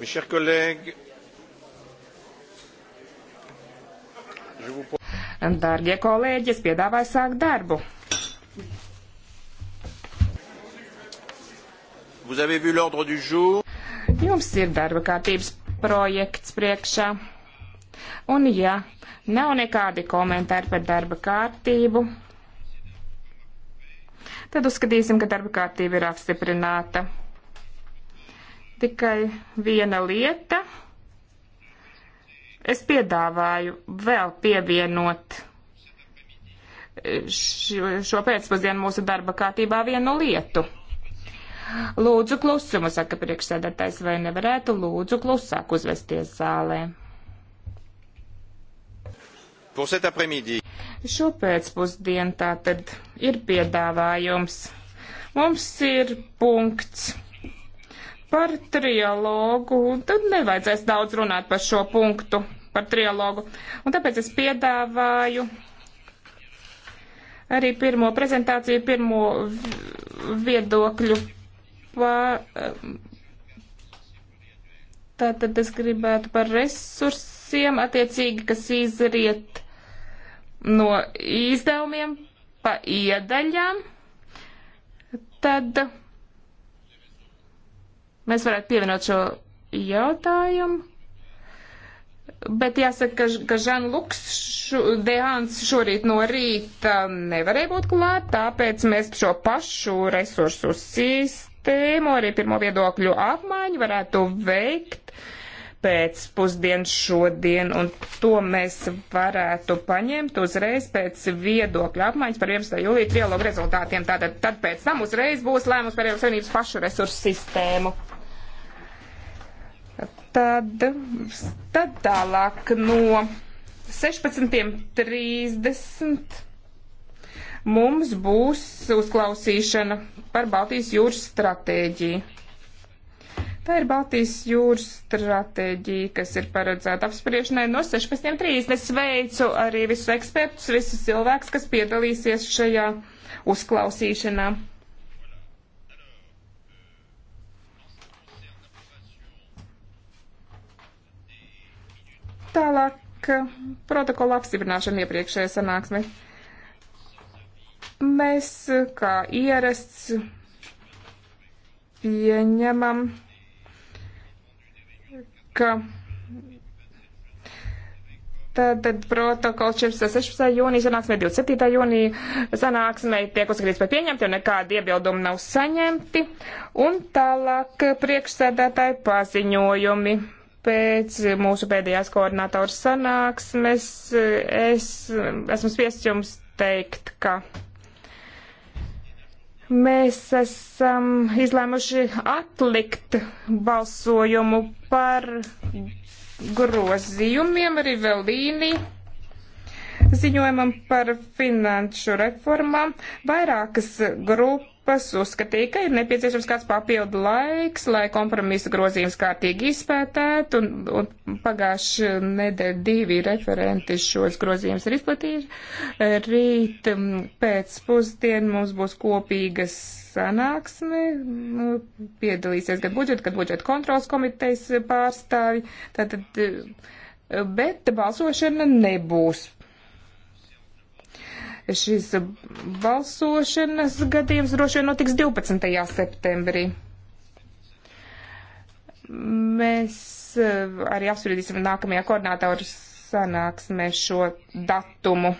Mes chers collègues, je vous Dārgie kolēģi, es piedāvāju sākt darbu. Vous avez vu l'ordre du jour. Jums ir darba kārtības projekts priekšā. Un ja nav nekādi komentāri par darba kārtību, tad uzskatīsim, ka darba kārtība ir apstiprināta tikai viena lieta. Es piedāvāju vēl pievienot šo, šo pēcpusdienu mūsu darba kārtībā vienu lietu. Lūdzu klusumu, saka priekšsēdētājs, vai nevarētu lūdzu klusāk uzvesties zālē. Šo pēcpusdienu tātad ir piedāvājums. Mums ir punkts Par trialogu, tad nevajadzēs daudz runāt par šo punktu, par trialogu. Un tāpēc es piedāvāju arī pirmo prezentāciju, pirmo viedokļu. Pa, tātad es gribētu par resursiem attiecīgi, kas izriet no izdevumiem pa iedaļām. Tad Mēs varētu pievienot šo jautājumu. Bet jāsaka, ka, ka Žan Luks šo, Dehāns šorīt no rīta nevarēja būt klāt, tāpēc mēs šo pašu resursu sistēmu, arī pirmo viedokļu apmaiņu varētu veikt pēc pusdienas šodien, un to mēs varētu paņemt uzreiz pēc viedokļu apmaiņas par 11. jūlija trialogu rezultātiem. Tātad tad pēc tam uzreiz būs lēmums par Eiropas Savienības pašu resursu sistēmu. Tad, tad tālāk no 16.30 mums būs uzklausīšana par Baltijas jūras stratēģiju. Tā ir Baltijas jūras stratēģija, kas ir paredzēta apspriešanai no 16.30. Es sveicu arī visus ekspertus, visus cilvēkus, kas piedalīsies šajā uzklausīšanā. Tālāk protokola apstiprināšana iepriekšējā sanāksmē. Mēs, kā ierasts, pieņemam, ka Tad, tad protokols 16. jūnija sanāksmē, 27. jūnija sanāksmē tiek uzskatīts par pieņemti un nekādi iebildumi nav saņemti. Un tālāk priekšsēdētāji paziņojumi pēc mūsu pēdējās koordinātoras sanāksmes es esmu spiests jums teikt, ka mēs esam izlēmuši atlikt balsojumu par grozījumiem arī vēl līniju ziņojumam par finanšu reformām. Vairākas grupas grupas uzskatīja, ka ir nepieciešams kāds papildu laiks, lai kompromisa grozījums kārtīgi izpētētu, un, un pagājuši nedēļ divi referenti šos grozījumus ir izplatījuši. Rīt mm, pēc pusdien mums būs kopīgas sanāksme, nu, piedalīsies gan budžeta, gan budžeta kontrols komitejas pārstāvi, tātad, mm, bet balsošana nebūs Šis balsošanas gadījums droši vien notiks 12. septembrī. Mēs e, arī apspriedīsim nākamajā koordinātoru sanāksmē šo datumu.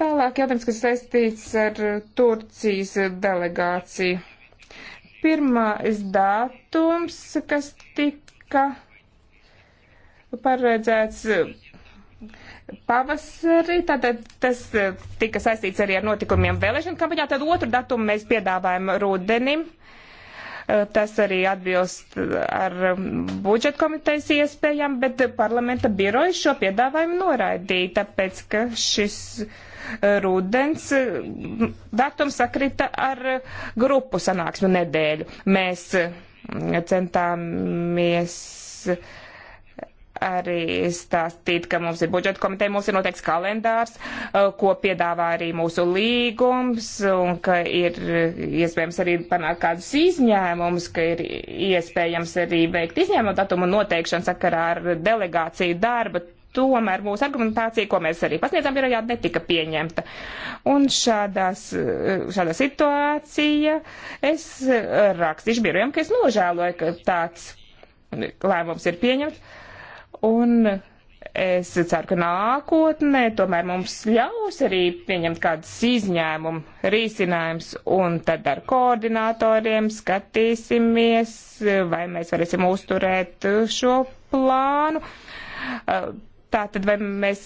Tālāk jautājums, kas saistīts ar Turcijas delegāciju. Pirmais datums, kas tika paredzēts pavasarī, tātad tas eh, tika saistīts arī ar notikumiem vēlēšana kampaņā, tad otru datumu mēs piedāvājam rudenim. Eh, tas arī atbilst eh, ar budžeta komitejas iespējām, bet parlamenta biroja šo piedāvājumu noraidīja, tāpēc ka šis rudens datums sakrita ar grupu sanāksmu nedēļu. Mēs centāmies uh, arī stāstīt, ka mums ir budžeta komiteja, mums ir noteikts kalendārs, uh, ko piedāvā arī mūsu līgums, un ka ir iespējams arī panākt kādus izņēmumus, ka ir iespējams arī veikt izņēmumu datumu noteikšanu sakarā ar delegāciju darba. Tomēr mūsu argumentācija, ko mēs arī pasniedzām birojā, netika pieņemta. Un šādās, šādā situācija es rakstīšu birojam, ka es nožēloju, ka tāds lēmums ir pieņemts Un es ceru, ka nākotnē tomēr mums ļaus arī pieņemt kādas izņēmumu risinājums un tad ar koordinatoriem skatīsimies, vai mēs varēsim uzturēt šo plānu. Uh, Tātad, vai mēs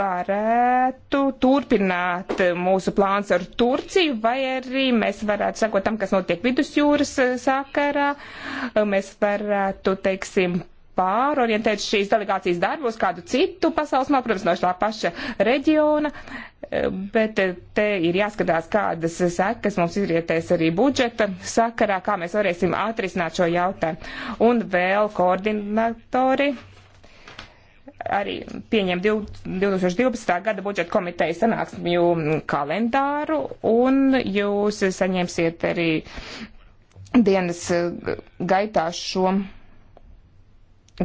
varētu turpināt mūsu plāns ar Turciju, vai arī mēs varētu sakot tam, kas notiek vidusjūras sakarā, mēs varētu, teiksim, pārorientēt šīs delegācijas darbu uz kādu citu pasaules malu, protams, no šā paša reģiona, e, bet e, te ir jāskatās, kādas sekas mums izrietēs arī budžeta sakarā, kā mēs varēsim atrisināt šo jautājumu. Un vēl koordinatori arī pieņem 2012. gada budžeta komiteja sanāksmju kalendāru, un jūs saņemsiet arī dienas gaitā šo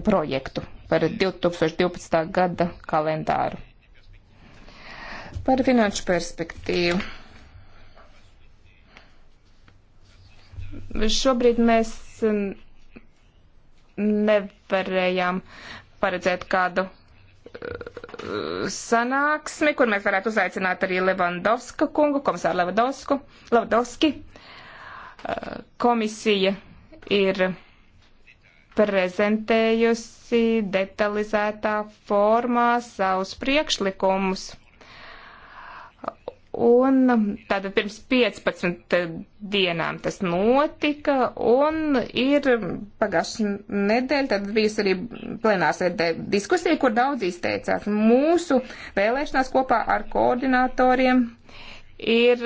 projektu par 2012. gada kalendāru. Par finanšu perspektīvu. Šobrīd mēs nevarējām paredzēt kādu uh, sanāksmi, kur mēs varētu uzaicināt arī Levandovska kungu, komisāru Levandovski. Uh, komisija ir prezentējusi detalizētā formā savus priekšlikumus. Un tātad pirms 15 dienām tas notika, un ir pagājušā nedēļa, tad bijusi arī plenārsēdē diskusija, kur daudz izteicās. Mūsu vēlēšanās kopā ar koordinatoriem ir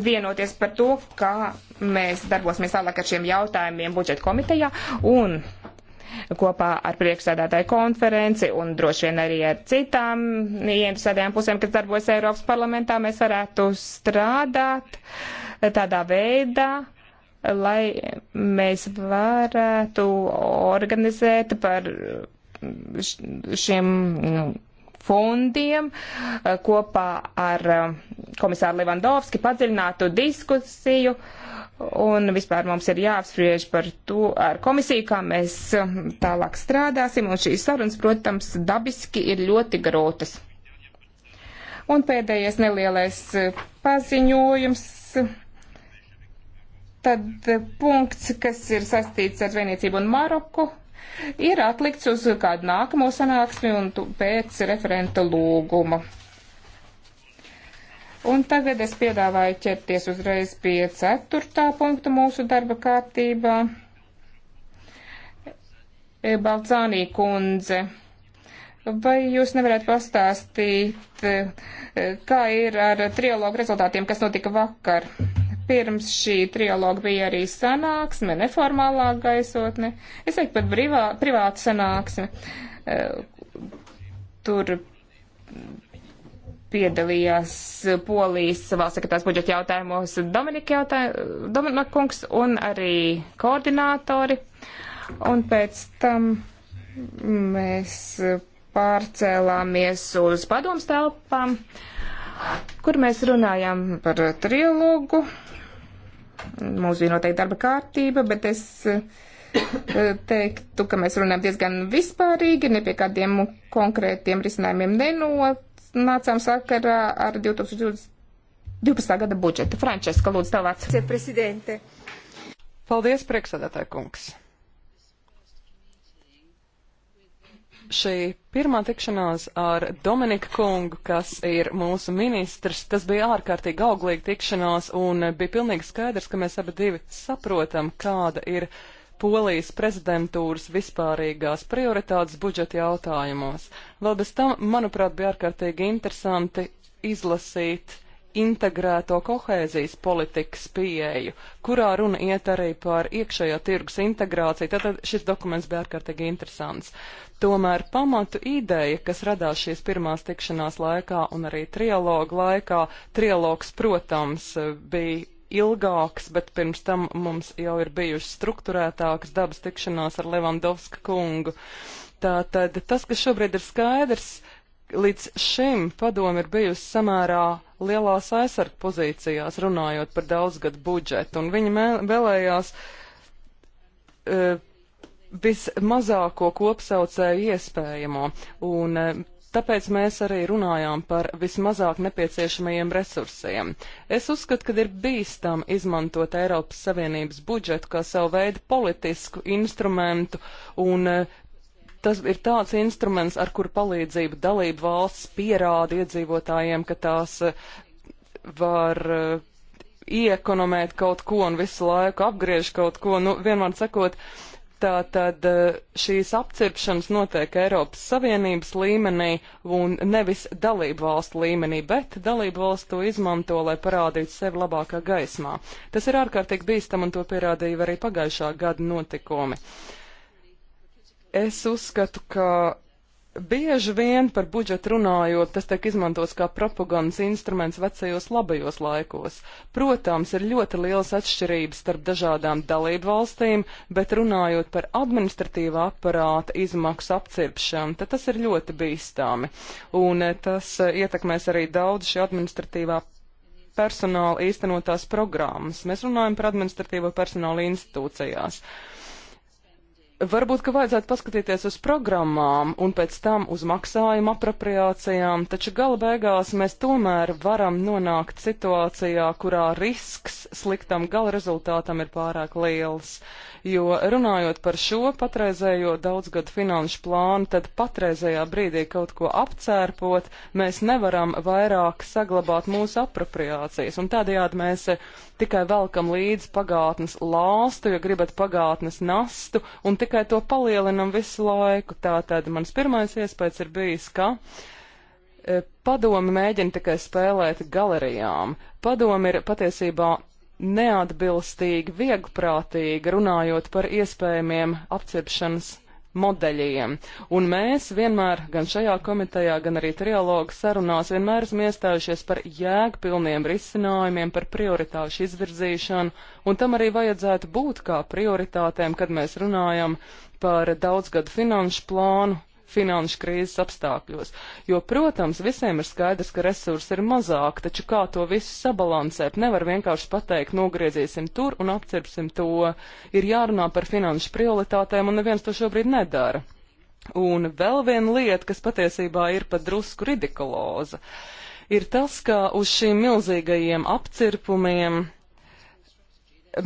vienoties par to, kā mēs darbosimies tālāk ar šiem jautājumiem budžeta komitejā un kopā ar priekšsēdētāju konferenci un droši vien arī ar citām ieinteresētajām pusēm, kas darbojas Eiropas parlamentā, mēs varētu strādāt tādā veidā, lai mēs varētu organizēt par šiem nu, fondiem eh, kopā ar eh, komisāru Levandovski padziļinātu diskusiju. Un vispār mums ir jāapspriež par to ar komisiju, kā mēs eh, tālāk strādāsim. Un šīs sarunas, protams, dabiski ir ļoti grūtas. Un pēdējais nelielais paziņojums. Tad punkts, kas ir sastīts ar Zvēniecību un Maroku ir atlikts uz kādu nākamo sanāksmi un pēc referenta lūguma. Un tagad es piedāvāju ķerties uzreiz pie ceturtā punkta mūsu darba kārtībā. E, Balcānī kundze, vai jūs nevarētu pastāstīt, e, kā ir ar trialogu rezultātiem, kas notika vakar? Pirms šī trialoga bija arī sanāksme, neformālā gaisotne, es teiktu pat brivā, privāta sanāksme. Eh, tur piedalījās Polijas valsts sekretārs budžeta jautājumos Dominika jautā, Dominikungs un arī koordinātori. Un pēc tam mēs pārcēlāmies uz padomu telpām, kur mēs runājām par trilogu Mums bija noteikti darba kārtība, bet es eh, teiktu, ka mēs runājam diezgan vispārīgi, ne pie kādiem konkrētiem risinājumiem nenonācām sakarā ar 2012. gada budžetu. Frančeska, lūdzu, tev vārds. Paldies, priekšsēdētāji kungs. šī pirmā tikšanās ar Dominiku Kungu, kas ir mūsu ministrs, tas bija ārkārtīgi auglīga tikšanās un bija pilnīgi skaidrs, ka mēs abi divi saprotam, kāda ir Polijas prezidentūras vispārīgās prioritātes budžeta jautājumos. Vēl bez tam, manuprāt, bija ārkārtīgi interesanti izlasīt integrēto kohēzijas politikas pieeju, kurā runa iet arī par iekšējā tirgus integrāciju. Tātad šis dokuments bija ārkārtīgi interesants. Tomēr pamatu ideja, kas radās šīs pirmās tikšanās laikā un arī trialogu laikā, trialogs, protams, bija ilgāks, bet pirms tam mums jau ir bijušas strukturētākas dabas tikšanās ar Levandovska kungu. Tātad tas, kas šobrīd ir skaidrs, līdz šim padomi ir bijusi samērā lielās aizsarg pozīcijās, runājot par daudzgadu budžetu, un viņi vēlējās. Uh, vismazāko kopsaucēju iespējamo, un eh, tāpēc mēs arī runājām par vismazāk nepieciešamajiem resursiem. Es uzskatu, ka ir bīstam izmantot Eiropas Savienības budžetu kā savu veidu politisku instrumentu, un eh, tas ir tāds instruments, ar kuru palīdzību dalību valsts pierāda iedzīvotājiem, ka tās eh, var iekonomēt kaut ko un visu laiku apgriež kaut ko, nu, vienmēr sakot, uh, Tātad eh, šīs apcirpšanas notiek Eiropas Savienības līmenī un nevis dalību valstu līmenī, bet dalību valstu izmanto, lai parādītu sevi labākā gaismā. Tas ir ārkārtīgi bīstam un to pierādīja arī pagājušā gada notikumi. Es uzskatu, ka Bieži vien par budžetu runājot, tas tiek izmantots kā propagandas instruments vecajos labajos laikos. Protams, ir ļoti lielas atšķirības starp dažādām dalību valstīm, bet runājot par administratīvā aparāta izmaksu apcirpšanu, tad tas ir ļoti bīstami. Un eh, tas eh, ietekmēs arī daudz šī administratīvā personāla īstenotās programmas. Mēs runājam par administratīvo personālu institūcijās. Uh, Varbūt, ka vajadzētu paskatīties uz programmām un pēc tam uz maksājumu apropriācijām, taču gala beigās mēs tomēr varam nonākt situācijā, kurā risks sliktam gala rezultātam ir pārāk liels. Jo runājot par šo patreizējo daudzgadu finanšu plānu, tad patreizējā brīdī kaut ko apcērpot, mēs nevaram vairāk saglabāt mūsu apropriācijas. Un tādējādi mēs tikai velkam līdzi pagātnes lāstu, ja gribat pagātnes nastu, un tik tikai to palielinam visu laiku. Tātad mans pirmais iespējas ir bijis, ka e, padomi mēģina tikai spēlēt galerijām. Padomi ir patiesībā neatbilstīgi, viegprātīgi runājot par iespējamiem apcepšanas modeļiem. Un mēs vienmēr, gan šajā komitejā, gan arī trialogu sarunās, vienmēr esam iestājušies par jēgpilniem risinājumiem, par prioritāšu izvirzīšanu, un tam arī vajadzētu būt kā prioritātēm, kad mēs runājam par daudzgadu finanšu plānu finanšu krīzes apstākļos. Jo, protams, visiem ir skaidrs, ka resursi ir mazāk, taču kā to visu sabalansēt, nevar vienkārši pateikt, nogriezīsim tur un apcirpsim to. Ir jārunā par finanšu prioritātēm, un neviens to šobrīd nedara. Un vēl viena lieta, kas patiesībā ir pat drusku ridikuloza, ir tas, ka uz šīm milzīgajiem apcirpumiem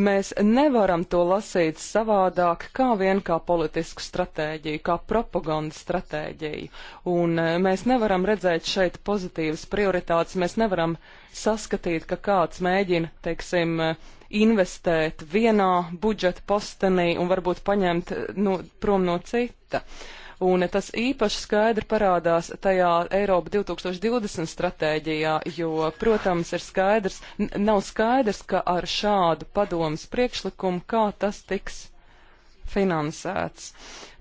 mēs nevaram to lasīt savādāk kā vien kā politisku stratēģiju, kā propagandas stratēģiju. Un e, mēs nevaram redzēt šeit pozitīvas prioritātes, mēs nevaram saskatīt, ka kāds mēģina, teiksim, e, investēt vienā budžeta postenī un varbūt paņemt e, no, prom no cita. Uh, un tas īpaši skaidri parādās tajā Eiropa 2020 stratēģijā, jo, protams, ir skaidrs, nav skaidrs, ka ar šādu padomas priekšlikumu kā tas tiks finansēts.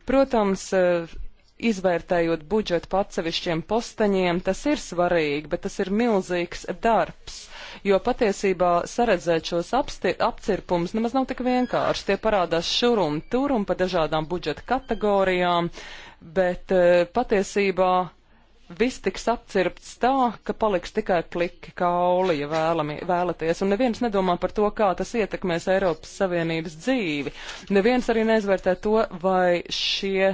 Protams, eh, izvērtējot budžetu pa atsevišķiem posteņiem, tas ir svarīgi, bet tas ir milzīgs darbs, jo patiesībā saredzēt šos apcirpumus nemaz nav tik vienkārši. Tie parādās šur un tur un pa dažādām budžeta kategorijām. Uh, bet eh, patiesībā viss tiks apcirpts tā, ka paliks tikai pliki kauli, ja vēlami, vēlaties, un neviens nedomā par to, kā tas ietekmēs Eiropas Savienības dzīvi. Neviens arī neizvērtē to, vai šie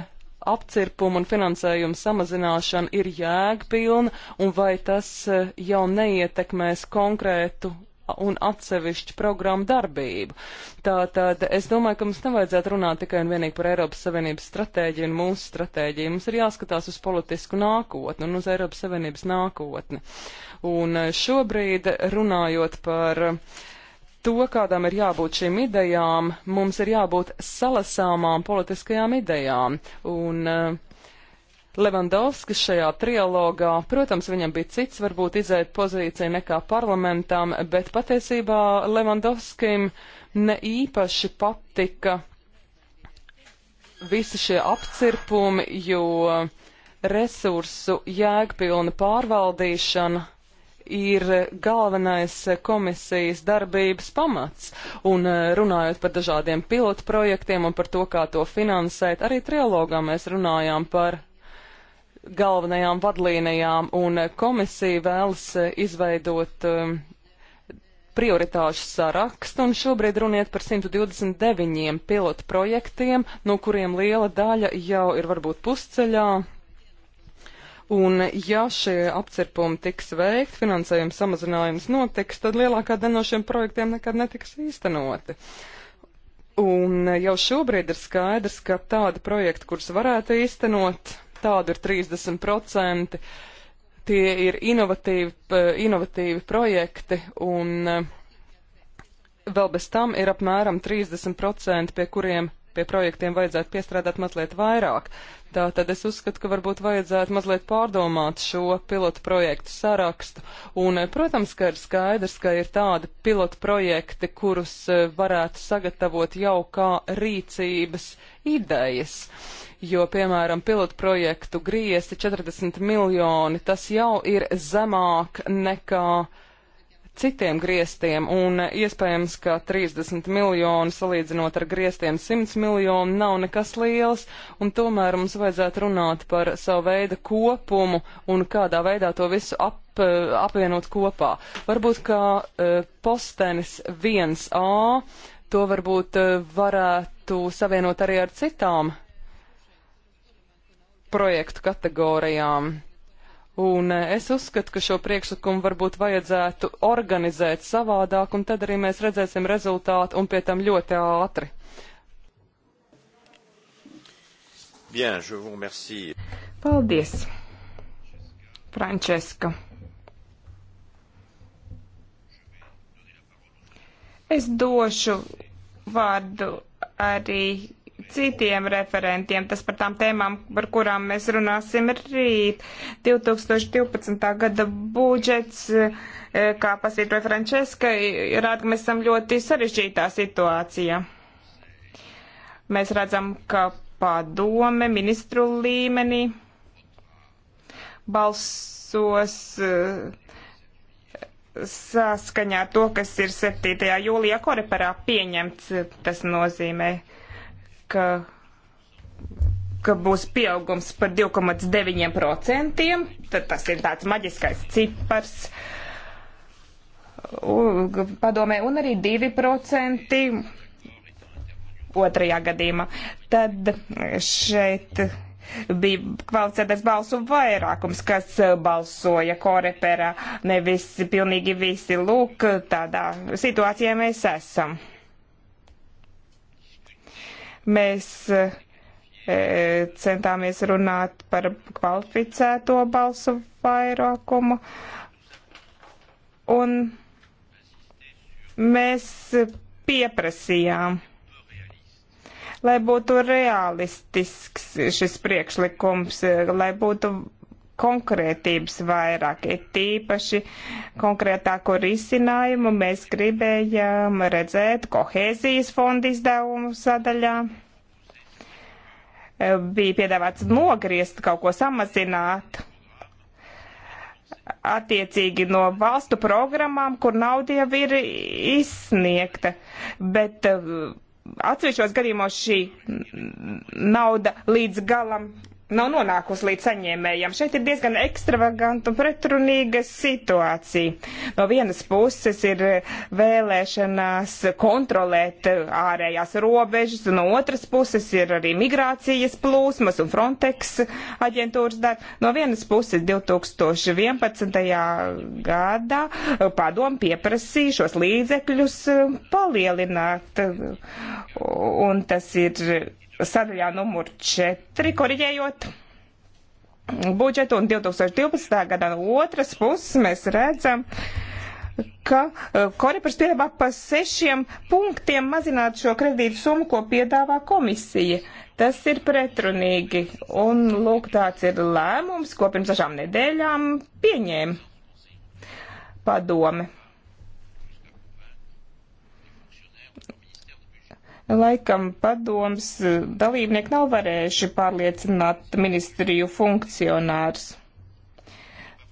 apcirpuma un finansējuma samazināšana ir jēgpilna un vai tas eh, jau neietekmēs konkrētu un atsevišķu programmu darbību. Tātad es domāju, ka mums nevajadzētu runāt tikai un vienīgi par Eiropas Savienības stratēģiju un mūsu stratēģiju. Mums ir jāskatās uz politisku nākotni un uz Eiropas Savienības nākotni. Un eh, šobrīd runājot par eh, to, kādām ir jābūt šīm idejām, mums ir jābūt salasāmām politiskajām idejām. Un eh, Levandovskis šajā trialogā, protams, viņam bija cits varbūt izēt pozīcija nekā parlamentam, bet patiesībā Levandovskim ne īpaši patika visi šie apcirpumi, jo resursu jēgpilna pārvaldīšana ir galvenais komisijas darbības pamats. Un e, runājot par dažādiem pilotu projektiem un par to, kā to finansēt, arī trialogā mēs runājām par galvenajām vadlīnijām, un komisija vēlas eh, izveidot um, prioritāšu sarakstu, un šobrīd runiet par 129 pilotu projektiem, no kuriem liela daļa jau ir varbūt pusceļā. Un ja šie apcirpumi tiks veikt, finansējums samazinājums notiks, tad lielākā daļa no šiem projektiem nekad netiks īstenoti. Un eh, jau šobrīd ir skaidrs, ka tādi projekti, kurus varētu īstenot, tādu ir 30%. Tie ir inovatīvi, inovatīvi projekti un eh, vēl bez tam ir apmēram 30%, pie kuriem pie projektiem vajadzētu piestrādāt mazliet vairāk. Tātad es uzskatu, ka varbūt vajadzētu mazliet pārdomāt šo pilotu projektu sarakstu. Un, eh, protams, ka ir skaidrs, ka ir tādi pilotu projekti, kurus eh, varētu sagatavot jau kā rīcības idejas. Uh, jo, piemēram, pilotprojektu griesti 40 miljoni, tas jau ir zemāk nekā citiem griestiem, un iespējams, ka 30 miljoni salīdzinot ar griestiem 100 miljoni nav nekas liels, un tomēr mums vajadzētu runāt par savu veidu kopumu un kādā veidā to visu ap, eh, apvienot kopā. Varbūt kā uh, eh, postenis 1A, to varbūt uh, varētu savienot arī ar citām projektu kategorijām. Un eh, es uzskatu, ka šo priekšlikumu varbūt vajadzētu organizēt savādāk, un tad arī mēs redzēsim rezultātu un pie tam ļoti ātri. Bien, je vous remercie. Paldies, Frančeska. Es došu vārdu arī citiem referentiem. Tas par tām tēmām, par kurām mēs runāsim rīt. 2012. gada budžets, eh, kā pasvītroja Frančeska, rāda, ka mēs esam ļoti sarežģītā situācijā. Mēs redzam, ka padome ministru līmenī balsos eh, saskaņā to, kas ir 7. jūlijā koreperā pieņemts. Tas nozīmē, uh, ka, ka būs pieaugums par 2,9%, tad tas ir tāds maģiskais cipars. U, padomē, un arī 2% otrajā gadījumā. Tad šeit bija kvalificētais balsu vairākums, kas balsoja koreperā, nevis pilnīgi visi. Lūk, tādā situācijā mēs esam. Mēs e, e, centāmies runāt par kvalificēto balsu vairākumu. Un mēs pieprasījām, lai būtu realistisks šis priekšlikums, e, lai būtu konkrētības vairāk, ir tīpaši konkrētāko risinājumu mēs gribējām redzēt kohēzijas fonda izdevumu sadaļā. Eh, bija piedāvāts nogriezt kaut ko samazināt attiecīgi no valstu programmām, kur nauda jau ir izsniegta, bet eh, atsevišķos gadījumos šī nauda līdz galam nav nonākusi līdz saņēmējiem. Šeit ir diezgan ekstravaganta un pretrunīga situācija. No vienas puses ir eh, vēlēšanās kontrolēt eh, ārējās robežas, no otras puses ir arī migrācijas plūsmas un Frontex aģentūras darbs. No vienas puses 2011. gadā eh, padomu pieprasīja šos līdzekļus palielināt, un tas ir sadaļā numur 4, koriģējot budžetu, un 2012. gadā no otras puses mēs redzam, ka eh, Korepers piedāvā pa sešiem punktiem mazināt šo kredītu summu, ko piedāvā komisija. Tas ir pretrunīgi, un lūk, tāds ir lēmums, ko pirms dažām nedēļām pieņēma padome. Laikam padoms eh, dalībnieki nav varējuši pārliecināt ministriju funkcionārus.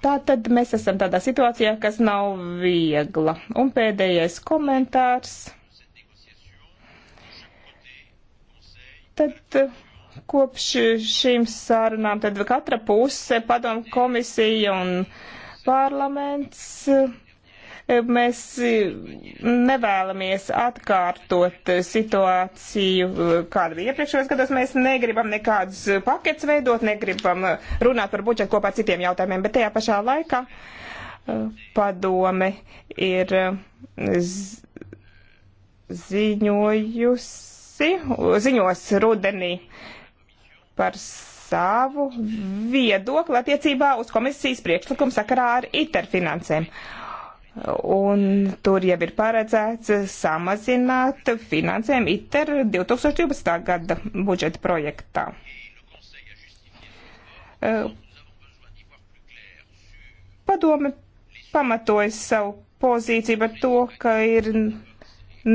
Tātad mēs esam tādā situācijā, kas nav viegla. Un pēdējais komentārs. Tad eh, kopš šīm sārunām, tad katra puse, padomu komisija un parlaments Mēs e, nevēlamies atkārtot situāciju, e, kāda bija iepriekšējos gados. Mēs negribam nekādus pakets veidot, negribam runāt par budžetu kopā ar citiem jautājumiem, bet tajā pašā laikā e, padome ir ziņojusi, ziņos rudenī par savu viedokli attiecībā uz komisijas priekšlikumu sakarā ar ITER finansēm. Uh, Un tur jau ir paredzēts samazināt finansējumu ITER 2012. gada budžeta projektā. Eh, padome pamatojas savu pozīciju par to, ka ir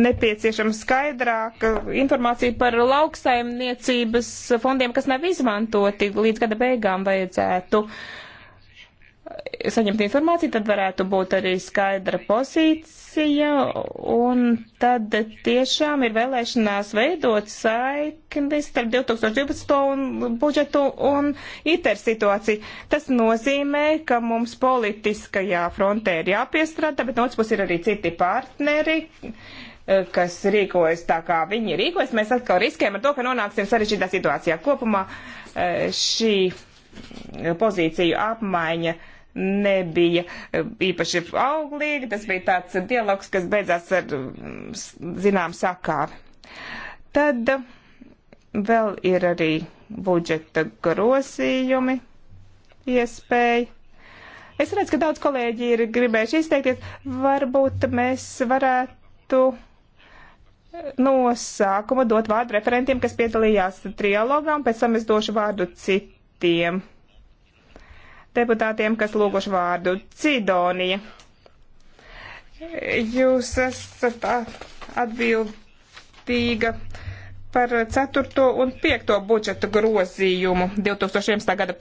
nepieciešama skaidrāka informācija par lauksaimniecības fondiem, kas nav izmantoti līdz gada beigām vajadzētu uh, saņemt informāciju, tad varētu būt arī skaidra pozīcija, un tad tiešām ir vēlēšanās veidot saikni starp 2012. Un budžetu un ITER situāciju. Tas nozīmē, ka mums politiskajā frontē ir jāpiestrādā, bet no otras puses ir arī citi partneri eh, kas rīkojas tā, kā viņi rīkojas, mēs atkal riskējam ar to, ka nonāksim sarežģītā situācijā. Kopumā eh, šī pozīciju apmaiņa uh, nebija e, īpaši auglīgi. Tas bija tāds dialogs, kas beidzās ar zinām sakāvi. Tad vēl ir arī budžeta grosījumi iespēja. Es redzu, ka daudz kolēģi ir gribējuši izteikties. Varbūt mēs varētu e, no sākuma dot vārdu referentiem, kas piedalījās trialogā, un pēc tam es došu vārdu citiem deputātiem, kas lūguši vārdu. Cidonija, jūs esat atbildīga par 4. un 5. budžeta grozījumu 2011. gada.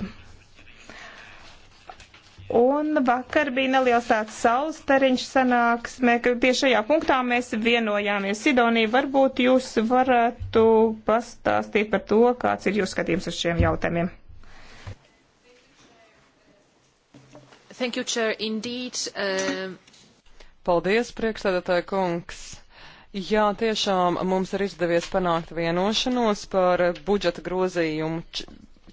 Un vakar bija neliels tāds saulstariņš sanāksmē, ka tieši šajā punktā mēs vienojāmies. Sidonija, varbūt jūs varētu pastāstīt par to, kāds ir jūsu skatījums uz šiem jautājumiem. Thank you, Chair. Indeed. Uh... Paldies, priekšsēdētāja kungs. Jā, tiešām mums ir izdevies panākt vienošanos par budžeta grozījumu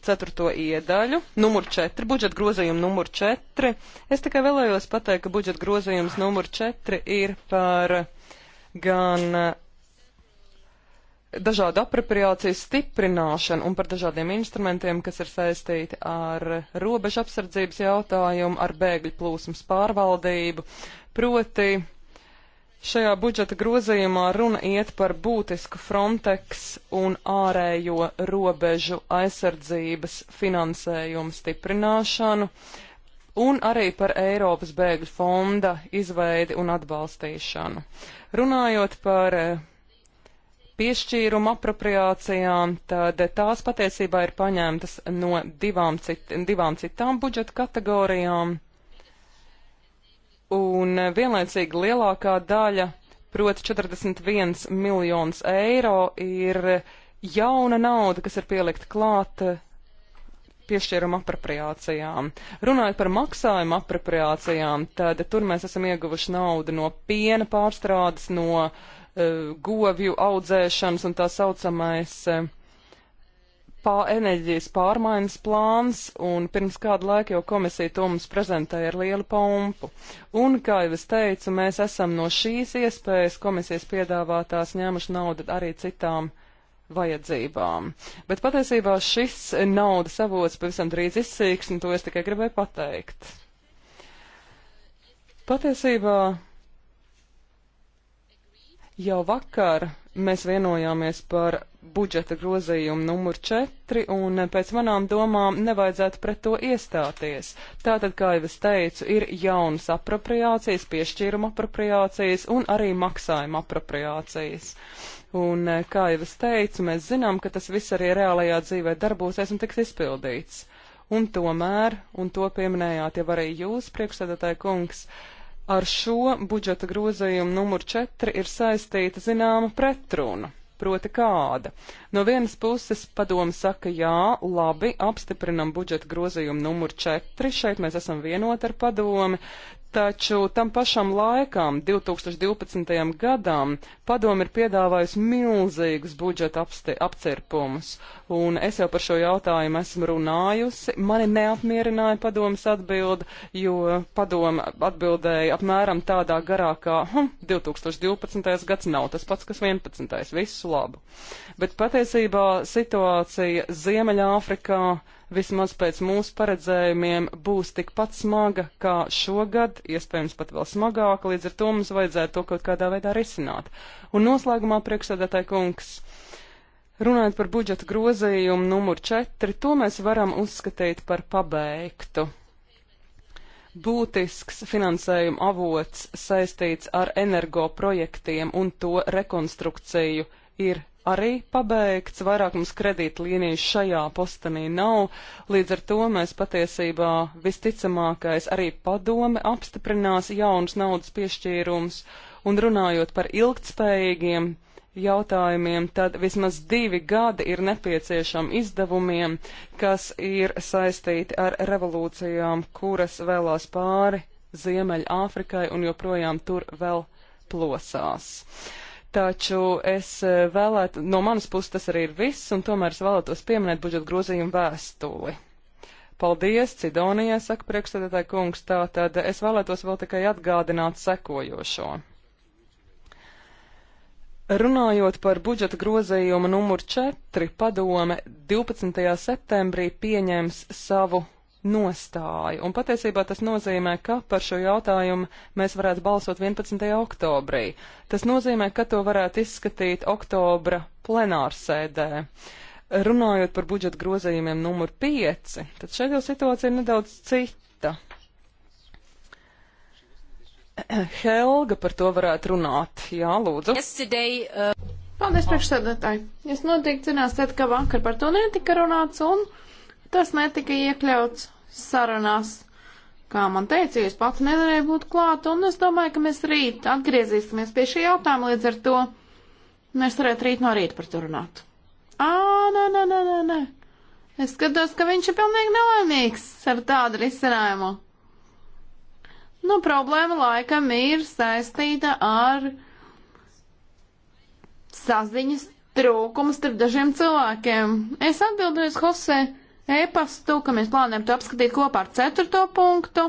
ceturto iedaļu, numur 4, budžeta grozījumu numur 4. Es tikai vēlējos pateikt, ka budžeta grozījums numur 4 ir par gan dažādu apropriāciju stiprināšanu un par dažādiem instrumentiem, kas ir saistīti ar robežu apsardzības jautājumu, ar bēgļu plūsmas pārvaldību. Proti, šajā budžeta grozījumā runa iet par būtisku Frontex un ārējo robežu aizsardzības finansējumu stiprināšanu un arī par Eiropas bēgļu fonda izveidi un atbalstīšanu. Runājot par piešķīrumu apropriācijām, tad tās patiesībā ir paņemtas no divām, cit, divām citām budžeta kategorijām. Un vienlaicīgi lielākā daļa, proti 41 miljonus eiro, ir jauna nauda, kas ir pielikt klāt piešķīrumu apropriācijām. Runājot par maksājumu apropriācijām, tad tur mēs esam ieguvuši naudu no piena pārstrādes, no uh, Eh, govju audzēšanas un tā saucamais eh, pā, enerģijas pārmaiņas plāns, un pirms kādu laiku jau komisija to mums prezentēja ar lielu pompu. Un, kā jau es teicu, mēs esam no šīs iespējas komisijas piedāvātās ņēmuši naudu arī citām vajadzībām. Bet patiesībā šis naudas avots pavisam drīz izsīks, un to es tikai gribēju pateikt. Patiesībā Jau vakar mēs vienojāmies par budžeta grozījumu numur 4, un pēc manām domām nevajadzētu pret to iestāties. Tātad, kā jau es teicu, ir jaunas apropriācijas, piešķīruma apropriācijas un arī maksājuma apropriācijas. Un, kā jau es teicu, mēs zinām, ka tas viss arī reālajā dzīvē darbosies un tiks izpildīts. Un tomēr, un to pieminējāt jau arī jūs, priekšsēdētāji kungs, uh, ar šo budžeta grozījumu numur 4 ir saistīta zināma pretruna. Proti kāda? No vienas puses padomu saka, jā, labi, apstiprinam budžeta grozījumu numur 4, šeit mēs esam vienoti ar padomi, Taču tam pašam laikam, 2012. gadam, padomi ir piedāvājusi milzīgus budžeta apcirpumus, un es jau par šo jautājumu esmu runājusi. Mani neapmierināja padomas atbildi, jo padoma atbildēja apmēram tādā garā, kā hm, 2012. gads nav tas pats, kas 11. visu labu. Bet patiesībā situācija Ziemeļāfrikā vismaz pēc mūsu paredzējumiem, būs tikpat smaga kā šogad, iespējams pat vēl smagāka, līdz ar to mums vajadzētu to kaut kādā veidā risināt. Un noslēgumā priekšsēdētāji kungs. Runājot par budžeta grozījumu numur 4, to mēs varam uzskatīt par pabeigtu. Būtisks finansējuma avots saistīts ar energoprojektiem un to rekonstrukciju ir arī pabeigts, vairāk mums kredītlīnijas šajā postenī nav, līdz ar to mēs patiesībā visticamākais arī padome apstiprinās jaunas naudas piešķīrums, un runājot par ilgtspējīgiem jautājumiem, tad vismaz divi gadi ir nepieciešami izdevumiem, kas ir saistīti ar revolūcijām, kuras vēlās pāri Ziemeļāfrikai un joprojām tur vēl plosās. Uh, Taču es eh, vēlētu, no manas puses tas arī ir viss, un tomēr es vēlētos pieminēt budžeta grozījumu vēstuli. Paldies, Cidonijai, saka priekšstādātāja kungs, tātad es vēlētos vēl tikai atgādināt sekojošo. Runājot par budžeta grozījumu numur 4, padome 12. septembrī pieņems savu nostāju. Un patiesībā tas nozīmē, ka par šo jautājumu mēs varētu balsot 11. oktobrī. Tas nozīmē, ka to varētu izskatīt oktobra plenārsēdē. Runājot par budžeta grozījumiem numur 5, tad šeit jau situācija ir nedaudz cita. Helga par to varētu runāt. Jā, lūdzu. Yesterday, uh... Paldies, priekšsēdētāji. Es noteikti zināsiet, ka vakar par to netika runāts un. Uh, Tas netika iekļauts sarunās. Kā man teica, es pats nevarēju būt klāt, un es domāju, ka mēs rīt atgriezīsimies pie šī jautājuma, līdz ar to mēs varētu rīt no rīta par to runāt. Ā, nē, nē, nē, nē, nē. Es skatos, ka viņš ir pilnīgi nelaimīgs ar tādu risinājumu. Nu, problēma laikam ir saistīta ar saziņas trūkumu starp dažiem cilvēkiem. Es atbildēju uz Hosei e-pastu, ka mēs plānojam to apskatīt kopā ar ceturto punktu.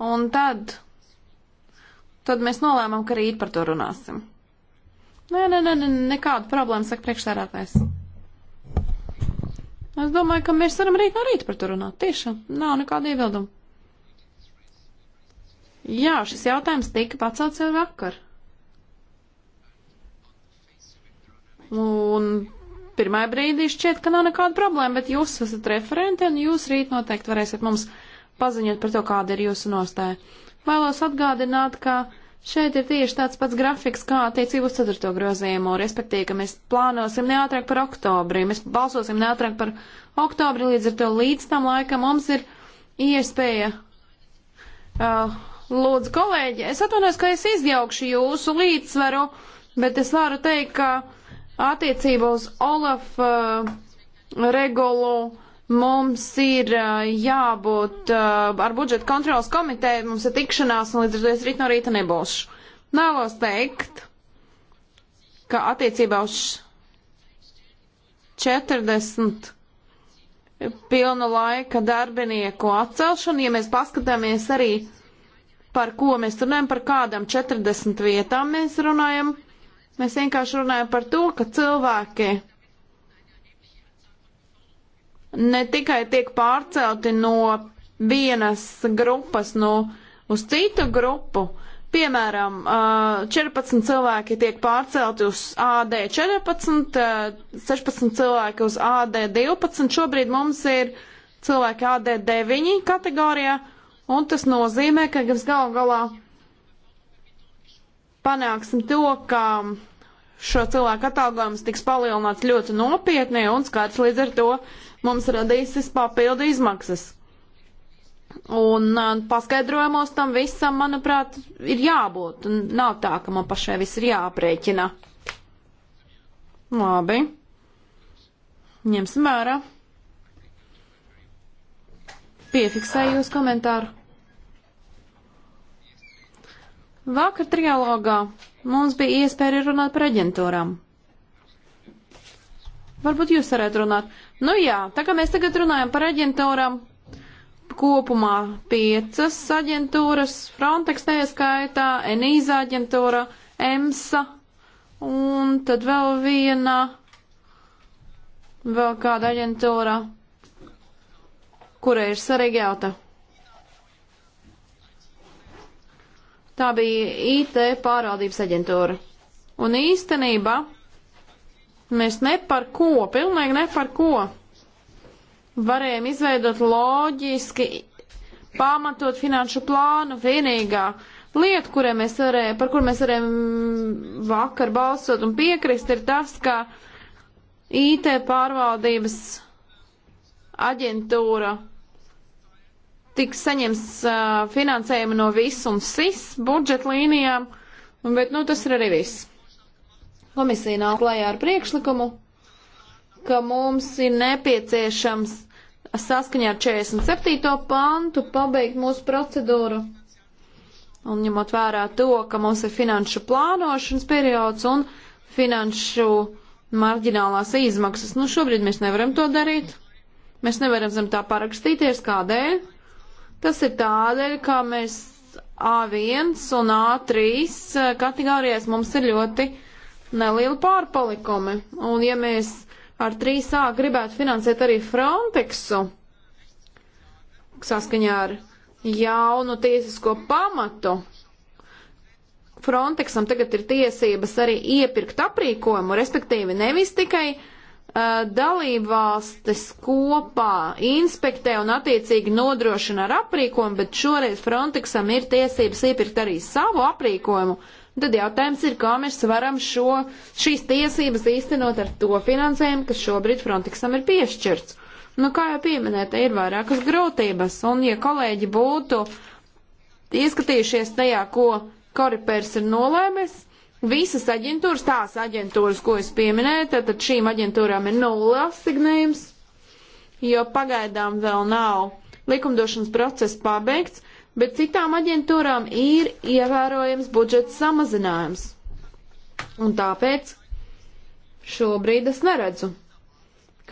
Un tad, tad mēs nolēmām, ka rīt par to runāsim. Nē, nē, nē, nekāda problēma, saka priekšsēdētājs. Es domāju, ka mēs varam rīt no rīta par to runāt. Tiešām nav nekāda iebilduma. Jā, šis jautājums tika pacelts jau vakar. Un pirmā brīdī šķiet, ka nav nekāda problēma, bet jūs esat referenti un jūs rīt noteikti varēsiet mums paziņot par to, kāda ir jūsu nostāja. Vēlos atgādināt, ka šeit ir tieši tāds pats grafiks kā attiecību uz ceturto grozījumu, respektīvi, ka mēs plānosim neātrāk par oktobri, mēs balsosim neātrāk par oktobri, līdz ar to līdz tam laikam mums ir iespēja. Uh, lūdzu, kolēģi, es atvainojos, ka es izjaukšu jūsu līdzsvaru, bet es varu teikt, ka Attiecībā uz Olaf uh, regulu mums ir uh, jābūt uh, ar budžeta kontrolas komiteju, mums ir tikšanās, un līdz ar to es rīt no rīta nebūšu. Nālos teikt, ka attiecībā uz 40 pilnu laika darbinieku atcelšanu, ja mēs paskatāmies arī par ko mēs runājam, par kādām 40 vietām mēs runājam, Mēs vienkārši runājam par to, ka cilvēki ne tikai tiek pārcelti no vienas grupas, no uz citu grupu, Piemēram, 14 cilvēki tiek pārcelti uz AD 14, 16 cilvēki uz AD 12. Šobrīd mums ir cilvēki AD 9 kategorijā, un tas nozīmē, ka mēs gal galā panāksim to, ka šo cilvēku atalgojums tiks palielināts ļoti nopietni un skats līdz ar to mums radīsies papildu izmaksas. Un uh, paskaidrojumos tam visam, manuprāt, ir jābūt. Nav tā, ka man pašai viss ir jāaprēķina. Labi. Ņemsim vērā. Piefiksēju jūs komentāru. Vakar trialogā mums bija iespēja arī runāt par aģentūrām. Varbūt jūs varētu runāt. Nu jā, tā kā mēs tagad runājam par aģentūrām, kopumā piecas aģentūras, Frontex neieskaitā, Enīza aģentūra, EMSA un tad vēl viena, vēl kāda aģentūra, kurai ir svarīga jautājuma. Tā bija IT pārvaldības aģentūra. Un īstenībā mēs ne par ko, pilnīgi ne par ko, varējām izveidot loģiski pamatot finanšu plānu vienīgā lieta, kurai mēs varējām, par kur mēs varējām vakar balsot un piekrist, ir tas, ka IT pārvaldības aģentūra tiks saņems uh, finansējumu no visuma SIS budžeta līnijām, bet, nu, tas ir arī viss. Komisija nāk klajā ar priekšlikumu, ka mums ir nepieciešams saskaņā ar 47. pantu pabeigt mūsu procedūru. Un ņemot vērā to, ka mums ir finanšu plānošanas periods un finanšu marģinālās izmaksas, nu šobrīd mēs nevaram to darīt. Mēs nevaram zem tā parakstīties, kādēļ. Tas ir tādēļ, ka mēs A1 un A3 kategorijās mums ir ļoti nelieli pārpalikumi. Un ja mēs ar 3A gribētu finansēt arī Frontexu saskaņā ar jaunu tiesisko pamatu, Frontexam tagad ir tiesības arī iepirkt aprīkojumu, respektīvi nevis tikai uh, dalībvalstis kopā inspektē un attiecīgi nodrošina ar aprīkojumu, bet šoreiz Frontexam ir tiesības iepirkt arī savu aprīkojumu. Tad jautājums ir, kā mēs varam šo, šīs tiesības īstenot ar to finansējumu, kas šobrīd Frontexam ir piešķirts. Nu, kā jau pieminēta, ir vairākas grūtības, un ja kolēģi būtu ieskatījušies tajā, ko Koripērs ir nolēmis, Visas aģentūras, tās aģentūras, ko es pieminēju, tad šīm aģentūrām ir nulle asignējums, jo pagaidām vēl nav likumdošanas process pabeigts, bet citām aģentūrām ir ievērojams budžets samazinājums. Un tāpēc šobrīd es neredzu,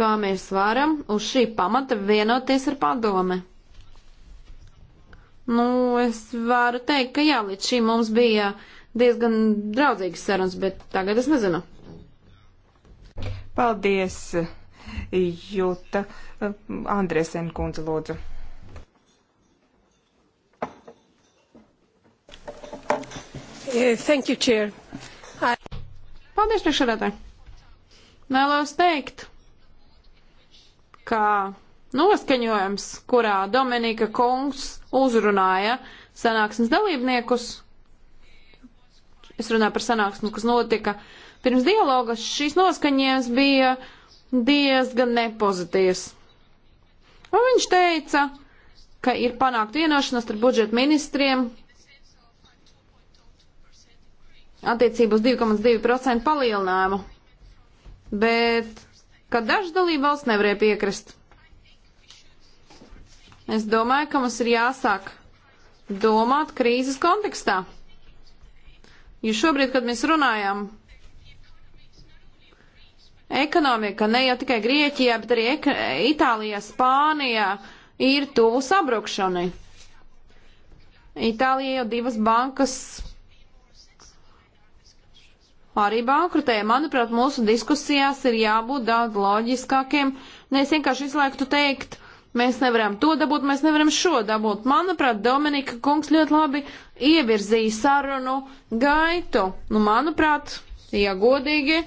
kā mēs varam uz šī pamata vienoties ar padome. Nu, es varu teikt, ka jā, līdz šim mums bija uh, diezgan draudzīgas sarunas, bet tagad es nezinu. Paldies, Jūta. Andresen kundze, lūdzu. Eh, thank you, Chair. I... Paldies, priekšsēdētāji. Vēlos teikt, ka noskaņojums, kurā Dominika kungs uzrunāja sanāksmes dalībniekus, Es runāju par sanāksmu, kas notika pirms dialoga. Šīs noskaņas bija diezgan nepozitīvas. Un viņš teica, ka ir panākt vienošanās ar budžeta ministriem attiecību uz 2,2% palielinājumu. Bet, ka dažas dalība valsts nevarēja piekrist. Es domāju, ka mums ir jāsāk domāt krīzes kontekstā. Jo šobrīd, kad mēs runājam, ekonomika ne jau tikai Grieķijā, bet arī Ek Itālijā, Spānijā ir tuvu sabrukšanai. Itālijā jau divas bankas arī bankrutēja. Manuprāt, mūsu diskusijās ir jābūt daudz loģiskākiem. Nē, es vienkārši visu laiku teikt, Mēs nevaram to dabūt, mēs nevaram šo dabūt. Manuprāt, Dominika kungs ļoti labi ievirzīja sarunu gaitu. Nu, manuprāt, ja godīgi,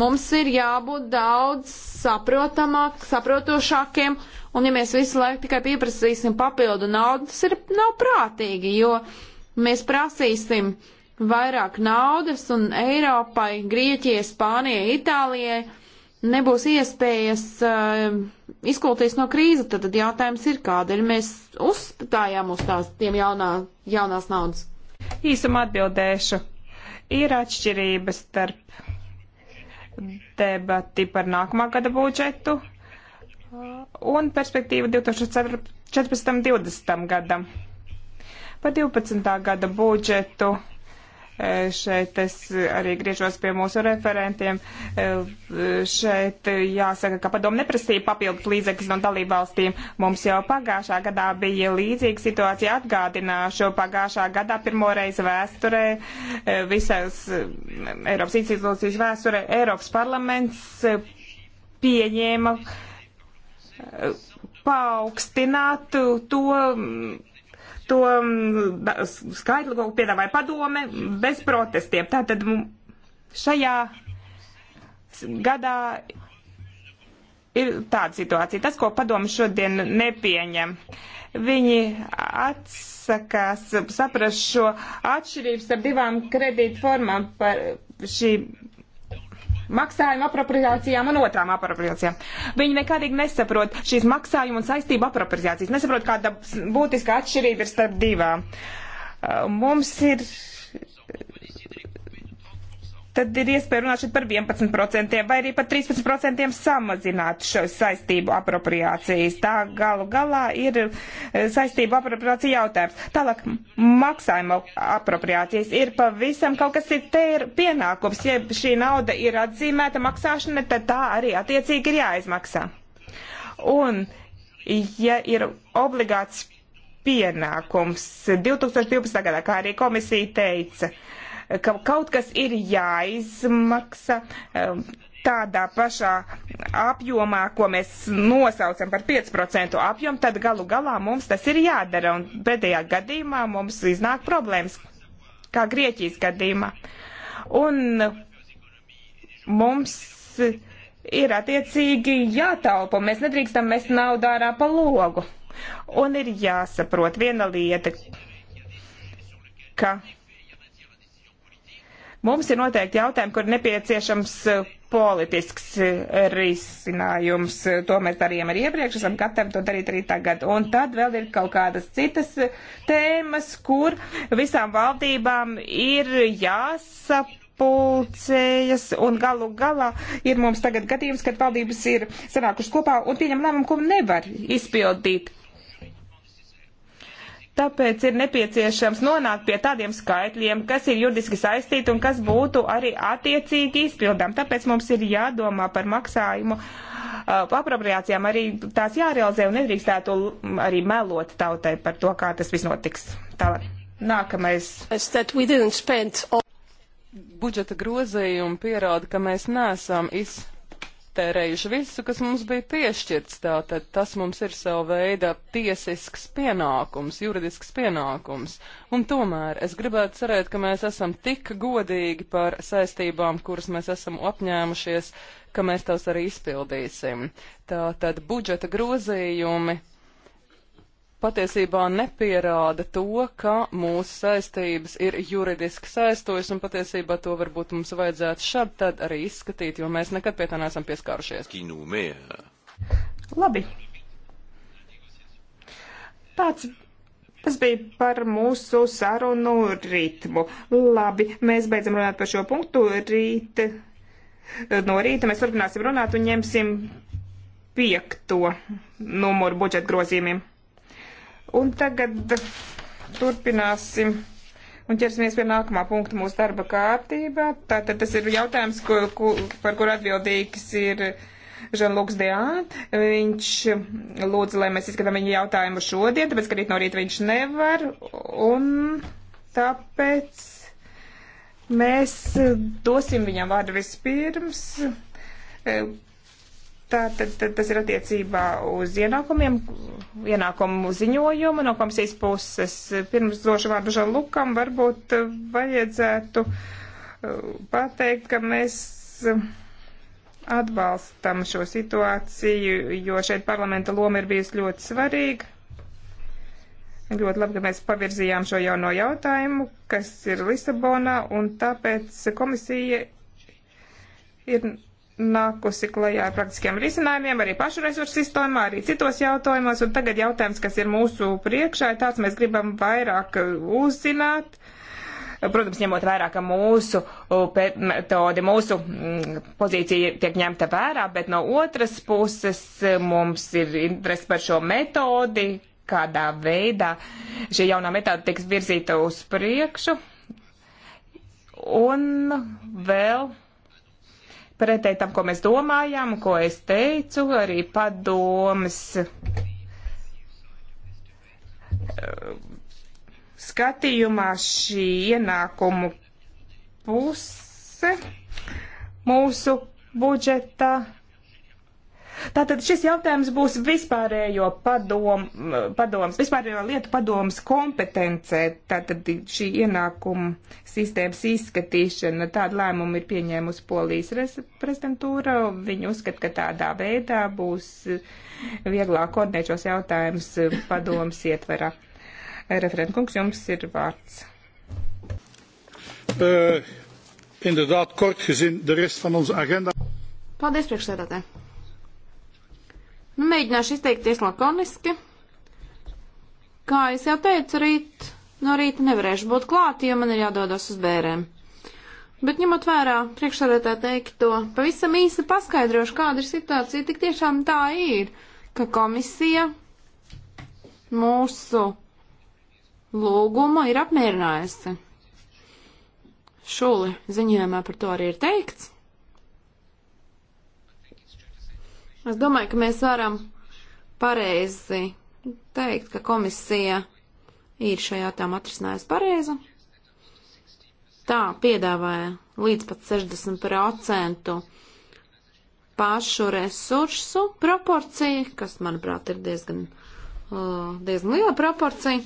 mums ir jābūt daudz saprotamāk, saprotošākiem, un ja mēs visu laiku tikai pieprasīsim papildu naudu, tas ir nav prātīgi, jo mēs prasīsim vairāk naudas un Eiropai, Grieķijai, Spānijai, Itālijai nebūs iespējas uh, izkloties no krīze, tad, tad jautājums ir, kādēļ mēs uzstājām uz tās tiem jaunā, jaunās naudas? Īsumā atbildēšu. Ir atšķirības starp debati par nākamā gada budžetu un perspektīvu 2014. un 2020. gadam. Par 12. gada budžetu E, šeit es arī griežos pie mūsu referentiem. E, šeit jāsaka, ka padomu neprasīja papildus līdzekļus no dalībvalstīm. Mums jau pagājušā gadā bija līdzīga situācija. Atgādināšu, pagājušā gadā pirmoreiz vēsturē, e, visas Eiropas institūcijas vēsturē, Eiropas parlaments pieņēma paaugstinātu to to mm, skaitli, ko piedāvāja padome, bez protestiem. Tātad šajā gadā ir tāda situācija. Tas, ko padomu šodien nepieņem, viņi atsakās saprast šo atšķirības ar divām kredītformām par šī maksājuma apropriācijām un otrām apropriācijām. Viņi nekādīgi nesaprot šīs maksājuma un saistību apropriācijas, nesaprot, kāda būtiska atšķirība ir starp divām. Uh, mums ir tad ir iespēja runāt par 11% vai arī par 13% samazināt šo saistību apropriācijas. Tā galu galā ir e, saistību apropriācija jautājums. Tālāk maksājuma apropriācijas ir pavisam kaut kas ir tēr pienākums. Ja šī nauda ir atzīmēta maksāšana, tad tā arī attiecīgi ir jāizmaksā. Un, ja ir obligāts pienākums 2012. gadā, kā arī komisija teica, uh, ka kaut kas ir jāizmaksa um, tādā pašā apjomā, ko mēs nosaucam par 5% apjomu, tad galu galā mums tas ir jādara, un pēdējā gadījumā mums iznāk problēmas, kā Grieķijas gadījumā. Un mums ir attiecīgi jātaupa, mēs nedrīkstam mest naudu ārā pa logu. Un ir jāsaprot viena lieta, ka Mums ir noteikti jautājumi, kur nepieciešams eh, politisks eh, risinājums. To mēs darījām arī iepriekš, esam gatavi to darīt arī tagad. Un tad vēl ir kaut kādas citas eh, tēmas, kur visām valdībām ir jāsaprot pulcējas, un galu galā ir mums tagad gadījums, kad valdības ir sanākušas kopā un pieņem lēmumu, ko nevar izpildīt. Tāpēc ir nepieciešams nonākt pie tādiem skaitļiem, kas ir juridiski saistīti un kas būtu arī attiecīgi izpildām. Tāpēc mums ir jādomā par maksājumu uh, apropriācijām, arī tās jārealizē un nedrīkstētu arī melot tautai par to, kā tas viss notiks. Tālāk. Nākamais. Budžeta grozījumi pierāda, ka mēs neesam izpildījuši iztērējuši visu, kas mums bija piešķirts. Tātad tas mums ir sava veida tiesisks pienākums, juridisks pienākums. Un tomēr es gribētu cerēt, ka mēs esam tik godīgi par saistībām, kuras mēs esam apņēmušies, ka mēs tās arī izpildīsim. Tātad budžeta grozījumi patiesībā nepierāda to, ka mūsu saistības ir juridiski saistojas, un patiesībā to varbūt mums vajadzētu šad tad arī izskatīt, jo mēs nekad pie tā neesam pieskārušies. Kinumē. Labi. Tāds Tas bija par mūsu sarunu ritmu. Labi, mēs beidzam runāt par šo punktu. Rīt, no rīta mēs turpināsim runāt un ņemsim piekto numuru budžeta grozījumiem. Un tagad turpināsim un ķersimies pie nākamā punkta mūsu darba kārtībā. Tātad tas ir jautājums, kur, kur, par kur atbildīgs ir Žanluks Deān. Viņš lūdza, lai mēs izskatām viņa jautājumu šodien, tāpēc, ka rīt no rīta viņš nevar. Un tāpēc mēs dosim viņam vārdu vispirms. Tātad tas ir attiecībā uz ienākumiem, ienākumu ziņojumu no komisijas puses. Pirms došu vārdu Žalukam, varbūt eh, vajadzētu eh, pateikt, ka mēs eh, atbalstam šo situāciju, jo šeit parlamenta loma ir bijusi ļoti svarīga. Ļoti labi, ka mēs pavirzījām šo jauno jautājumu, kas ir Lisabonā, un tāpēc komisija ir nākusi klajā ar praktiskiem risinājumiem, arī pašu resursu sistēmā, arī citos jautājumos. Un tagad jautājums, kas ir mūsu priekšā, ir tāds, mēs gribam vairāk uzzināt. Protams, ņemot vērā, ka mūsu uh, metode, mūsu mm, pozīcija tiek ņemta vērā, bet no otras puses uh, mums ir interesi par šo metodi, kādā veidā šī jaunā metode tiks virzīta uz priekšu. Un vēl pretēji tam, ko mēs domājām, ko es teicu, arī padomas eh, skatījumā šī ienākumu puse mūsu budžeta Tātad šis jautājums būs vispārējo padom, padoms, vispārējo lietu padoms kompetencē. Tātad šī ienākuma sistēmas izskatīšana, tādu lēmumu ir pieņēmusi Polijas prezidentūra. Viņi uzskata, ka tādā veidā būs vieglāk koordinēt šos jautājumus padoms ietverā. Referentkungs, jums ir vārds. Uh, inderdaad, kort gezien de rest van onze agenda. Paldies, priekšsēdētāji. Nu, mēģināšu izteikties lakoniski. Kā es jau teicu, rīt, no rīta nevarēšu būt klāt, jo man ir jādodas uz bērēm. Bet ņemot vērā priekšsādētā teikto, pavisam īsi paskaidrošu, kāda ir situācija. Tik tiešām tā ir, ka komisija mūsu lūgumu ir apmierinājusi. Šuli ziņojumā par to arī ir teikts. Es domāju, ka mēs varam pareizi teikt, ka komisija ir šajā jautājumā atrisinājusi pareizi. Tā piedāvāja līdz pat 60% pašu resursu proporciju, kas, manuprāt, ir diezgan, uh, diezgan liela proporcija.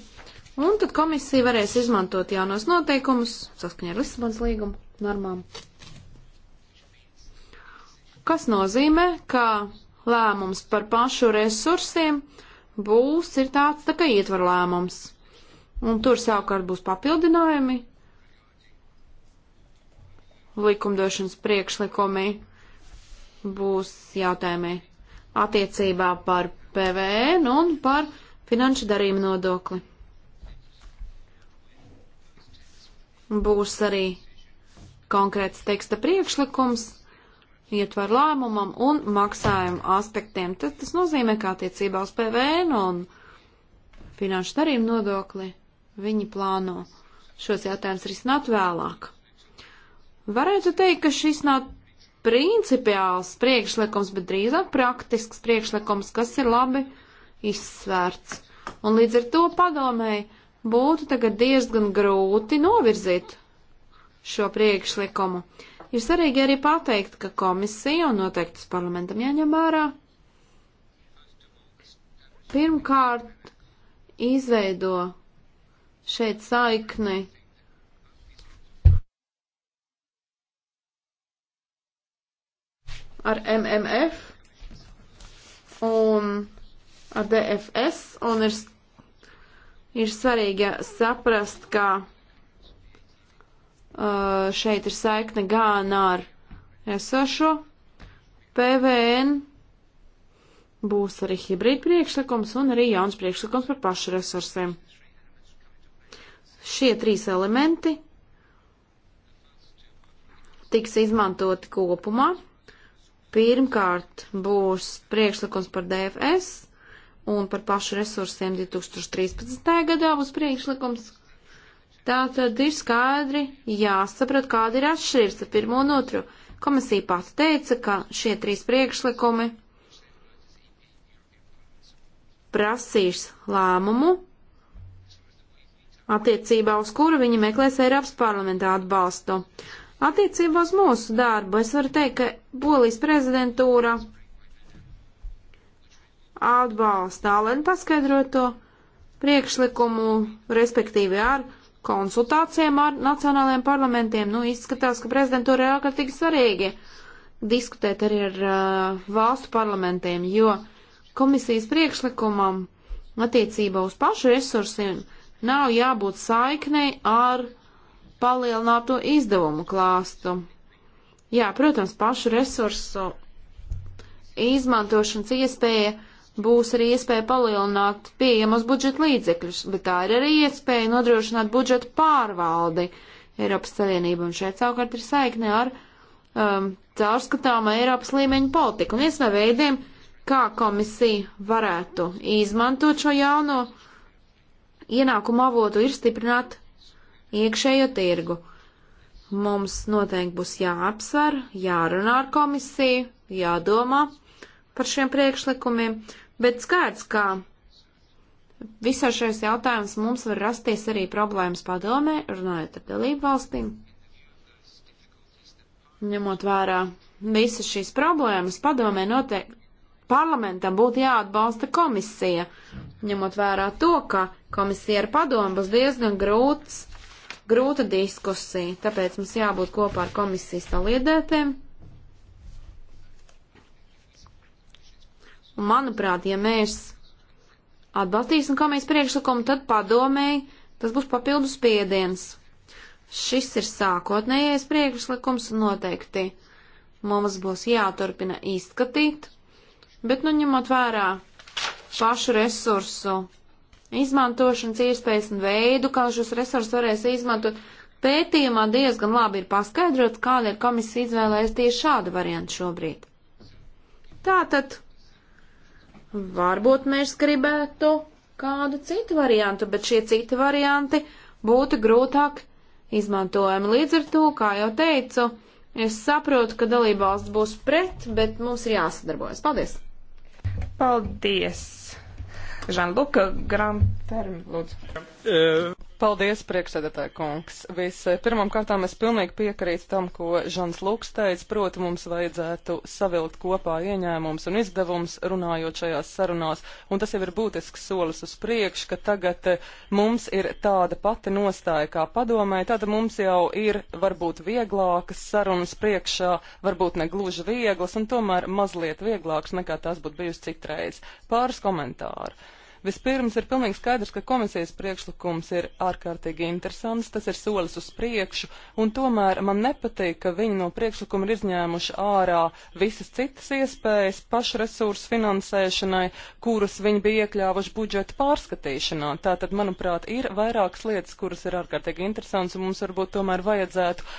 Un tad komisija varēs izmantot jaunos noteikumus saskaņā ar Lisabonas līgumu normām. Kas nozīmē, ka Lēmums par pašu resursiem būs ir tāds tā kā ietver lēmums. Un tur savukārt būs papildinājumi likumdošanas priekšlikumi būs jautājumi attiecībā par PVN un par finanšu darījumu nodokli. Būs arī konkrēts teksta priekšlikums ietver lēmumam un maksājumu aspektiem. Tad tas nozīmē, ka attiecībā uz PVN un finanšu darījumu nodokli viņi plāno šos jautājumus risināt vēlāk. Varētu teikt, ka šis nav principiāls priekšlikums, bet drīzāk praktisks priekšlikums, kas ir labi izsvērts. Un līdz ar to padomēji būtu tagad diezgan grūti novirzīt šo priekšlikumu. Uh, Ir svarīgi arī pateikt, ka komisija un noteikti tas parlamentam jāņem vērā. Pirmkārt, izveido šeit saikni. Ar MMF un ar DFS un ir, ir svarīgi saprast, ka Uh, šeit ir saikne gan ar esošo PVN, būs arī hibrīd priekšlikums un arī jauns priekšlikums par pašu resursiem. Šie trīs elementi tiks izmantoti kopumā. Pirmkārt būs priekšlikums par DFS un par pašu resursiem 2013. gadā būs priekšlikums Tā tad ir skaidri jāsaprot, kāda ir atšķirības ar pirmo un otru. Komisija pati teica, ka šie trīs priekšlikumi prasīs lēmumu, attiecībā uz kuru viņi meklēs Eiropas parlamentā atbalstu. Attiecībā uz mūsu darbu es varu teikt, ka Polijas prezidentūra atbalsta Alenu paskaidroto priekšlikumu, respektīvi ar konsultācijām ar nacionālajiem parlamentiem. Nu, izskatās, ka prezidentūra ir ārkārtīgi svarīgi diskutēt arī ar uh, valstu parlamentiem, jo komisijas priekšlikumam attiecībā uz pašu resursiem nav jābūt saiknei ar palielināto izdevumu klāstu. Jā, protams, pašu resursu izmantošanas iespēja uh, būs arī iespēja palielināt pieejamos budžeta līdzekļus, bet tā ir arī iespēja nodrošināt budžeta pārvaldi Eiropas Savienību, un šeit savukārt ir saikne ar um, caurskatāma Eiropas līmeņa politiku. Un viens no veidiem, kā komisija varētu izmantot šo jauno ienākumu avotu, ir stiprināt iekšējo tirgu. Mums noteikti būs jāapsver, jārunā ar komisiju, jādomā par šiem priekšlikumiem, Bet skaidrs, ka visā šajos jautājums mums var rasties arī problēmas padomē, runājot ar dalību valstīm. Ņemot vērā visas šīs problēmas, padomē noteikti parlamentam būtu jāatbalsta komisija, ņemot vērā to, ka komisija ar padomu būs diezgan grūts, grūta diskusija, tāpēc mums jābūt kopā ar komisijas saliedētēm. Manuprāt, ja mēs atbalstīsim komijas priekšlikumu, tad padomēji tas būs papildus spiediens. Šis ir sākotnējais priekšlikums noteikti. Mums būs jāturpina izskatīt, bet nu ņemot vērā pašu resursu izmantošanas iespējas un veidu, kā šos resursus varēs izmantot, pētījumā diezgan labi ir paskaidrots, kādēļ komisija izvēlējas tieši šādu variantu šobrīd. Tātad Varbūt mēs gribētu kādu citu variantu, bet šie citi varianti būtu grūtāk izmantojami. Līdz ar to, kā jau teicu, es saprotu, ka dalībvalsts būs pret, bet mums ir jāsadarbojas. Paldies! Paldies! Žanluka Granferm, lūdzu. E, Paldies, priekšsēdētāja kungs. Vispirmām kārtām es pilnīgi piekrītu tam, ko Žans Lūks teica, proti mums vajadzētu savilkt kopā ieņēmums un izdevums runājot šajās sarunās, un tas jau ir būtisks solis uz priekšu, ka tagad eh, mums ir tāda pati nostāja kā padomē, tad mums jau ir varbūt vieglākas sarunas priekšā, varbūt ne gluži vieglas, un tomēr mazliet vieglākas nekā tās būtu bijusi citreiz. Pāris komentāru. Vispirms ir pilnīgi skaidrs, ka komisijas priekšlikums ir ārkārtīgi interesants, tas ir solis uz priekšu, un tomēr man nepatīk, ka viņi no priekšlikuma ir izņēmuši ārā visas citas iespējas pašresursu finansēšanai, kuras viņi bija iekļāvuši budžeta pārskatīšanā. Tātad, manuprāt, ir vairākas lietas, kuras ir ārkārtīgi interesants, un mums varbūt tomēr vajadzētu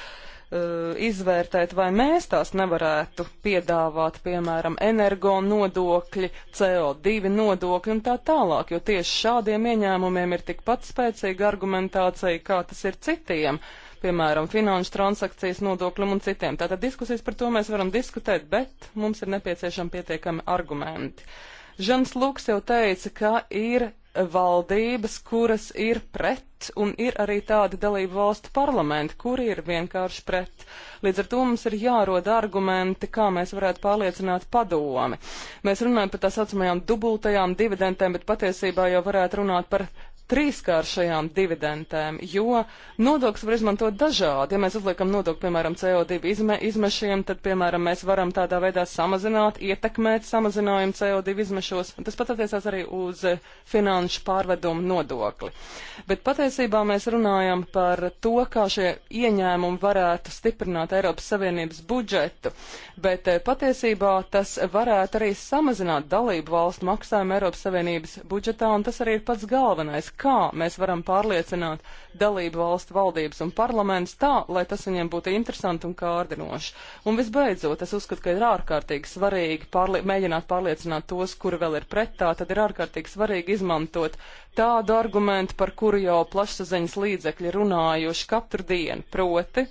Eh, izvērtēt, vai mēs tās nevarētu piedāvāt, piemēram, energo nodokļi, CO2 nodokļi un tā tālāk, jo tieši šādiem ieņēmumiem ir tikpat spēcīga argumentācija, kā tas ir citiem, piemēram, finanšu transakcijas nodokļiem un citiem. Tātad diskusijas par to mēs varam diskutēt, bet mums ir nepieciešami pietiekami argumenti. Žans Luks jau teica, ka ir valdības, kuras ir pret, un ir arī tādi dalību valstu parlamenti, kuri ir vienkārši pret. Līdz ar to mums ir jārod argumenti, kā mēs varētu pārliecināt padomi. Mēs runājam par tā saucamajām dubultajām dividendēm, bet patiesībā jau varētu runāt par trīskāršajām dividendēm, jo nodoklis var izmantot dažādi. Ja mēs uzliekam nodokli, piemēram, CO2 izme, izmešiem, tad, piemēram, mēs varam tādā veidā samazināt, ietekmēt samazinājumu CO2 izmešos. Tas pat attiecās arī uz finanšu pārvedumu nodokli. Bet patiesībā mēs runājam par to, kā šie ieņēmumi varētu stiprināt Eiropas Savienības budžetu, bet eh, patiesībā tas varētu arī samazināt dalību valstu maksājumu Eiropas Savienības budžetā, un tas arī ir pats galvenais kā mēs varam pārliecināt dalību valstu valdības un parlaments tā, lai tas viņiem būtu interesanti un kārdinoši. Un visbeidzot, es uzskatu, ka ir ārkārtīgi svarīgi pārlie mēģināt pārliecināt tos, kuri vēl ir pretā, tad ir ārkārtīgi svarīgi izmantot tādu argumentu, par kuru jau plašsaziņas līdzekļi runājuši katru dienu, proti.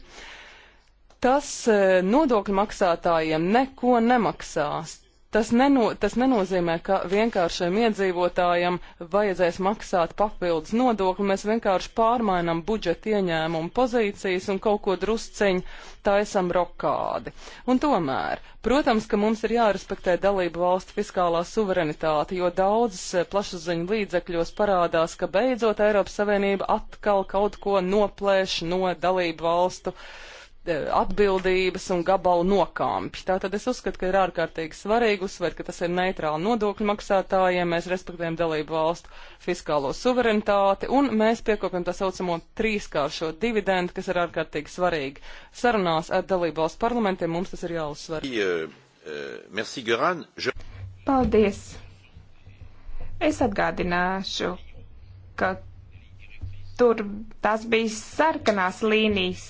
Tas eh, nodokļu maksātājiem neko nemaksās Tas, neno, tas nenozīmē, ka vienkāršiem iedzīvotājiem vajadzēs maksāt papildus nodokli. Mēs vienkārši pārmainām budžeta ieņēmumu pozīcijas un kaut ko drusceņu taisam rokādi. Un tomēr, protams, ka mums ir jārespektē dalību valstu fiskālā suverenitāte, jo daudzas eh, plašsaziņu līdzekļos parādās, ka beidzot Eiropas Savienība atkal kaut ko noplēš no dalību valstu uh, E, atbildības un gabalu nokampi. Tātad es uzskatu, ka ir ārkārtīgi svarīgi uzsvērt, ka tas ir neitrāli nodokļu maksātājiem, mēs respektējam dalību valstu fiskālo suverenitāti un mēs piekopjam tā saucamo trīskāršo dividendu, kas ir ārkārtīgi svarīgi. Sarunās ar dalību valstu parlamentiem mums tas ir jāuzsver. E, e, Paldies! Es atgādināšu, ka tur tās bija sarkanās līnijas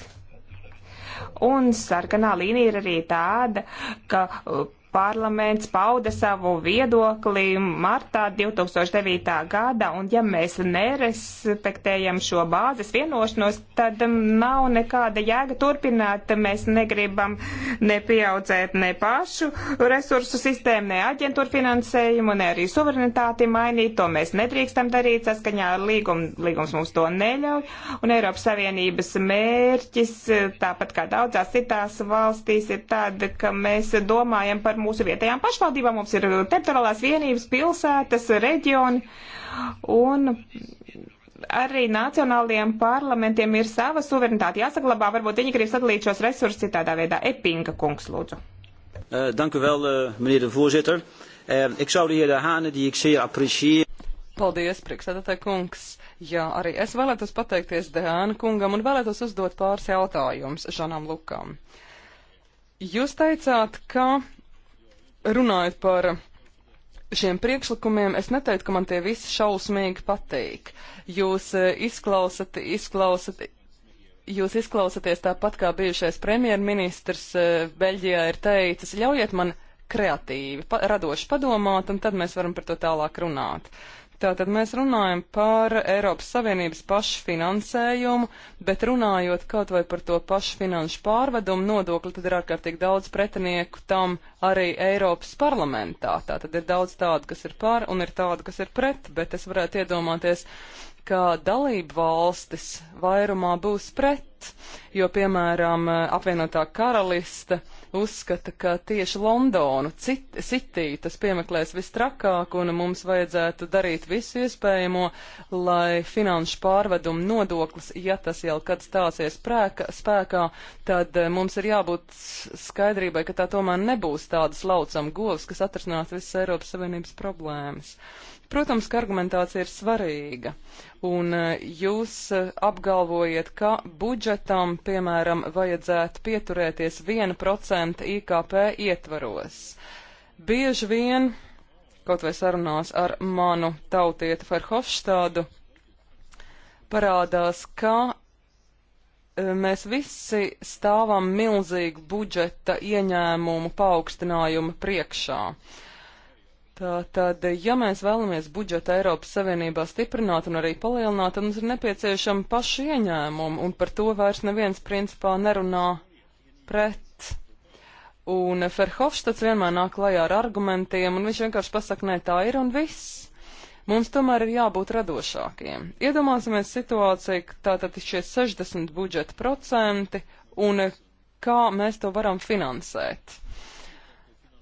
Un sarkanā līnija ir arī tāda, ka parlaments pauda savu viedokli martā 2009. gada, un ja mēs nerespektējam šo bāzes vienošanos, tad mm, nav nekāda jēga turpināt. Mēs negribam ne pieaudzēt ne pašu resursu sistēmu, ne aģentūru finansējumu, ne arī suverenitāti mainīt. To mēs nedrīkstam darīt saskaņā ar līgumu. Līgums mums to neļauj, un Eiropas Savienības mērķis, tāpat kā daudzās citās valstīs, ir tāda, ka mēs domājam par mūsu mūsu vietējām pašvaldībām, mums ir uh, teritoriālās vienības, pilsētas, reģioni, un arī nacionālajiem parlamentiem ir sava suverenitāte jāsaglabā, varbūt viņi grib sadalīt šos resursus citādā veidā. Epinga kungs, lūdzu. Uh, dank u wel, uh, meneer de voorzitter. Uh, ik zou de heer De Hane, die ik zeer apprecieer. Paldies, priekšsēdētāj kungs. Jā, arī es vēlētos pateikties Dēna kungam un vēlētos uzdot pāris jautājumus Žanam Lukam. Jūs teicāt, ka runājot par šiem priekšlikumiem, es neteicu, ka man tie visi šausmīgi patīk. Jūs eh, izklausat, izklausat, jūs izklausaties tāpat kā bijušais premjerministrs eh, Beļģijā ir teicis, ļaujiet man kreatīvi, pa, radoši padomāt, un tad mēs varam par to tālāk runāt. Tātad mēs runājam par Eiropas Savienības pašfinansējumu, bet runājot kaut vai par to pašu finanšu pārvedumu nodokli, tad ir ārkārtīgi daudz pretinieku tam arī Eiropas parlamentā. Tātad ir daudz tādu, kas ir pār un ir tādu, kas ir pret, bet es varētu iedomāties, ka dalību valstis vairumā būs pret, jo, piemēram, apvienotā karaliste uzskata, ka tieši Londonu cit, citī tas piemeklēs vistrakāk un mums vajadzētu darīt visu iespējamo, lai finanšu pārvedumu nodoklis, ja tas jau kad stāsies prēka, spēkā, tad eh, mums ir jābūt skaidrībai, ka tā tomēr nebūs tādas laucam govs, kas atrasinās visas Eiropas Savienības problēmas. Uh, Protams, ka argumentācija ir svarīga, un e, jūs e, apgalvojat, ka budžetam, piemēram, vajadzētu pieturēties 1% IKP ietvaros. Bieži vien, kaut vai sarunās ar manu tautietu Ferhofštādu, parādās, ka e, mēs visi stāvam milzīgu budžeta ieņēmumu paaugstinājumu priekšā. Uh, Tātad, ja mēs vēlamies budžetu Eiropas Savienībā stiprināt un arī palielināt, tad mums ir nepieciešama paša ieņēmuma, un par to vairs neviens principā nerunā pret. Un Ferhofštats vienmēr nāk klajā ar argumentiem, un viņš vienkārši pasaka, nē, tā ir un viss. Mums tomēr ir jābūt radošākiem. Iedomāsimies situāciju, tātad šie 60 budžeta procenti, un kā mēs to varam finansēt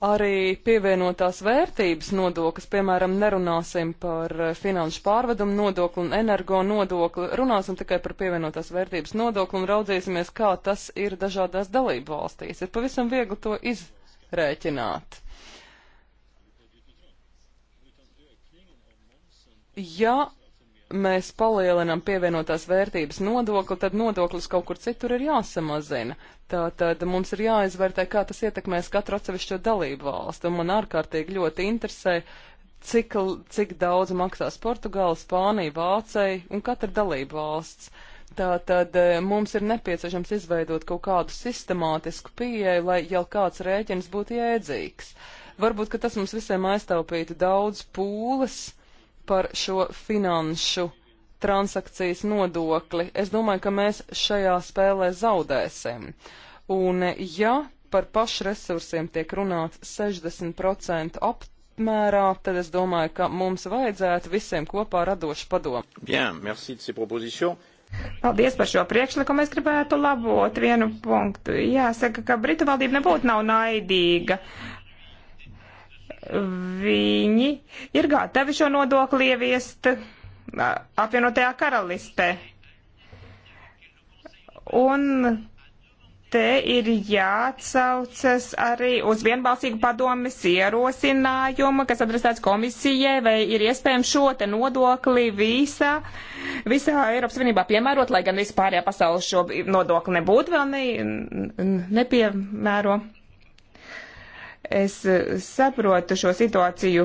arī pievienotās vērtības nodoklis, piemēram, nerunāsim par eh, finanšu pārvedumu nodokli un energo nodokli, runāsim tikai par pievienotās vērtības nodokli un raudzīsimies, kā tas ir dažādās dalību valstīs. Ir pavisam viegli to izrēķināt. Ja mēs palielinam pievienotās vērtības nodokli, tad nodoklis kaut kur citur ir jāsamazina. Tātad mums ir jāizvērtē, kā tas ietekmēs katru atsevišķo dalību valstu. Un man ārkārtīgi ļoti interesē, cik, cik daudz maksās Portugāla, Spānija, Vācija un katra dalību valsts. Tātad eh, mums ir nepieciešams izveidot kaut kādu sistemātisku pieeju, lai jau kāds rēķins būtu jēdzīgs. Varbūt, ka tas mums visiem aiztaupītu daudz pūles par šo finanšu transakcijas nodokli. Es domāju, ka mēs šajā spēlē zaudēsim. Un ja par pašresursiem tiek runāts 60% apmērā, tad es domāju, ka mums vajadzētu visiem kopā radoši padomu. Bien, merci de ces propositions. Paldies par šo priekšlikumu. Es gribētu labot vienu punktu. Jāsaka, ka Britu valdība nebūtu nav naidīga. Uh, viņi ir gatavi šo nodokli ieviest apvienotajā karalistē. Un te ir jāatsaucas arī uz vienbalsīgu padomis ierosinājumu, kas adresēts komisijai, vai ir iespējams šo te nodokli visā, visā Eiropas Savienībā piemērot, lai gan vispārējā pasaule šo nodokli nebūtu vēl ne, nepiemēro. Ne Es eh, saprotu šo situāciju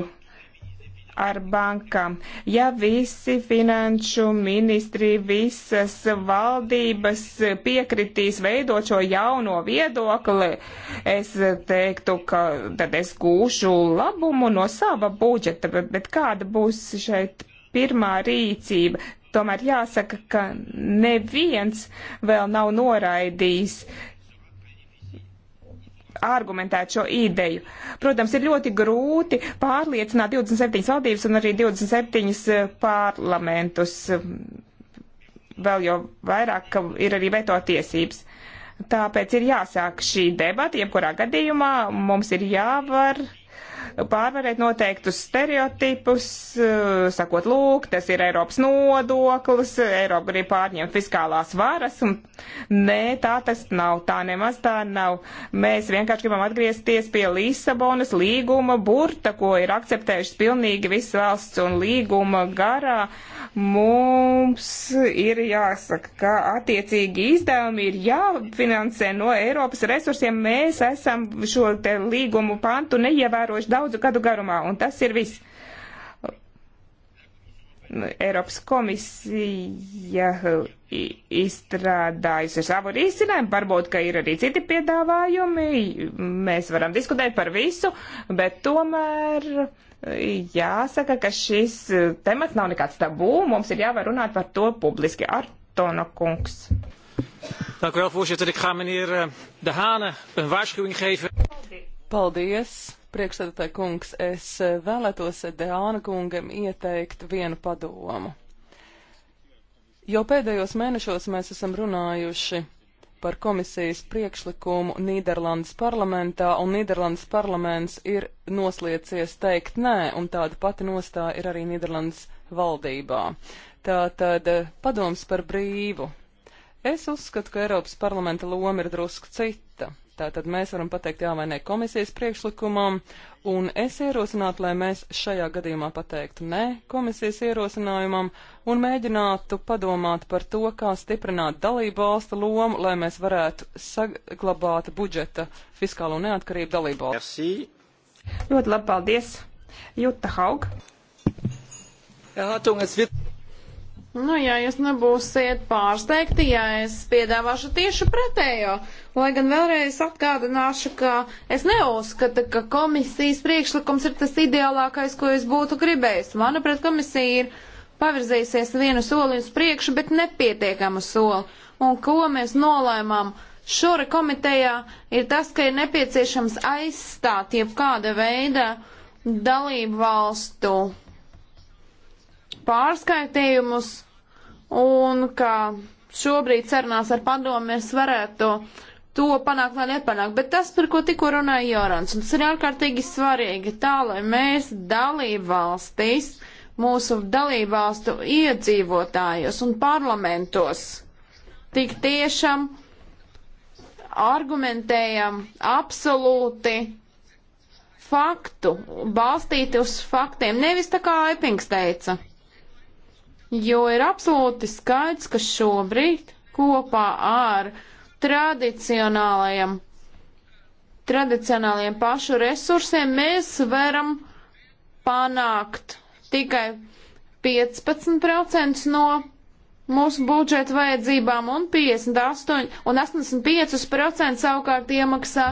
ar bankām. Ja visi finanšu ministri, visas valdības piekritīs veidot šo jauno viedokli, es teiktu, ka tad es gūšu labumu no sava budžeta, bet, bet kāda būs šeit pirmā rīcība? Tomēr jāsaka, ka neviens vēl nav noraidījis argumentēt šo ideju. Protams, ir ļoti grūti pārliecināt 27 valdības un arī 27 eh, parlamentus. Vēl jau vairāk, ka ir arī veto tiesības. Tāpēc ir jāsāk šī debata, jebkurā gadījumā mums ir jāvar pārvarēt noteiktus stereotipus, eh, sakot, lūk, tas ir Eiropas nodoklis, Eiropa grib pārņemt fiskālās varas, un nē, tā tas nav, tā nemaz tā nav. Mēs vienkārši gribam atgriezties pie Lisabonas līguma burta, ko ir akceptējušas pilnīgi visas valsts un līguma garā mums ir jāsaka, ka attiecīgi izdevumi ir jāfinansē no Eiropas resursiem. Mēs esam šo te līgumu pantu neievērojuši daudzu gadu garumā, un tas ir viss. Eiropas komisija uh, izstrādājusi savu risinājumu, varbūt, ka ir arī citi piedāvājumi, mēs varam diskutēt par visu, bet tomēr uh, jāsaka, ka šis uh, temats nav nekāds tabū, mums ir jāvar runāt par to publiski. Artona kungs. Dank u wel, voorzitter. Ik ga meneer eh, De Hane een waarschuwing geven. Paldies. Priekšsēdētāji kungs, es e, vēlētos Deāna kungam ieteikt vienu padomu. Jau pēdējos mēnešos mēs esam runājuši par komisijas priekšlikumu Nīderlandes parlamentā, un Nīderlandes parlaments ir nosliecies teikt nē, un tāda pati nostāja ir arī Nīderlandes valdībā. Tātad e, padoms par brīvu. Es uzskatu, ka Eiropas parlamenta loma ir drusku cita. Tātad mēs varam pateikt jā vai nē komisijas priekšlikumam, un es ierosinātu, lai mēs šajā gadījumā pateiktu nē komisijas ierosinājumam un mēģinātu padomāt par to, kā stiprināt dalību valstu lomu, lai mēs varētu saglabāt budžeta fiskālo neatkarību dalību valstu. Ļoti labi, paldies! Jutta Haug! Erwartung, es wird Nu, ja jūs nebūsiet pārsteigti, ja es piedāvāšu tieši pretējo, lai gan vēlreiz atgādināšu, ka es neuzskatu, ka komisijas priekšlikums ir tas ideālākais, ko es būtu gribējis. Manuprāt, komisija ir pavirzīsies vienu soli uz priekšu, bet nepietiekamu soli. Un ko mēs nolēmām šore komitejā ir tas, ka ir nepieciešams aizstāt jebkāda veida dalību valstu pārskaitījumus un ka šobrīd sarunās ar padomu mēs varētu to panākt vai nepanākt. Bet tas, par ko tikko runāja Jorans, un tas ir ārkārtīgi svarīgi, tā lai mēs dalību valstīs, mūsu dalību valstu iedzīvotājos un parlamentos tik tiešām argumentējam absolūti faktu, balstīti uz faktiem, nevis tā kā Aipings teica jo ir absolūti skaidrs, ka šobrīd kopā ar tradicionālajiem, tradicionālajiem pašu resursiem mēs varam panākt tikai 15% no mūsu budžeta vajadzībām un 58 un 85% savukārt iemaksā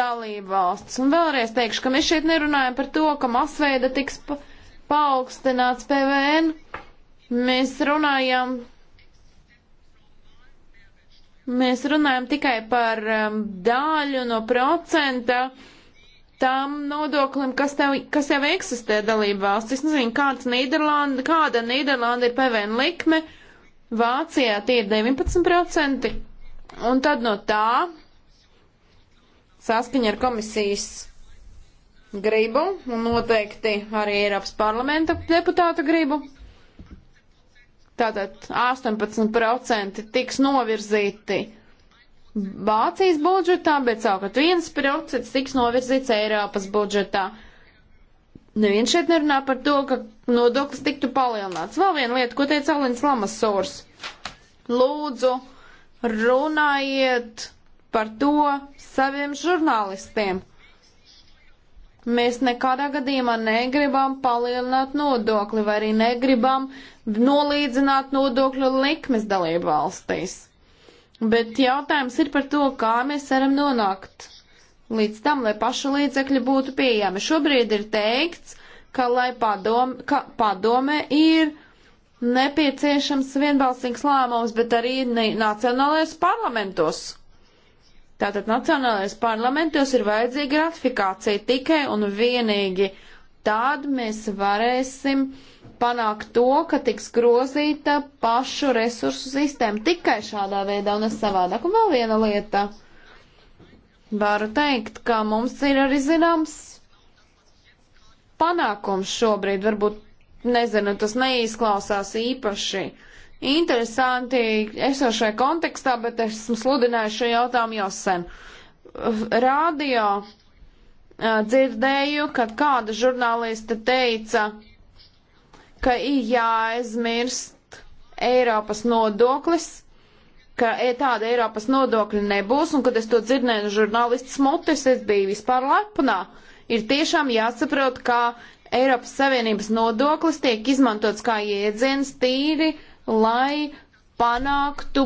dalību valsts. Un vēlreiz teikšu, ka mēs šeit nerunājam par to, ka masveida tiks pa, paaugstināts PVN, Mēs runājam. Mēs runājam tikai par um, daļu no procenta tam nodoklim, kas, tev, kas jau eksistē dalību valsts. Es nezinu, kāds Nīderlanda, kāda Nīderlanda ir PVN likme, Vācijā tie ir 19%, un tad no tā saskaņa ar komisijas gribu, un noteikti arī Eiropas parlamenta deputāta gribu, Tātad 18% tiks novirzīti Vācijas budžetā, bet savukārt 1% tiks novirzīts Eiropas budžetā. Neviens nu, šeit nerunā par to, ka nodoklis tiktu palielināts. Vēl viena lieta, ko teica Alins Lamasors. Lūdzu, runājiet par to saviem žurnālistiem. Mēs nekādā gadījumā negribam palielināt nodokli vai arī negribam nolīdzināt nodokļu likmes dalību valstīs. Bet jautājums ir par to, kā mēs varam nonākt līdz tam, lai pašu līdzekļi būtu pieejami. Šobrīd ir teikts, ka lai padom, ka padome ir nepieciešams vienbalsīgs lēmums, bet arī nacionālajos parlamentos Tātad Nacionālais parlamentos ir vajadzīga ratifikācija tikai un vienīgi tad mēs varēsim panākt to, ka tiks grozīta pašu resursu sistēma tikai šādā veidā un es savādāk. Un vēl viena lieta. Varu teikt, ka mums ir arī zināms panākums šobrīd. Varbūt, nezinu, tas neizklausās īpaši interesanti esošajā kontekstā, bet esmu sludinājuši šo jautājumu jau sen. Rādio dzirdēju, kad kāda žurnāliste teica, ka ir jāaizmirst Eiropas nodoklis, ka e, tāda Eiropas nodokļa nebūs, un kad es to dzirdēju no žurnālistas mutes, es biju vispār lepnā. Ir tiešām jāsaprot, ka Eiropas Savienības nodoklis tiek izmantots kā jēdziens tīri uh, lai panāktu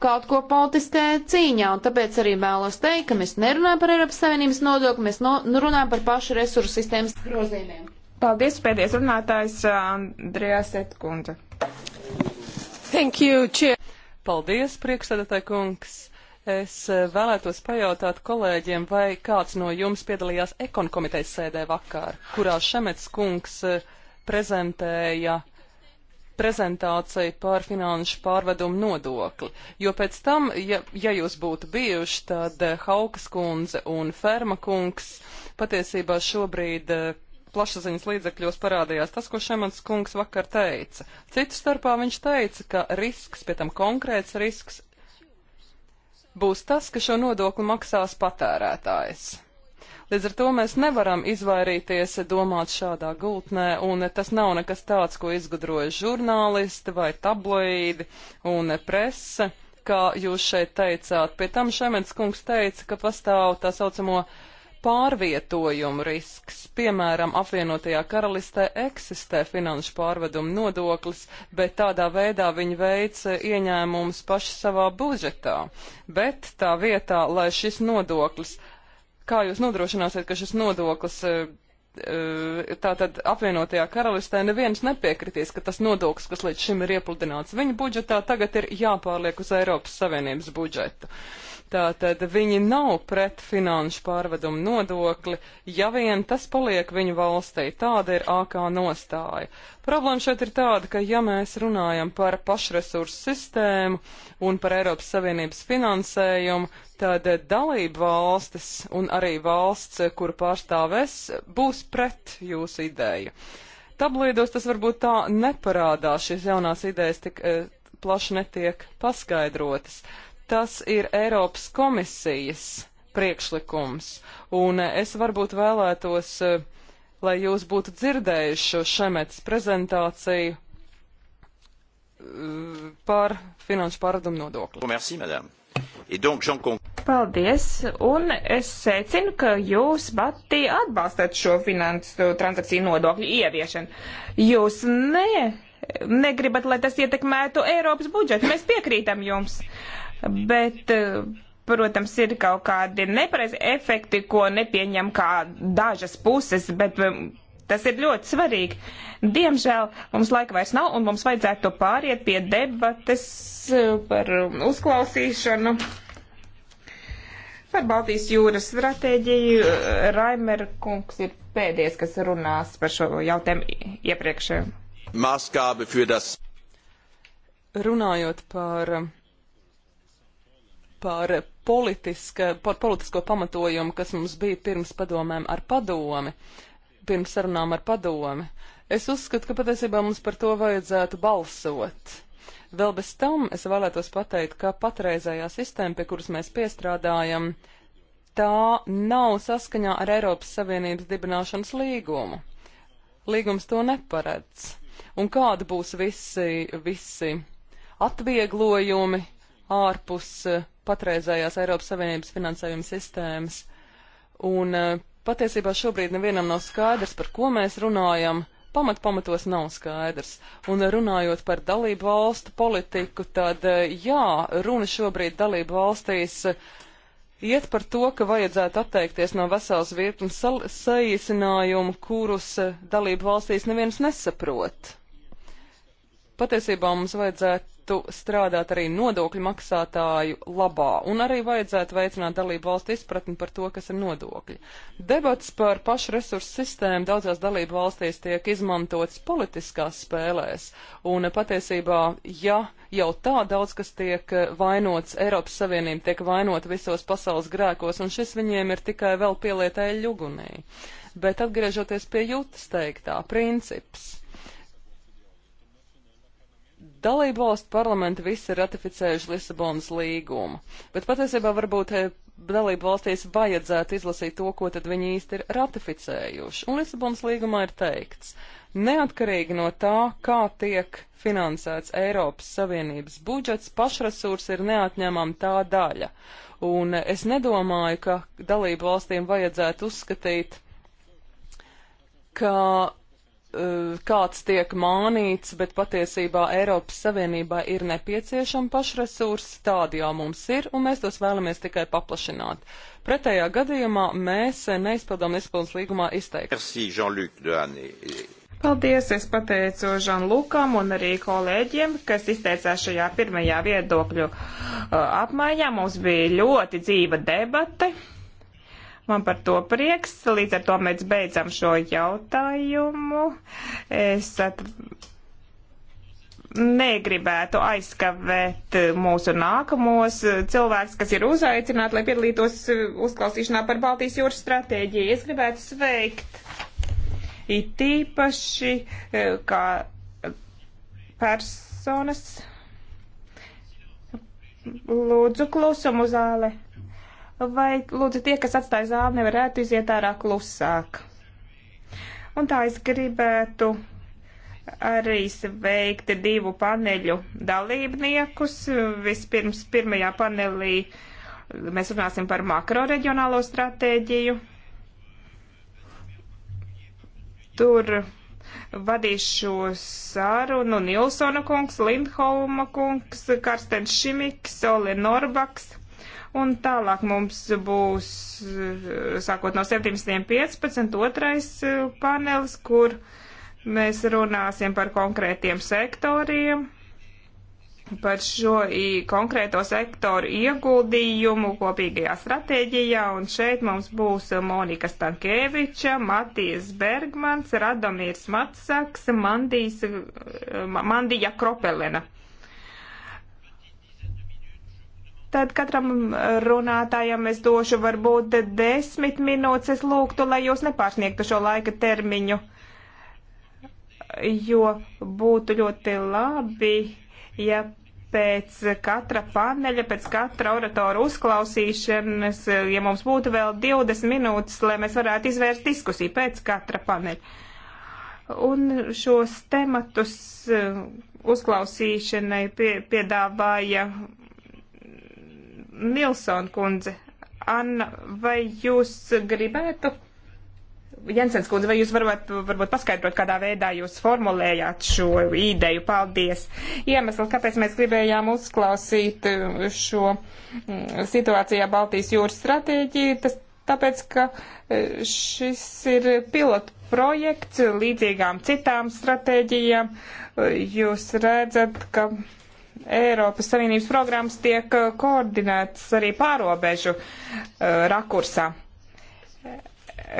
kaut ko politiskajā cīņā, un tāpēc arī vēlos teikt, ka mēs nerunājam par Eiropas Savienības nodokli, mēs no, nu, runājam par pašu resursu sistēmas grozījumiem. Paldies, pēdējais runātājs uh, Andrejā Setkundze. Thank you, cheer. Paldies, priekšsēdētāji kungs. Es uh, vēlētos pajautāt kolēģiem, vai kāds no jums piedalījās ekonomikas komitejas sēdē vakar, kurā Šemets kungs uh, prezentēja uh, prezentāciju par finanšu pārvedumu nodokli. Jo pēc tam, ja, ja jūs būtu bijuši, tad eh, Haukas kundze un Ferma kungs patiesībā šobrīd eh, plašsaziņas līdzekļos parādījās tas, ko Šemans kungs vakar teica. Citu starpā viņš teica, ka risks, pie tam konkrēts risks, būs tas, ka šo nodokli maksās patērētājs. Līdz ar to mēs nevaram izvairīties domāt šādā gultnē, un tas nav nekas tāds, ko izgudroja žurnālisti vai tabloīdi un prese, kā jūs šeit teicāt. Pie tam Šemets kungs teica, ka pastāv tā saucamo pārvietojumu risks. Piemēram, apvienotajā karalistē eksistē finanšu pārvedumu nodoklis, bet tādā veidā viņi veic ieņēmumus paši savā budžetā. Bet tā vietā, lai šis nodoklis kā jūs nodrošināsiet, ka šis nodoklis e, e, tātad apvienotajā karalistē neviens nepiekritīs, ka tas nodoklis, kas līdz šim ir iepludināts viņa budžetā, tagad ir jāpārliek uz Eiropas Savienības budžetu. Uh, Tātad viņi nav pret finanšu pārvedumu nodokli, ja vien tas paliek viņu valstī. Tāda ir ākā nostāja. Problēma šeit ir tāda, ka ja mēs runājam par pašresursu sistēmu un par Eiropas Savienības finansējumu, tad dalība valstis un arī valsts, kuru pārstāvēs, būs pret jūsu ideju. Tablīdos tas varbūt tā neparādās, šīs jaunās idejas tik e, plaši netiek paskaidrotas. Uh, Tas ir Eiropas komisijas priekšlikums, un eh, es varbūt vēlētos, eh, lai jūs būtu dzirdējuši šo šemets prezentāciju eh, par finanšu pārādumu nodokli. Merci, madame. Donc, Paldies, un es secinu, ka jūs, Bati, atbalstat šo finansu transakciju nodokļu ieviešanu. Jūs ne, negribat, lai tas ietekmētu Eiropas budžetu. Mēs piekrītam jums. Uh, bet, eh, protams, ir kaut kādi nepareizi efekti, ko nepieņem kā dažas puses, bet eh, tas ir ļoti svarīgi. Diemžēl mums laika vairs nav, un mums vajadzētu pāriet pie debates eh, par um, uzklausīšanu. Par Baltijas jūras stratēģiju Raimer kungs ir pēdējais, kas runās par šo jautājumu iepriekšējo. Runājot par um, par, politiska, par politisko pamatojumu, kas mums bija pirms padomēm ar padomi, pirms sarunām ar padomi. Es uzskatu, ka patiesībā mums par to vajadzētu balsot. Vēl bez tam es vēlētos pateikt, ka patreizējā sistēma, pie kuras mēs piestrādājam, tā nav saskaņā ar Eiropas Savienības dibināšanas līgumu. Līgums to neparedz. Un kāda būs visi, visi atvieglojumi, ārpus eh, patreizējās Eiropas Savienības finansējuma sistēmas. Un eh, patiesībā šobrīd nevienam nav skaidrs, par ko mēs runājam. Pamat pamatos nav skaidrs. Un eh, runājot par dalību valstu politiku, tad jā, runa šobrīd dalību valstīs iet par to, ka vajadzētu atteikties no veselas virknes saīsinājumu, kurus dalību valstīs neviens nesaprot. Patiesībā mums vajadzētu strādāt arī nodokļu maksātāju labā, un arī vajadzētu veicināt dalību valstu izpratni par to, kas ir nodokļi. Debats par pašu resursu sistēmu daudzās dalību valstīs tiek izmantots politiskās spēlēs, un patiesībā, ja jau tā daudz kas tiek vainots, Eiropas Savienība tiek vainota visos pasaules grēkos, un šis viņiem ir tikai vēl pielietēja ļugunī. Bet atgriežoties pie jūtas teiktā, princips. Dalību valstu parlamenti visi ir ratificējuši Lisabonas līgumu, bet patiesībā varbūt eh, dalību valstīs vajadzētu izlasīt to, ko tad viņi īsti ir ratificējuši. Un Lisabonas līgumā ir teikts, neatkarīgi no tā, kā tiek finansēts Eiropas Savienības budžets, pašresursi ir neatņemama tā daļa. Un eh, es nedomāju, ka dalību valstīm vajadzētu uzskatīt, ka Eh, kāds tiek mānīts, bet patiesībā Eiropas Savienībā ir nepieciešama pašresursi, tādi jau mums ir, un mēs tos vēlamies tikai paplašināt. Pretējā gadījumā mēs neizpildām Lisbonas līgumā izteikti. Paldies, es pateicu Žanlukam un arī kolēģiem, kas izteicās šajā pirmajā viedokļu uh, apmaiņā. Mums bija ļoti dzīva debate. Man par to prieks. Līdz ar to mēs beidzam šo jautājumu. Es at... negribētu aizskavēt mūsu nākamos cilvēks, kas ir uzaicināti, lai piedalītos uzklausīšanā par Baltijas jūras stratēģiju. Es gribētu sveikt it īpaši eh, kā personas. Lūdzu, klusumu zāle vai lūdzu tie, kas atstāja zāli, nevarētu iziet ārā klusāk. Un tā es gribētu arī sveikt divu paneļu dalībniekus. Vispirms pirmajā panelī mēs runāsim par makroreģionālo stratēģiju. Tur vadīs šo sarunu Nilsona kungs, Lindholma kungs, Karstens Šimiks, Ole Norbaks Un tālāk mums būs, eh, sākot no 17.15, otrais eh, panelis, kur mēs runāsim par konkrētiem sektoriem, par šo konkrēto sektoru ieguldījumu kopīgajā stratēģijā, un šeit mums būs Monika Stankēviča, Matijas Bergmans, Radomīrs Matsaks, Mandijas, eh, Mandija Kropelena. Tad katram runātājam es došu varbūt desmit minūtes. Es lūgtu, lai jūs nepārsniegtu šo laika termiņu, jo būtu ļoti labi, ja pēc katra paneļa, pēc katra oratora uzklausīšanas, ja mums būtu vēl 20 minūtes, lai mēs varētu izvērst diskusiju pēc katra paneļa. Un šos tematus uh, uzklausīšanai pie, piedāvāja Nilsona kundze, Anna, vai jūs gribētu? Jensens kundze, vai jūs varat varbūt paskaidrot, kādā veidā jūs formulējāt šo ideju? Paldies! Iemesls, kāpēc mēs gribējām uzklausīt uh, šo mm, situācijā Baltijas jūras stratēģiju, tas tāpēc, ka uh, šis ir pilotu projekts līdzīgām citām stratēģijām. Uh, jūs redzat, ka Eiropas Savienības programmas tiek eh, koordinētas arī pārobežu eh, rakursā.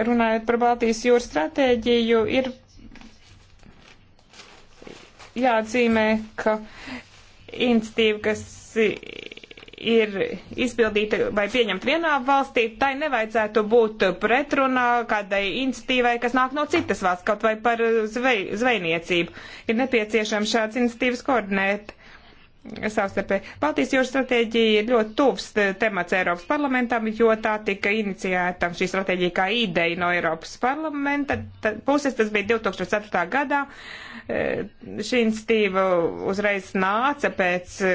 Runājot par Baltijas jūras stratēģiju, ir jāatzīmē, ka institīva, kas ir izpildīta vai pieņemta vienā valstī, tai nevajadzētu būt pretrunā kādai institīvai, kas nāk no citas valsts, kaut vai par zvej, zvejniecību. Ir nepieciešams šāds institīvas koordinēt savstarpēji. Baltijas jūras stratēģija ir ļoti tuvs temats Eiropas parlamentam, jo tā tika iniciēta šī stratēģija kā ideja no Eiropas parlamenta. Tad, puses tas bija 2004. gadā. E, šī institīva uzreiz nāca pēc e,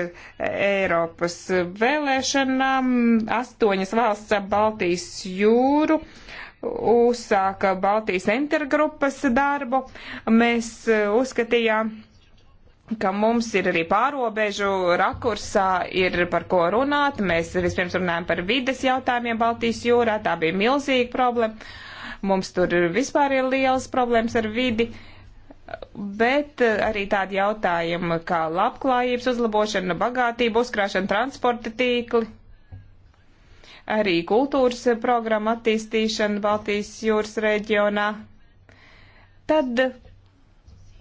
Eiropas vēlēšanām. Astoņas valsts ap Baltijas jūru uzsāka Baltijas intergrupas darbu. Mēs e, uzskatījām, ka mums ir arī pārobežu rakursā, ir par ko runāt. Mēs vispirms runājam par vides jautājumiem Baltijas jūrā, tā bija milzīga problēma. Mums tur vispār ir liels problēmas ar vidi, bet eh, arī tādi jautājumi kā labklājības uzlabošana, bagātība, uzkrāšana, transporta tīkli, arī kultūras programma attīstīšana Baltijas jūras reģionā. Tad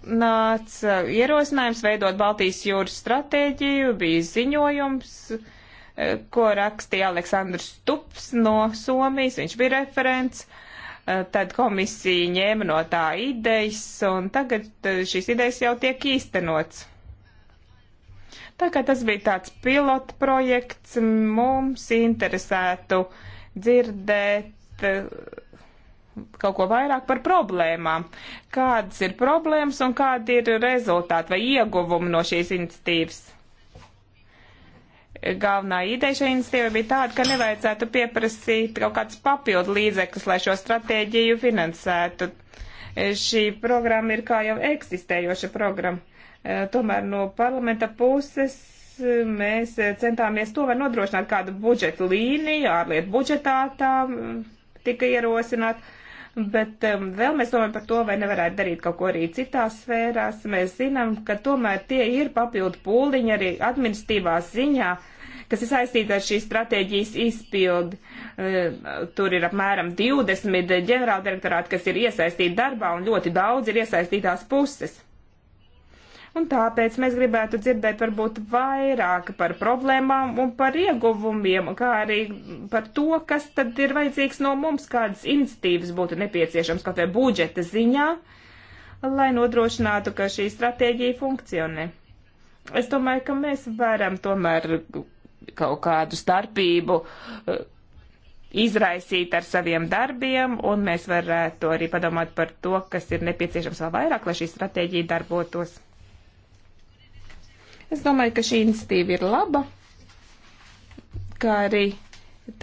nāca ierosinājums veidot Baltijas jūras stratēģiju, bija ziņojums, eh, ko rakstīja Aleksandrs Stups no Somijas, viņš bija referents, eh, tad komisija ņēma no tā idejas, un tagad eh, šīs idejas jau tiek īstenots. Tā kā tas bija tāds pilota projekts, mums interesētu dzirdēt kaut ko vairāk par problēmām. Kādas ir problēmas un kādi ir rezultāti vai ieguvumi no šīs iniciatīvas? Galvenā ideja šai iniciatīvai bija tāda, ka nevajadzētu pieprasīt kaut kāds papildu līdzeklis, lai šo stratēģiju finansētu. Šī programma ir kā jau eksistējoša programma. Eh, tomēr no parlamenta puses eh, mēs centāmies to vai nodrošināt kādu budžeta līniju, ārlietu budžetā tā mm, tika ierosināt bet um, vēl mēs domājam par to, vai nevarētu darīt kaut ko arī citās sfērās. Mēs zinām, ka tomēr tie ir papildu pūliņi arī administratīvā ziņā, kas ir saistīti ar šīs stratēģijas izpildi. Uh, tur ir apmēram 20 ģenerāldirektorāti, kas ir iesaistīti darbā, un ļoti daudz ir iesaistītās puses. Un tāpēc mēs gribētu dzirdēt varbūt vairāk par problēmām un par ieguvumiem, kā arī par to, kas tad ir vajadzīgs no mums, kādas iniciatīvas būtu nepieciešams kaut vai budžeta ziņā, lai nodrošinātu, ka šī stratēģija funkcionē. Es domāju, ka mēs varam tomēr kaut kādu starpību eh, izraisīt ar saviem darbiem, un mēs varētu arī padomāt par to, kas ir nepieciešams vēl vairāk, lai šī stratēģija darbotos. Es domāju, ka šī iniciatīva ir laba, kā arī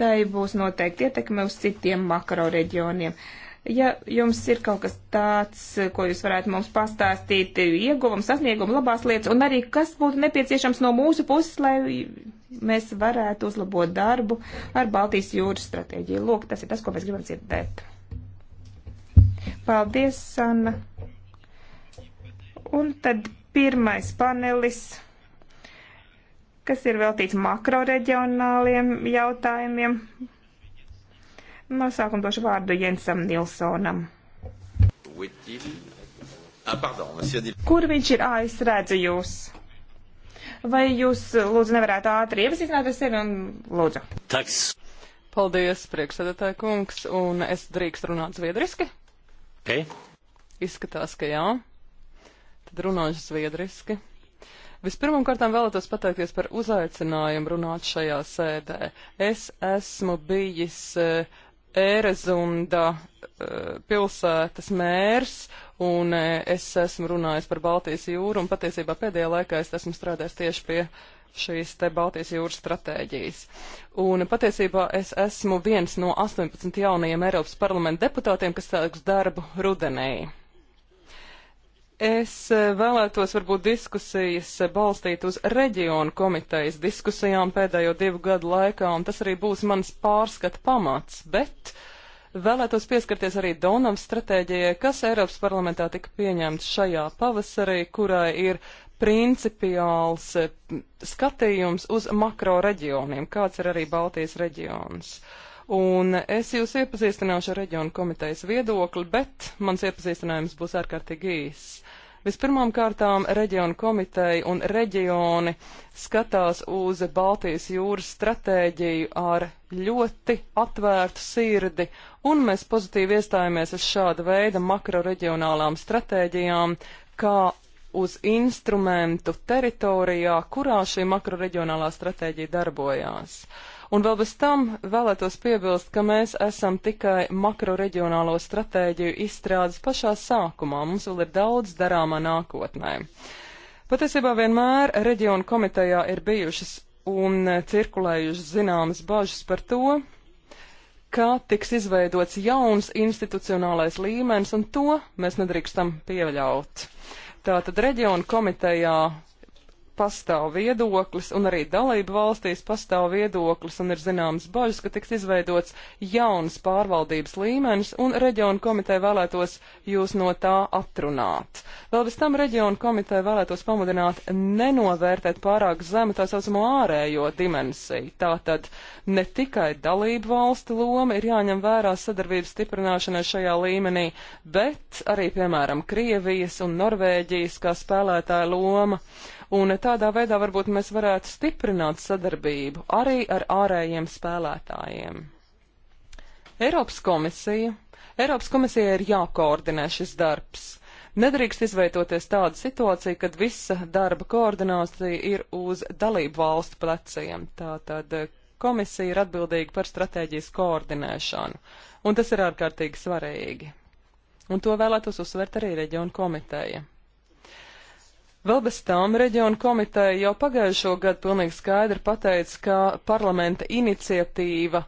tai būs noteikti ietekme uz citiem makro reģioniem. Ja jums ir kaut kas tāds, ko jūs varētu mums pastāstīt, ieguvums, sasniegums, labās lietas, un arī kas būtu nepieciešams no mūsu puses, lai mēs varētu uzlabot darbu ar Baltijas jūras stratēģiju. Lūk, tas ir tas, ko mēs gribam dzirdēt. Paldies, Anna. Un tad pirmais panelis kas ir veltīts makroreģionāliem jautājumiem. No sākuma došu vārdu Jensam Nilsonam. Ah, Kur viņš ir? Ā, es redzu jūs. Vai jūs, lūdzu, nevarētu ātri iepazīstināt ar sevi un lūdzu? Taks. Paldies, priekšsēdētāja kungs, un es drīkst runāt zviedriski? Okay. Izskatās, ka jā. Tad runāšu zviedriski. Vispirmam kārtām vēlētos pateikties par uzaicinājumu runāt šajā sēdē. Es esmu bijis e, Ērezunda e, pilsētas mērs, un e, es esmu runājis par Baltijas jūru, un patiesībā pēdējā laikā es esmu strādājis tieši pie šīs te Baltijas jūras stratēģijas. Un patiesībā es esmu viens no 18 jaunajiem Eiropas parlamenta deputātiem, kas sāks darbu rudenī. Es eh, vēlētos varbūt diskusijas eh, balstīt uz reģionu komitejas diskusijām pēdējo divu gadu laikā, un tas arī būs mans pārskata pamats, bet vēlētos pieskarties arī Donam stratēģijai, kas Eiropas parlamentā tika pieņemts šajā pavasarī, kurai ir principiāls eh, skatījums uz makro reģioniem, kāds ir arī Baltijas reģions. Un es jūs iepazīstināšu ar reģionu komitejas viedokli, bet mans iepazīstinājums būs ārkārtīgi īss. Vispirmām kārtām reģionu komiteja un reģioni skatās uz Baltijas jūras stratēģiju ar ļoti atvērtu sirdi, un mēs pozitīvi iestājāmies uz šāda veida makroreģionālām stratēģijām, kā uz instrumentu teritorijā, kurā šī makroreģionālā stratēģija darbojās. Un vēl bez tam vēlētos piebilst, ka mēs esam tikai makroreģionālo stratēģiju izstrādes pašā sākumā. Mums vēl ir daudz darāmā nākotnē. Patiesībā vienmēr reģionu komitejā ir bijušas un cirkulējušas zināmas bažas par to, ka tiks izveidots jauns institucionālais līmenis, un to mēs nedrīkstam pieļaut. Uh, Tātad reģionu komitejā pastāv viedoklis, un arī dalību valstīs pastāv viedoklis, un ir zināmas bažas, ka tiks izveidots jauns pārvaldības līmenis, un reģionu komiteja vēlētos jūs no tā atrunāt. Vēl bez tam reģionu komiteja vēlētos pamudināt nenovērtēt pārāk zemu tā saucamo ārējo dimensiju. Tātad ne tikai dalību valstu loma ir jāņem vērā sadarbības stiprināšanai šajā līmenī, bet arī, piemēram, Krievijas un Norvēģijas kā spēlētāja loma un tādā veidā varbūt mēs varētu stiprināt sadarbību arī ar ārējiem spēlētājiem. Eiropas komisija. Eiropas komisija ir jākoordinē šis darbs. Nedrīkst izveidoties tāda situācija, kad visa darba koordinācija ir uz dalību valstu pleciem. Tātad komisija ir atbildīga par stratēģijas koordinēšanu, un tas ir ārkārtīgi svarīgi. Un to vēlētos uzsvērt arī reģionu komiteja. Vēl bez tām reģionu komiteja jau pagājušo gadu pilnīgi skaidri pateica, ka parlamenta iniciatīva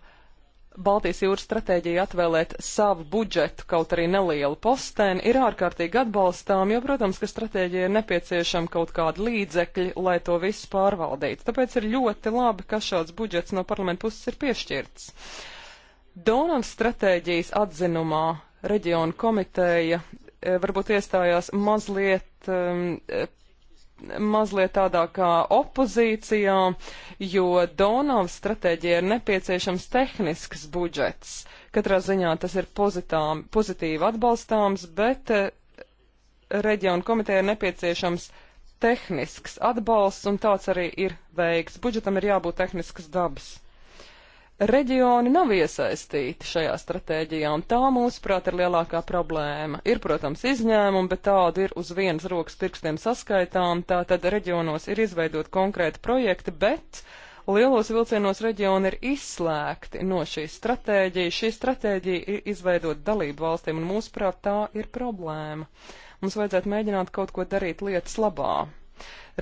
Baltijas jūras stratēģija atvēlēt savu budžetu, kaut arī nelielu posteni, ir ārkārtīgi atbalstām, jo, protams, ka stratēģija ir nepieciešama kaut kāda līdzekļa, lai to visu pārvaldītu. Tāpēc ir ļoti labi, ka šāds budžets no parlamenta puses ir piešķirts. Donams stratēģijas atzinumā reģionu komiteja eh, varbūt iestājās mazliet um, mazliet tādā kā opozīcijā, jo Donavas stratēģija ir nepieciešams tehnisks budžets. Katrā ziņā tas ir pozitām, pozitīvi atbalstāms, bet eh, reģionu komiteja ir nepieciešams tehnisks atbalsts, un tāds arī ir veikts. Budžetam ir jābūt tehniskas dabas. Reģioni nav iesaistīti šajā stratēģijā, un tā, mūsuprāt, ir lielākā problēma. Ir, protams, izņēmumi, bet tādu ir uz vienas rokas pirkstiem saskaitām, tātad reģionos ir izveidot konkrēti projekti, bet lielos vilcienos reģioni ir izslēgti no šīs stratēģijas. Šī stratēģija ir izveidot dalību valstīm, un mūsuprāt, tā ir problēma. Mums vajadzētu mēģināt kaut ko darīt lietas labā.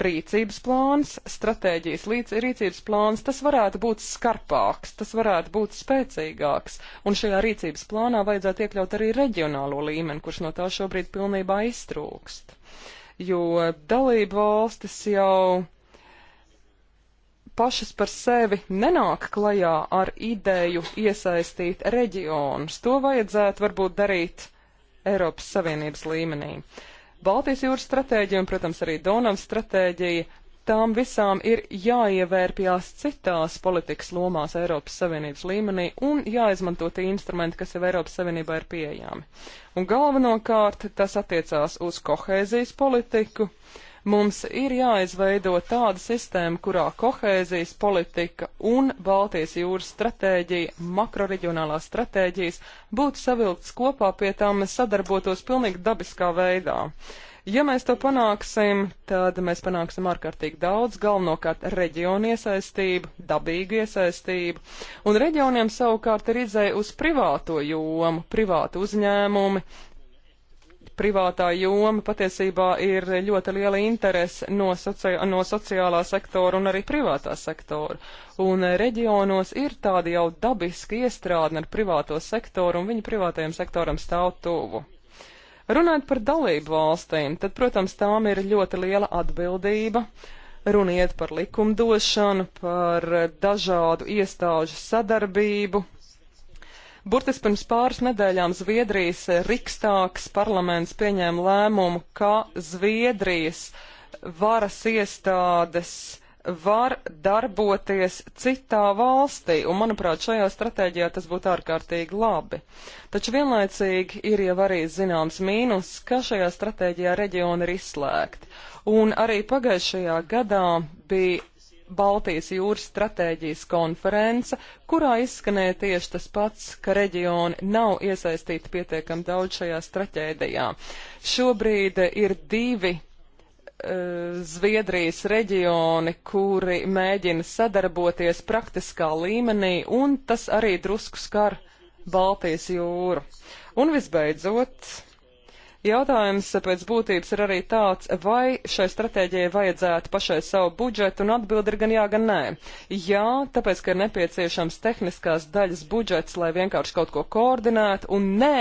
Rīcības plāns, stratēģijas līdz, rīcības plāns, tas varētu būt skarpāks, tas varētu būt spēcīgāks, un šajā rīcības plānā vajadzētu iekļaut arī reģionālo līmeni, kurš no tā šobrīd pilnībā iztrūkst. Jo dalību valstis jau pašas par sevi nenāk klajā ar ideju iesaistīt reģionus. To vajadzētu varbūt darīt Eiropas Savienības līmenī. Baltijas jūras stratēģija un, protams, arī Donavas stratēģija. Tām visām ir jāievērpjās citās politikas lomās Eiropas Savienības līmenī un jāizmanto tie instrumenti, kas jau Eiropas Savienībā ir pieejami. Un galvenokārt tas attiecās uz kohēzijas politiku, uh, Mums ir jāizveido tāda sistēma, kurā kohēzijas politika un Baltijas jūras stratēģija, makroreģionālās stratēģijas būtu savilktas kopā, pie tām mēs sadarbotos pilnīgi dabiskā veidā. Ja mēs to panāksim, tad mēs panāksim ārkārtīgi daudz, galvenokārt reģionu iesaistību, dabīgu iesaistību, un reģioniem savukārt ir izēja uz privāto jomu, privātu uzņēmumi, privātā joma patiesībā ir ļoti liela interese no, soci no sociālā sektora un arī privātā sektora. Un eh, reģionos ir tādi jau dabiski iestrādni ar privāto sektoru un viņi privātajam sektoram stāv tuvu. Runājot par dalību valstīm, tad, protams, tām ir ļoti liela atbildība. Runiet par likumdošanu, par dažādu iestāžu sadarbību, Burtiski pirms pāris nedēļām Zviedrijas Rikstāks parlaments pieņēma lēmumu, ka Zviedrijas varas iestādes var darboties citā valstī, un, manuprāt, šajā stratēģijā tas būtu ārkārtīgi labi. Taču vienlaicīgi ir jau arī zināms mīnus, ka šajā stratēģijā reģioni ir izslēgti. Un arī pagājušajā gadā bija Baltijas jūras stratēģijas konference, kurā izskanēja tieši tas pats, ka reģioni nav iesaistīti pietiekam daudz šajā stratēģijā. Šobrīd ir divi eh, Zviedrijas reģioni, kuri mēģina sadarboties praktiskā līmenī, un tas arī drusku skar Baltijas jūru. Un visbeidzot, Jautājums pēc būtības ir arī tāds, vai šai stratēģijai vajadzētu pašai savu budžetu, un atbildi ir gan jā, gan nē. Jā, tāpēc, ka ir nepieciešams tehniskās daļas budžets, lai vienkārši kaut ko koordinētu, un nē,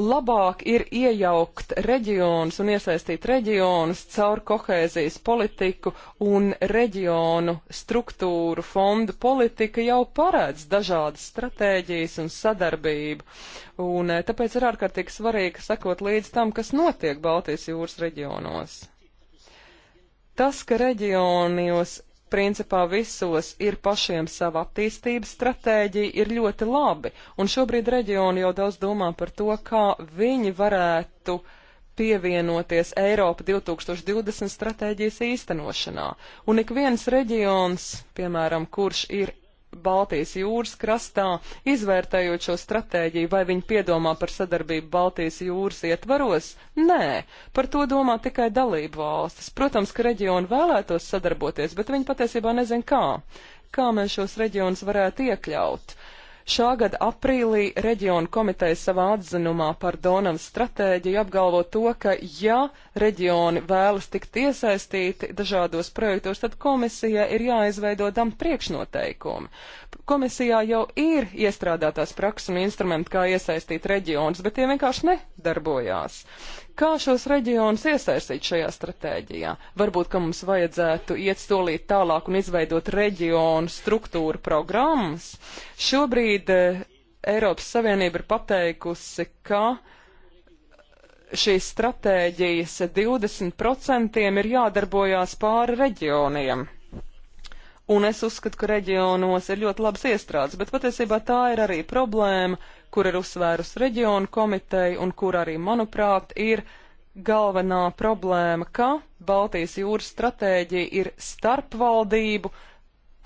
labāk ir iejaukt reģionus un iesaistīt reģionus caur kohēzijas politiku un reģionu struktūru fondu politika jau paredz dažādas stratēģijas un sadarbību. Un eh, tāpēc ir ārkārtīgi svarīgi sekot līdz tam, kas notiek Baltijas jūras reģionos. Tas, ka reģionos principā visos ir pašiem sava attīstības stratēģija, ir ļoti labi. Un šobrīd reģioni jau daudz domā par to, kā viņi varētu pievienoties Eiropa 2020 stratēģijas īstenošanā. Un ik viens reģions, piemēram, kurš ir Baltijas jūras krastā, izvērtējot šo stratēģiju, vai viņi piedomā par sadarbību Baltijas jūras ietvaros? Nē, par to domā tikai dalību valstis. Protams, ka reģioni vēlētos sadarboties, bet viņi patiesībā nezin kā. Kā mēs šos reģionus varētu iekļaut? Uh, Šā gada aprīlī reģionu komiteja savā atzinumā par Donavas stratēģiju apgalvo to, ka ja reģioni vēlas tikt iesaistīti dažādos projektos, tad komisija ir jāizveido tam priekšnoteikumi. Komisijā jau ir iestrādātās prakses un instrumenti, kā iesaistīt reģionus, bet tie vienkārši nedarbojās. Kā šos reģionus iesaistīt šajā stratēģijā? Varbūt, ka mums vajadzētu iet solīt tālāk un izveidot reģionu struktūru programmas. Šobrīd eh, Eiropas Savienība ir pateikusi, ka šīs stratēģijas 20% ir jādarbojās pāri reģioniem. Un es uzskatu, ka reģionos ir ļoti labas iestrādes, bet patiesībā tā ir arī problēma, kur ir uzsvērus reģionu komiteja un kur arī, manuprāt, ir galvenā problēma, ka Baltijas jūras stratēģija ir starpvaldību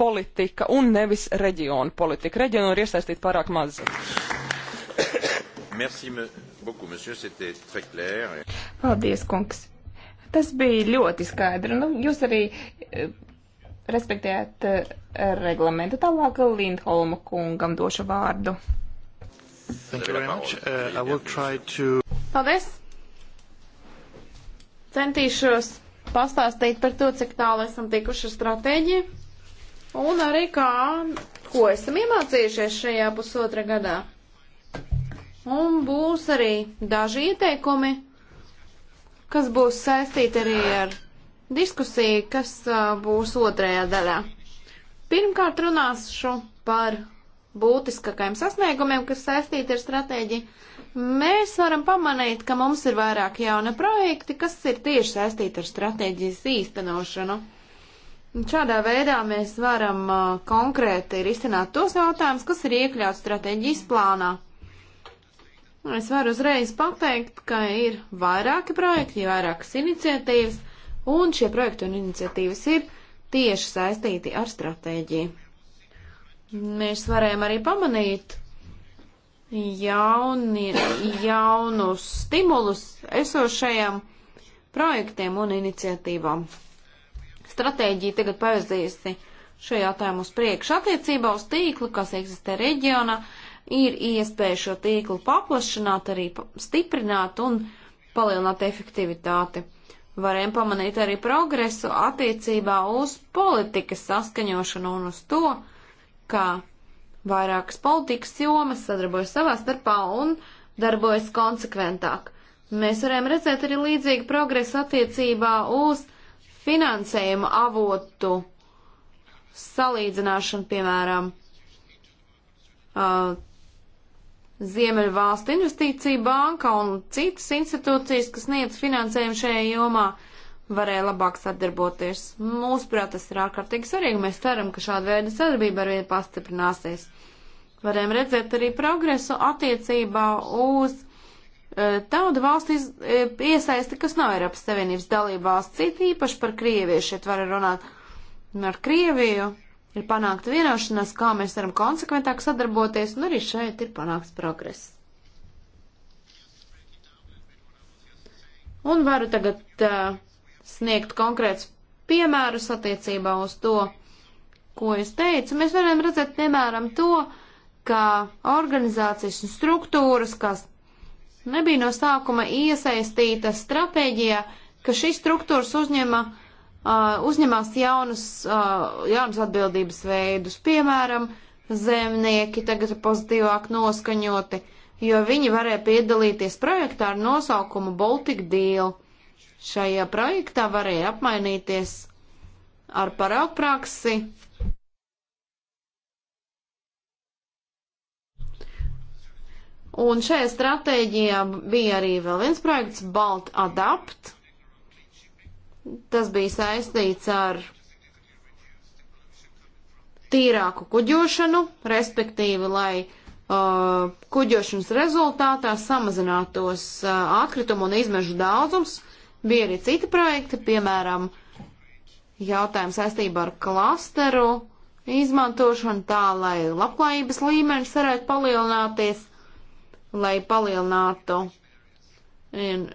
politika un nevis reģionu politika. Reģionu ir iesaistīti pārāk maz. Merci beaucoup, monsieur, c'était très clair. Paldies, kungs. Tas bija ļoti skaidri. Nu, jūs arī e, respektējāt e, reglamentu. Tālāk Lindholma kungam došu vārdu. Thank you very much. Uh, I will try to... Paldies! Centīšos pastāstīt par to, cik tālu esam tikuši ar stratēģiju un arī kā, ko esam iemācījušies šajā pusotra gadā. Un būs arī daži ieteikumi, kas būs saistīti arī ar diskusiju, kas uh, būs otrajā daļā. Pirmkārt runāšu par būtiskākajiem sasniegumiem, kas saistīti ar stratēģiju, mēs varam pamanīt, ka mums ir vairāk jauna projekti, kas ir tieši saistīti ar stratēģijas īstenošanu. Šādā veidā mēs varam uh, konkrēti risināt tos jautājumus, kas ir iekļauts stratēģijas plānā. Es varu uzreiz pateikt, ka ir vairāki projekti, vairākas iniciatīvas, un šie projekti un iniciatīvas ir tieši saistīti ar stratēģiju mēs varējām arī pamanīt jauni, jaunus stimulus esošajam projektiem un iniciatīvām. Stratēģija tagad pavirzīsi šo jautājumu uz priekšu attiecībā uz tīklu, kas eksistē reģionā, ir iespēja šo tīklu paplašināt, arī stiprināt un palielināt efektivitāti. Varējām pamanīt arī progresu attiecībā uz politikas saskaņošanu un uz to, ka vairākas politikas jomas sadarbojas savā starpā un darbojas konsekventāk. Mēs varējām redzēt arī līdzīgu progresu attiecībā uz finansējuma avotu salīdzināšanu, piemēram, uh, Ziemeļvalstu investīcija banka un citas institūcijas, kas sniedz finansējumu šajā jomā, uh, varēja labāk sadarboties. Mūsuprāt, tas ir ārkārtīgi svarīgi. Mēs ceram, ka šāda veida sadarbība ar vienu pastiprināsies. Varējām redzēt arī progresu attiecībā uz e, tādu valstu iz, e, iesaisti, kas nav Eiropas Savienības dalība valsts, citi īpaši par Krieviju šeit var runāt. Un ar Krieviju ir panākta vienošanās, kā mēs varam konsekventāk sadarboties, un arī šeit ir panākts progress. Un varu tagad uh, sniegt konkrēts piemērus attiecībā uz to, ko es teicu. Mēs varam redzēt, piemēram, to, ka organizācijas un struktūras, kas nebija no sākuma iesaistītas stratēģijā, ka šīs struktūras uzņema, uh, uzņemās jaunas, uh, jaunas atbildības veidus, piemēram, zemnieki tagad ir pozitīvāk noskaņoti, jo viņi varēja piedalīties projektā ar nosaukumu Baltic Deal. Šajā projektā varēja apmainīties ar paraugpraksi. Un šajā stratēģijā bija arī vēl viens projekts Balt Adapt. Tas bija saistīts ar tīrāku kuģošanu, respektīvi, lai uh, kuģošanas rezultātā samazinātos uh, atkritumu un izmežu daudzums, Bija arī citi projekti, piemēram, jautājums saistībā ar klasteru izmantošanu tā, lai labklājības līmenis varētu palielināties, lai palielinātu in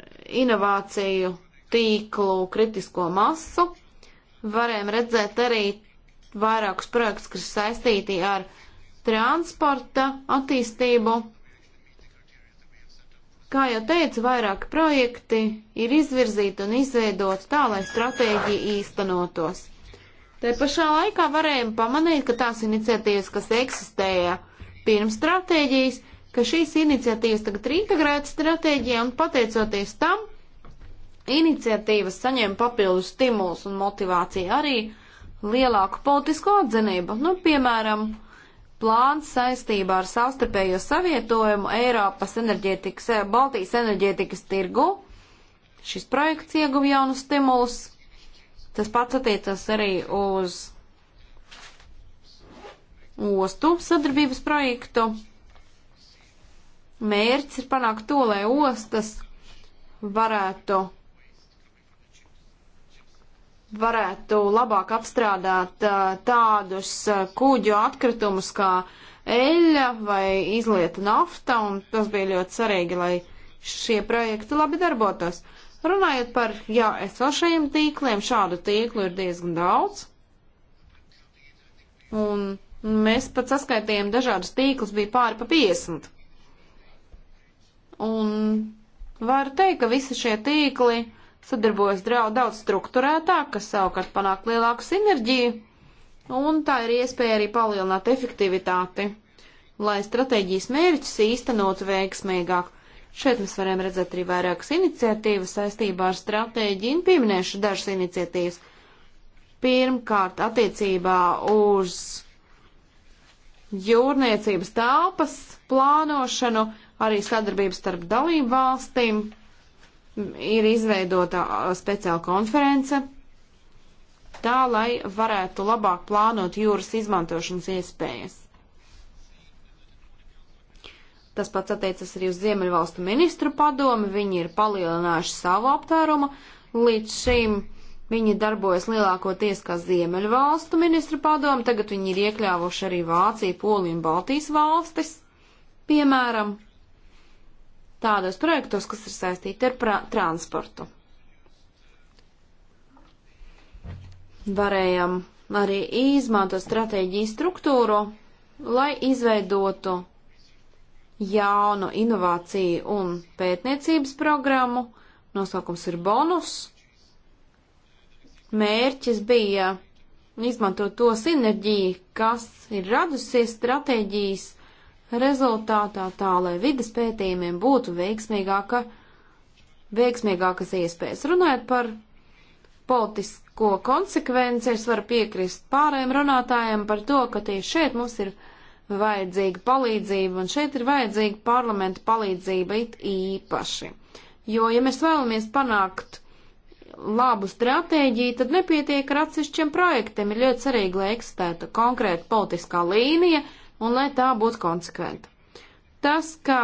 inovāciju tīklu kritisko masu. Varējām redzēt arī vairākus projektus, kas saistīti ar transporta attīstību Kā jau teicu, vairāki projekti ir izvirzīti un izveidoti tā, lai stratēģija īstenotos. Te pašā laikā varējām pamanīt, ka tās iniciatīvas, kas eksistēja pirms stratēģijas, ka šīs iniciatīvas tagad ir integrētas stratēģijā un pateicoties tam, iniciatīvas saņem papildus stimulus un motivāciju arī lielāku politisko atzinību. Nu, piemēram, uh, plāns saistībā ar savstarpējo savietojumu Eiropas enerģētikas, eh, Baltijas enerģētikas tirgu. Šis projekts ieguva jaunu stimulus. Tas pats attiecas arī uz ostu sadarbības projektu. Mērķis ir panākt to, lai ostas varētu varētu labāk apstrādāt tādus kuģu atkritumus kā eļļa vai izlieta nafta, un tas bija ļoti svarīgi, lai šie projekti labi darbotos. Runājot par jā, esošajiem tīkliem, šādu tīklu ir diezgan daudz. Un mēs pat saskaitījām dažādus tīklus, bija pāri pa 50. Un var teikt, ka visi šie tīkli uh, sadarbojas daudz struktūrētāk, kas savukārt panāk lielāku sinerģiju, un tā ir iespēja arī palielināt efektivitāti, lai stratēģijas mērķus īstenotu veiksmīgāk. Šeit mēs varam redzēt arī vairākas iniciatīvas saistībā ar stratēģiju, un pieminēšu dažas iniciatīvas. Pirmkārt, attiecībā uz jūrniecības telpas plānošanu, arī sadarbības starp dalību valstīm, ir izveidota speciāla konference, tā lai varētu labāk plānot jūras izmantošanas iespējas. Tas pats attiecas arī uz Ziemeļvalstu ministru padomi, viņi ir palielinājuši savu aptērumu, līdz šim viņi darbojas lielākoties kā Ziemeļvalstu ministru padomi, tagad viņi ir iekļāvuši arī Vāciju, Poliju un Baltijas valstis, piemēram, tādos projektos, kas ir saistīti ar transportu. Varējām arī izmantot stratēģiju struktūru, lai izveidotu jaunu inovāciju un pētniecības programmu. Nosaukums ir bonus. Mērķis bija izmantot to sinerģiju, kas ir radusies stratēģijas rezultātā tā, lai vidas pētījumiem būtu veiksmīgāka, veiksmīgākas iespējas. Runājot par politisko konsekvenci, es varu piekrist pārējiem runātājiem par to, ka tieši šeit mums ir vajadzīga palīdzība, un šeit ir vajadzīga parlamenta palīdzība it īpaši. Jo, ja mēs vēlamies panākt labu stratēģiju, tad nepietiek ar atsevišķiem projektiem. Ir ļoti svarīgi, lai eksistētu konkrēta politiskā līnija, un lai tā būtu konsekventa. Tas, ka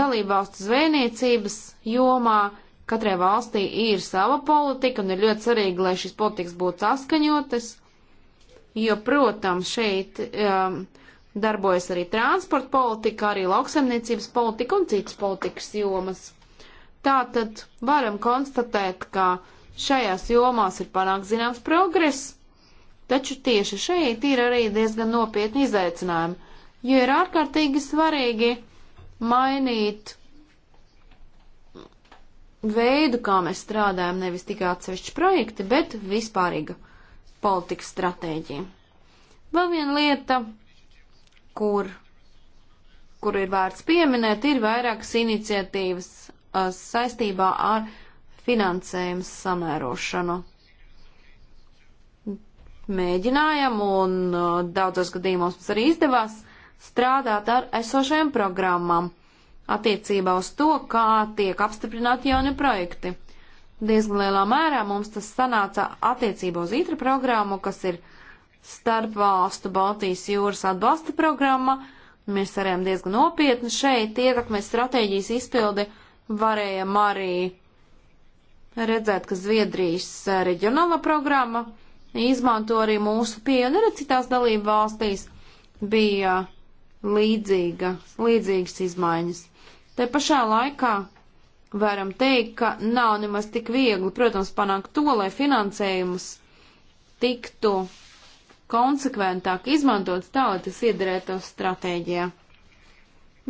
dalībvalstu zvejniecības jomā katrai valstī ir sava politika un ir ļoti svarīgi, lai šīs politikas būtu saskaņotas, jo, protams, šeit um, darbojas arī transporta politika, arī lauksaimniecības politika un citas politikas jomas. Tātad varam konstatēt, ka šajās jomās ir panākt zināms progress, Taču tieši šeit ir arī diezgan nopietni izaicinājumi, jo ir ārkārtīgi svarīgi mainīt veidu, kā mēs strādājam, nevis tikai atsevišķi projekti, bet vispārīga politikas stratēģija. Vēl viena lieta, kur, kur ir vērts pieminēt, ir vairākas iniciatīvas uh, saistībā ar finansējumu samērošanu mēģinājām un uh, daudzos gadījumos mums arī izdevās strādāt ar esošajām programmām attiecībā uz to, kā tiek apstiprināti jauni projekti. Diezgan lielā mērā mums tas sanāca attiecībā uz ITRA programmu, kas ir starpvalstu Baltijas jūras atbalsta programma. Mēs varējām diezgan nopietni šeit ietekmēt stratēģijas izpildi, varējām arī redzēt, ka Zviedrijas eh, reģionāla programma izmanto arī mūsu pionieru citās dalību valstīs, bija līdzīga, līdzīgas izmaiņas. Te pašā laikā varam teikt, ka nav nemaz tik viegli, protams, panākt to, lai finansējums tiktu konsekventāk izmantots tā, lai tas iederētos stratēģijā.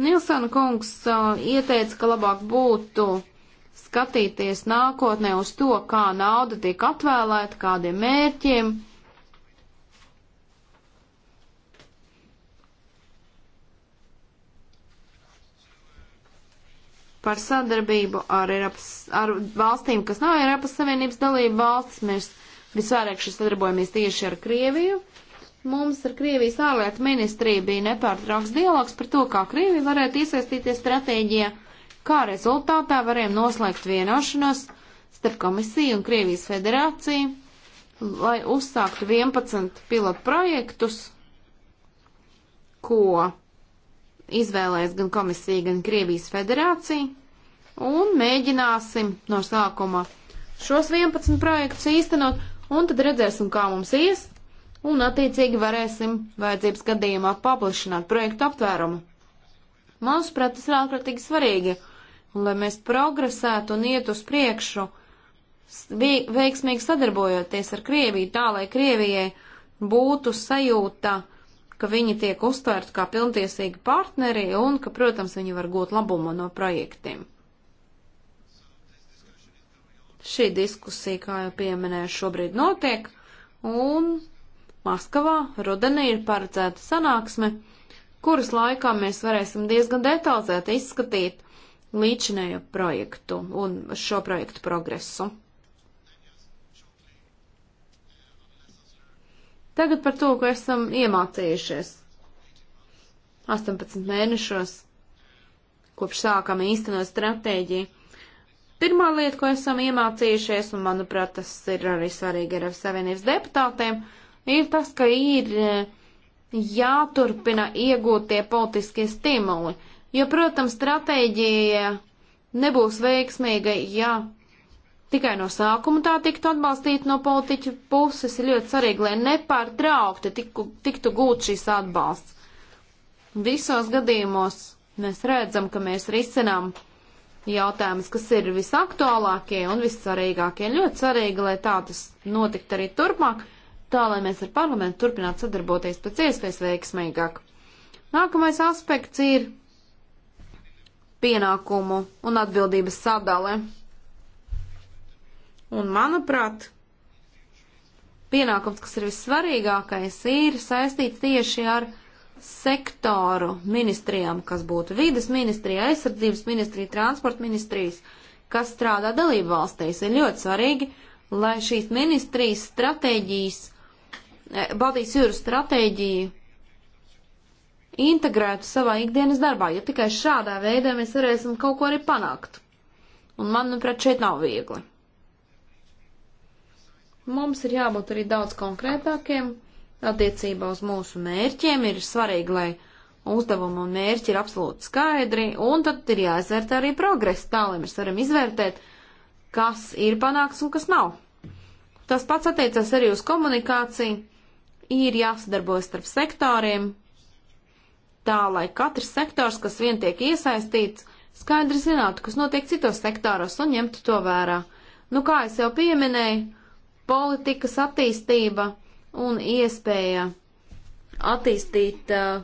Nilsona kungs uh, ieteica, ka labāk būtu skatīties nākotnē uz to, kā nauda tiek atvēlēta, kādiem mērķiem. Par sadarbību ar, Eiropas, ar valstīm, kas nav Eiropas Savienības dalība valsts, mēs visvairāk šis sadarbojamies tieši ar Krieviju. Mums ar Krievijas ārlietu ministriju bija nepārtraukts dialogs par to, kā Krievija varētu iesaistīties stratēģijā kā rezultātā varējām noslēgt vienošanos starp komisiju un Krievijas federāciju, lai uzsāktu 11 pilotu projektus, ko izvēlēs gan komisija, gan Krievijas federācija, un mēģināsim no sākuma šos 11 projektus īstenot, un tad redzēsim, kā mums ies, un attiecīgi varēsim vajadzības gadījumā paplašināt projektu aptvērumu. Manuprāt, tas ir ārkārtīgi svarīgi un lai mēs progresētu un iet uz priekšu, veiksmīgi sadarbojoties ar Krieviju, tā lai Krievijai būtu sajūta, ka viņi tiek uztvērti kā pilntiesīgi partneri un ka, protams, viņi var gūt labumu no projektiem. Šī diskusija, kā jau pieminēju, šobrīd notiek, un Maskavā rudenī ir paredzēta sanāksme, kuras laikā mēs varēsim diezgan detalizēti izskatīt līdzinējo projektu un šo projektu progresu. Tagad par to, ko esam iemācījušies 18 mēnešos, kopš sākam īstenot stratēģiju. Pirmā lieta, ko esam iemācījušies, un manuprāt, tas ir arī svarīgi ar Savienības deputātiem, ir tas, ka ir eh, jāturpina iegūtie politiskie stimuli. Uh, Jo, protams, stratēģija nebūs veiksmīga, ja tikai no sākuma tā tiktu atbalstīta no politiķu puses. Ir ļoti svarīgi, lai nepārtraukti tiktu, tiktu gūt šīs atbalsts. Visos gadījumos mēs redzam, ka mēs risinām jautājumus, kas ir visaktuālākie un vissvarīgākie. Ļoti svarīgi, lai tā tas notikt arī turpmāk, tā lai mēs ar parlamentu turpinātu sadarboties pēc iespējas veiksmīgāk. Nākamais aspekts ir pienākumu un atbildības sadale. Un, manuprāt, pienākums, kas ir vissvarīgākais, ir saistīts tieši ar sektoru ministrijām, kas būtu vides ministrija, aizsardzības ministrija, transporta ministrijas, kas strādā dalību valstīs. Ir ļoti svarīgi, lai šīs ministrijas stratēģijas, eh, Baltijas jūras stratēģija integrētu savā ikdienas darbā, jo tikai šādā veidā mēs varēsim kaut ko arī panākt. Un manuprāt, šeit nav viegli. Mums ir jābūt arī daudz konkrētākiem attiecībā uz mūsu mērķiem. Ir svarīgi, lai uzdevumi un mērķi ir absolūti skaidri, un tad ir jāizvērtē arī progress tā, lai mēs varam izvērtēt, kas ir panāks un kas nav. Tas pats attiecas arī uz komunikāciju. Ir jāsadarbojas starp sektoriem, tā lai katrs sektors, kas vien tiek iesaistīts, skaidri zinātu, kas notiek citos sektoros un ņemtu to vērā. Nu, kā es jau pieminēju, politikas attīstība un iespēja attīstīt uh,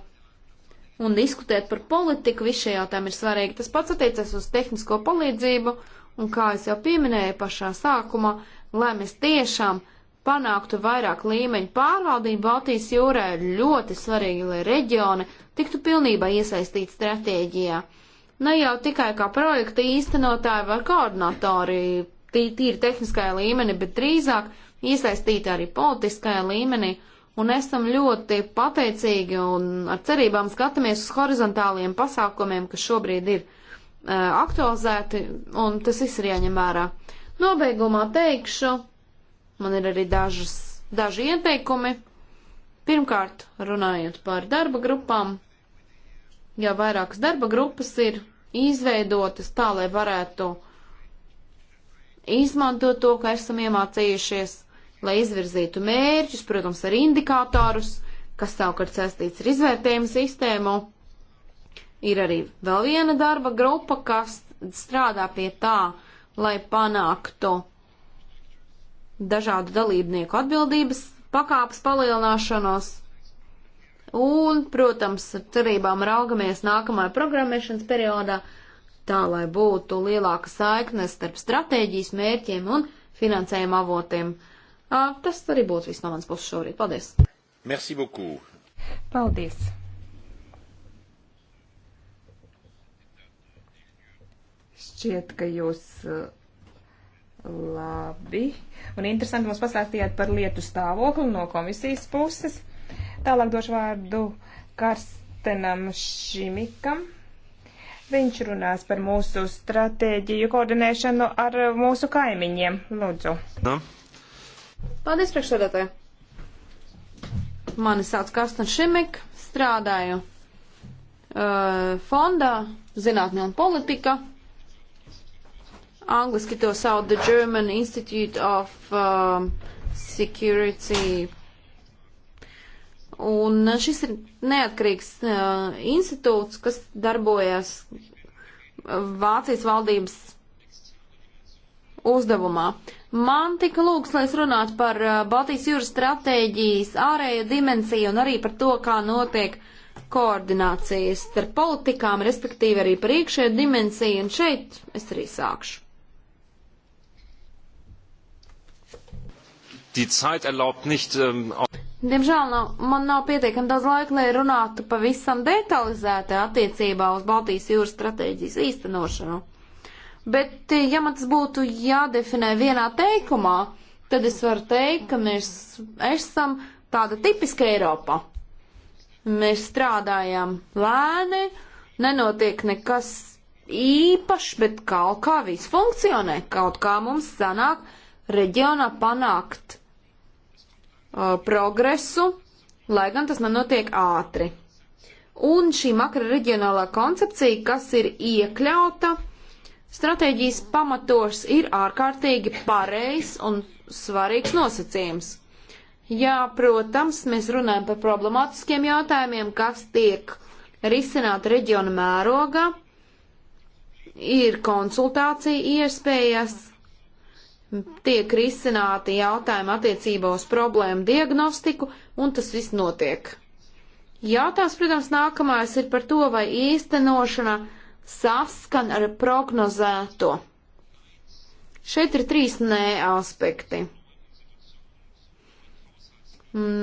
un diskutēt par politiku, visi šie jautājumi ir svarīgi. Tas pats attiecas uz tehnisko palīdzību, un kā es jau pieminēju pašā sākumā, lai mēs tiešām panāktu vairāk līmeņu pārvaldību Baltijas jūrā, ir ļoti svarīgi, lai reģioni tiktu pilnībā iesaistīti stratēģijā. Ne nu, jau tikai kā projekta īstenotāji vai koordinatori, tīri tehniskajā līmenī, bet drīzāk iesaistīti arī politiskajā līmenī, un esam ļoti pateicīgi un ar cerībām skatāmies uz horizontāliem pasākumiem, kas šobrīd ir uh, aktualizēti, un tas viss ir jāņem vērā. Nobeigumā teikšu, man ir arī dažas, daži ieteikumi Pirmkārt, runājot par darba grupām, jau vairākas darba grupas ir izveidotas tā, lai varētu izmantot to, ko esam iemācījušies, lai izvirzītu mērķus, protams, arī indikātorus, kas savukārt saistīts ar izvērtējumu sistēmu. Ir arī vēl viena darba grupa, kas strādā pie tā, lai panāktu dažādu dalībnieku atbildības pakāpes palielināšanos. Un, protams, ar cerībām raugamies nākamajā programmēšanas periodā, tā lai būtu lielāka saikne starp stratēģijas mērķiem un finansējuma avotiem. Uh, tas arī būtu viss no manas puses šorīt. Paldies! Merci beaucoup! Paldies! Šķiet, ka jūs uh, Labi. Un interesanti mums pastāstījāt par lietu stāvokli no komisijas puses. Tālāk došu vārdu Karstenam Šimikam. Viņš runās par mūsu stratēģiju koordinēšanu ar mūsu kaimiņiem. Lūdzu. Da. Paldies, priekšsēdētāji. Mani sauc Karsten Šimik, strādāju uh, fondā Zinātne un politika Angliski to sauc The German Institute of um, Security. Un uh, šis ir neatkarīgs uh, institūts, kas darbojas uh, Vācijas valdības uzdevumā. Man tika lūgts, lai es runātu par uh, Baltijas jūras stratēģijas ārējo dimensiju un arī par to, kā notiek koordinācijas starp politikām, respektīvi arī par iekšējo dimensiju, un šeit es arī sākšu. die Zeit erlaubt nicht. Ähm, Diemžēl nav, man nav pietiekami daudz laika, lai runātu pavisam detalizēti attiecībā uz Baltijas jūras stratēģijas īstenošanu. Bet, ja man tas būtu jādefinē vienā teikumā, tad es varu teikt, ka mēs esam tāda tipiska Eiropa. Mēs strādājam lēni, nenotiek nekas īpašs, bet kaut kā viss funkcionē, kaut kā mums sanāk reģionā panākt uh, progresu, lai gan tas nenotiek ātri. Un šī makroreģionālā koncepcija, kas ir iekļauta stratēģijas pamatos, ir ārkārtīgi pareizs un svarīgs nosacījums. Jā, protams, mēs runājam par problemātiskiem jautājumiem, kas tiek risināti reģiona mērogā, ir konsultācija iespējas, tiek risināti jautājumi attiecībā uz problēmu diagnostiku, un tas viss notiek. Jautājums, protams, nākamais ir par to, vai īstenošana saskan ar prognozēto. Šeit ir trīs nē aspekti.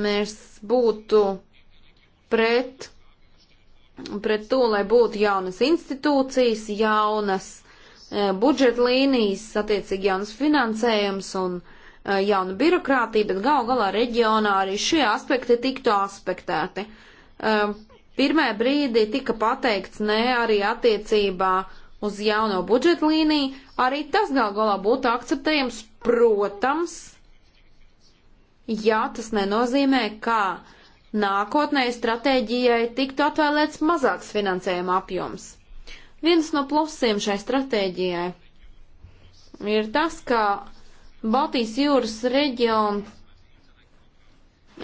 Mēs būtu pret, pret to, lai būtu jaunas institūcijas, jaunas E, budžeta līnijas, attiecīgi jaunas finansējums un e, jauna birokrātija, bet gal galā reģionā arī šie aspekti tiktu aspektēti. E, Pirmē brīdī tika pateikts nē arī attiecībā uz jauno budžeta līniju, arī tas gal galā būtu akceptējams, protams, ja tas nenozīmē, ka nākotnē stratēģijai tiktu atvēlēts mazāks finansējuma apjoms. Viens no plusiem šai stratēģijai ir tas, ka Baltijas jūras reģiona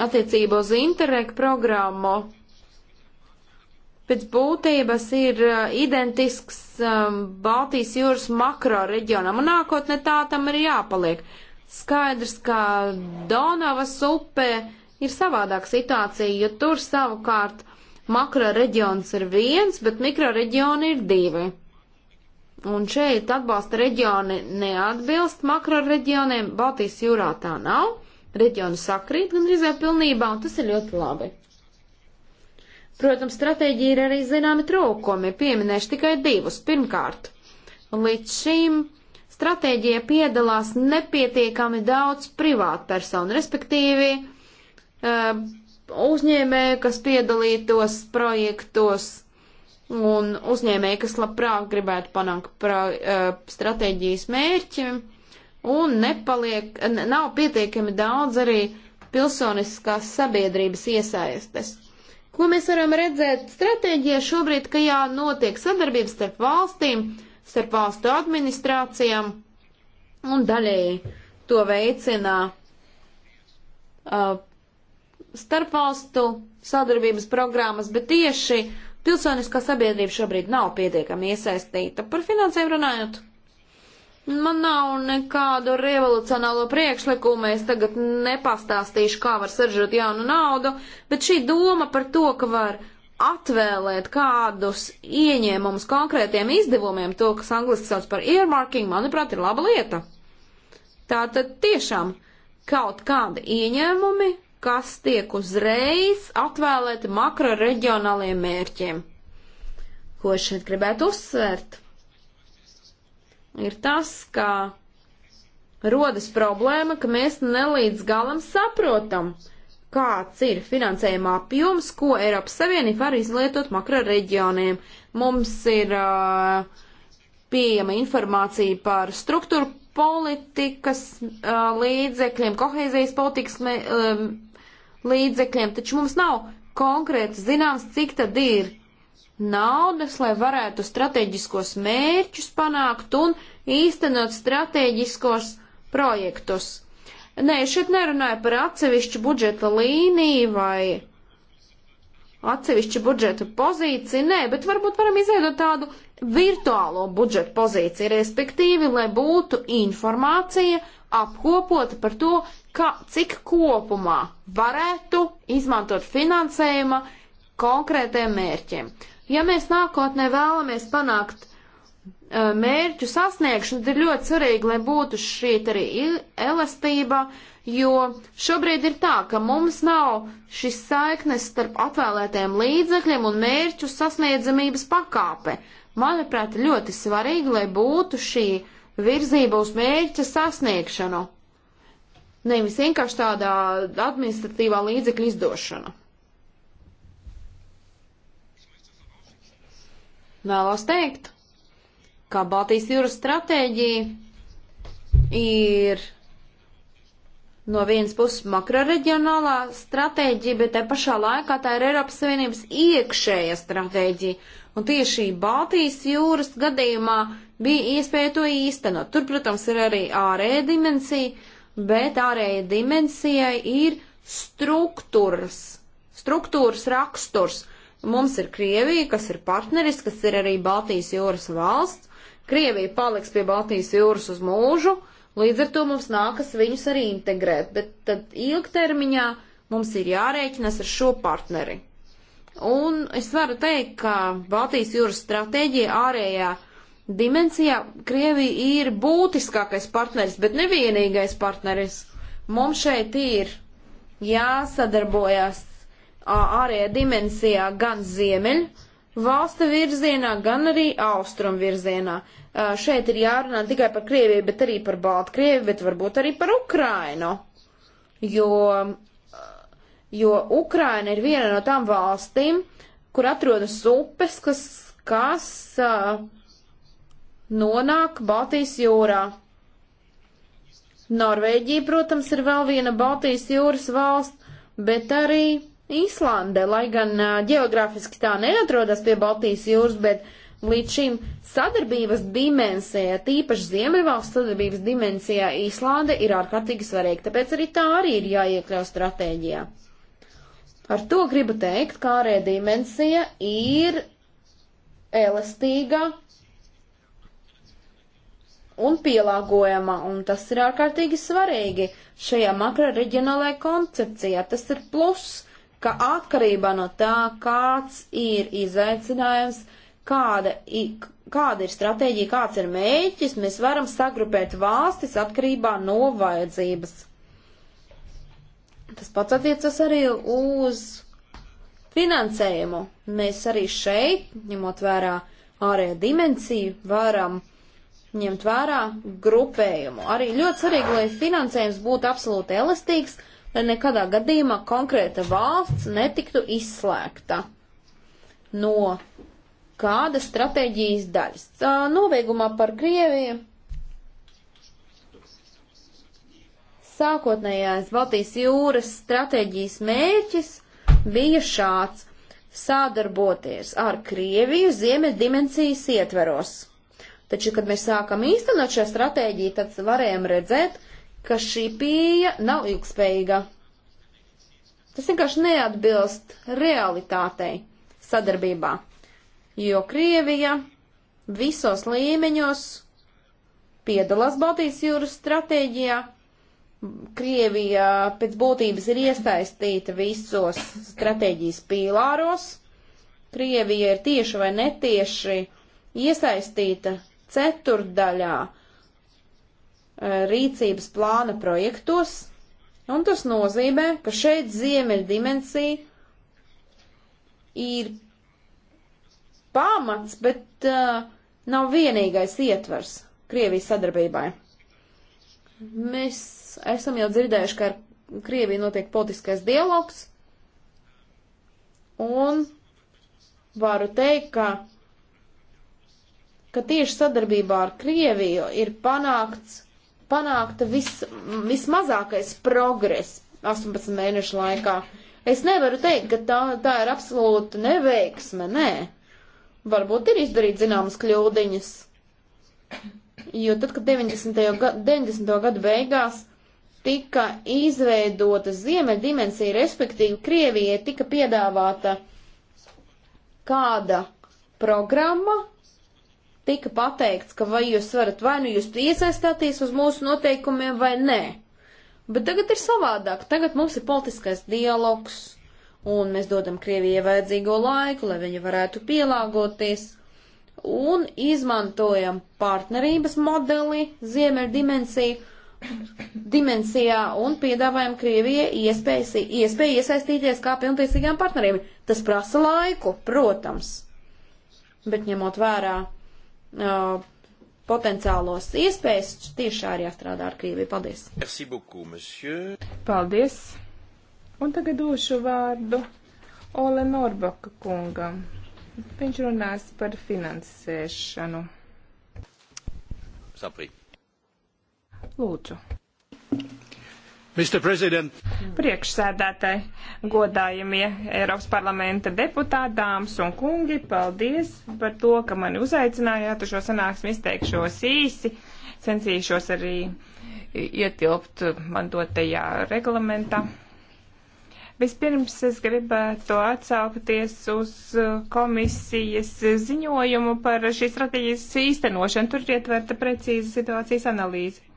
attiecībā uz Interreg programmu pēc būtības ir uh, identisks um, Baltijas jūras makro reģionam, un nākotnē tā tam ir jāpaliek. Skaidrs, ka Donavas upē ir savādāka situācija, jo tur savukārt makro reģions ir viens, bet mikro reģioni ir divi. Un šeit atbalsta reģioni neatbilst makro reģioniem, Baltijas jūrā tā nav, reģioni sakrīt gandrīz vai pilnībā, un tas ir ļoti labi. Protams, stratēģija ir arī zināmi trūkumi, pieminēšu tikai divus. Pirmkārt, līdz šim stratēģija piedalās nepietiekami daudz privātpersonu, respektīvi, uh, uzņēmēju, kas piedalītos projektos un uzņēmēju, kas labprāt gribētu panākt pra, uh, stratēģijas mērķi un nepaliek, nav pietiekami daudz arī pilsoniskās sabiedrības iesaistes. Ko mēs varam redzēt stratēģijā šobrīd, ka jā, notiek sadarbības starp valstīm, starp valstu administrācijām un daļēji to veicina uh, starpvalstu sadarbības programmas, bet tieši pilsoniskā sabiedrība šobrīd nav pietiekami iesaistīta. Par finansēm runājot, man nav nekādu revolucionālo priekšlikumu, es tagad nepastāstīšu, kā var saržot jaunu naudu, bet šī doma par to, ka var atvēlēt kādus ieņēmumus konkrētiem izdevumiem, to, kas angliski sauc par earmarking, manuprāt, ir laba lieta. Tā tad tiešām kaut kādi ieņēmumi kas tiek uzreiz atvēlēti makro reģionāliem mērķiem. Ko es šeit gribētu uzsvērt? Ir tas, ka rodas problēma, ka mēs nelīdz galam saprotam, kāds ir finansējuma apjoms, ko Eiropas Savienība var izlietot makro reģioniem. Mums ir uh, pieejama informācija par struktūru politikas uh, līdzekļiem, kohēzijas politikas um, līdzekļiem, taču mums nav konkrēti zināms, cik tad ir naudas, lai varētu strateģiskos mērķus panākt un īstenot strateģiskos projektus. Nē, šeit nerunāju par atsevišķu budžeta līniju vai atsevišķu budžeta pozīciju, nē, bet varbūt varam izveidot tādu virtuālo budžeta pozīciju, respektīvi, lai būtu informācija, uh, apkopota par to, ka, cik kopumā varētu izmantot finansējuma konkrētiem mērķiem. Ja mēs nākotnē vēlamies panākt uh, mērķu sasniegšanu, tad ir ļoti svarīgi, lai būtu šī arī elastība, jo šobrīd ir tā, ka mums nav šis saiknes starp atvēlētiem līdzekļiem un mērķu sasniedzamības pakāpe. Manuprāt, ļoti svarīgi, lai būtu šī uh, virzība uz mērķa sasniegšanu, nevis vienkārši tādā administratīvā līdzekļa izdošana. Vēlos teikt, ka Baltijas jūras stratēģija ir no vienas puses makroreģionālā stratēģija, bet te pašā laikā tā ir Eiropas Savienības iekšējā stratēģija. Un tieši Baltijas jūras gadījumā bija iespēja to īstenot. Tur, protams, ir arī ārēja dimensija, bet ārēja dimensijai ir struktūras, struktūras raksturs. Mums ir Krievija, kas ir partneris, kas ir arī Baltijas jūras valsts. Krievija paliks pie Baltijas jūras uz mūžu, līdz ar to mums nākas viņus arī integrēt, bet tad ilgtermiņā mums ir jārēķinās ar šo partneri. Un es varu teikt, ka Baltijas jūras stratēģija ārējā dimensijā Krievija ir būtiskākais partneris, bet nevienīgais partneris. Mums šeit ir jāsadarbojas ārējā dimensijā gan ziemeļ valsta virzienā, gan arī austrum virzienā. Šeit ir jārunā ne tikai par Krieviju, bet arī par Baltkrieviju, bet varbūt arī par Ukrainu. Jo jo Ukraina ir viena no tām valstīm, kur atrodas upes, kas, kas uh, nonāk Baltijas jūrā. Norvēģija, protams, ir vēl viena Baltijas jūras valsts, bet arī Īslande, lai gan uh, geogrāfiski tā neatrodas pie Baltijas jūras, bet līdz šim sadarbības dimensijā, tīpaši Ziemeļvalsts sadarbības dimensijā, Īslande ir ārkārtīgi svarīga, tāpēc arī tā arī ir jāiekļaus stratēģijā. Ar to gribu teikt, ka ārējā dimensija ir elastīga un pielāgojama, un tas ir ārkārtīgi svarīgi šajā makroreģionālajā koncepcijā. Tas ir pluss, ka atkarībā no tā, kāds ir izaicinājums, kāda, kāda ir stratēģija, kāds ir mēķis, mēs varam sagrupēt valstis atkarībā no vajadzības. Tas pats attiecas arī uz finansējumu. Mēs arī šeit, ņemot vērā ārējo dimensiju, varam ņemt vērā grupējumu. Arī ļoti svarīgi, lai finansējums būtu absolūti elastīgs, lai nekādā gadījumā konkrēta valsts netiktu izslēgta no kāda stratēģijas daļas. Novēgumā par Krieviju Sākotnējais Baltijas jūras stratēģijas mērķis bija šāds - sadarboties ar Krieviju ziemeļ dimensijas ietveros. Taču, kad mēs sākam īstenot šo stratēģiju, tad varējām redzēt, ka šī pieeja nav ilgspējīga. Tas vienkārši neatbilst realitātei sadarbībā, jo Krievija visos līmeņos piedalās Baltijas jūras stratēģijā, Krievija pēc būtības ir iesaistīta visos stratēģijas pīlāros. Krievija ir tieši vai netieši iesaistīta ceturdaļā e, rīcības plāna projektos, un tas nozīmē, ka šeit ziemeļa dimensija ir pamats, bet uh, nav vienīgais ietvers Krievijas sadarbībai. Mēs esam jau dzirdējuši, ka ar Krieviju notiek politiskais dialogs, un varu teikt, ka, ka tieši sadarbībā ar Krieviju ir panākts, panākta vis, vismazākais progress 18 mēnešu laikā. Es nevaru teikt, ka tā, tā ir absolūta neveiksme, nē. Varbūt ir izdarīt zināmas kļūdiņas. Jo tad, kad 90. Ga, 90. gadu beigās tika izveidota ziemeļa dimensija, respektīvi Krievijai tika piedāvāta kāda programma, tika pateikts, ka vai jūs varat vai nu jūs iesaistāties uz mūsu noteikumiem vai nē. Bet tagad ir savādāk. Tagad mums ir politiskais dialogs, un mēs dodam Krievijai vajadzīgo laiku, lai viņi varētu pielāgoties, un izmantojam partnerības modeli, ziemeļa dimensiju, dimensijā un piedāvājam Krievijai iespēju, iespēju iesaistīties kā pilntiesīgām partneriem. Tas prasa laiku, protams, bet ņemot vērā uh, potenciālos iespējas, tiešā arī jāstrādā ar Krieviju. Paldies! Merci beaucoup, monsieur! Paldies! Un tagad došu vārdu Ole Norbaka kungam. Viņš runās par finansēšanu. Saprīt. Lūdzu. Priekšsēdētāji, godājumie Eiropas parlamenta deputāti, dāmas un kungi, paldies par to, ka mani uzaicinājāt uz šo sanāksmi. Izteikšos īsi, censīšos arī ietilpt man dotajā reglamentā. Vispirms es gribētu atsaukties uz komisijas ziņojumu par šīs strateģijas īstenošanu. Tur ir ietverta precīza situācijas analīze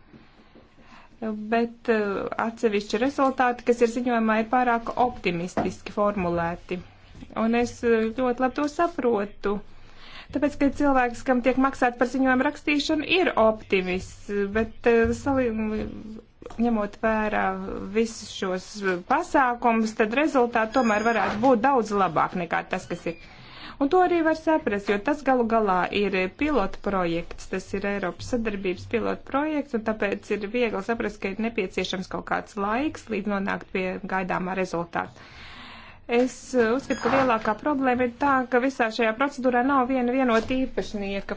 bet eh, atsevišķi rezultāti, kas ir ziņojumā, ir pārāk optimistiski formulēti. Un es eh, ļoti labi to saprotu. Tāpēc, ka cilvēks, kam tiek maksāts par ziņojumu rakstīšanu, ir optimists, bet eh, sali, ņemot vērā visus šos pasākumus, tad rezultāti tomēr varētu būt daudz labāk nekā tas, kas ir. Un to arī var saprast, jo tas galu galā ir pilota projekts, tas ir Eiropas sadarbības pilota projekts, un tāpēc ir viegli saprast, ka ir nepieciešams kaut kāds laiks, līdz nonākt pie gaidāmā rezultāta. Es uzskatu, ka lielākā problēma ir tā, ka visā šajā procedūrā nav viena vienota īpašnieka.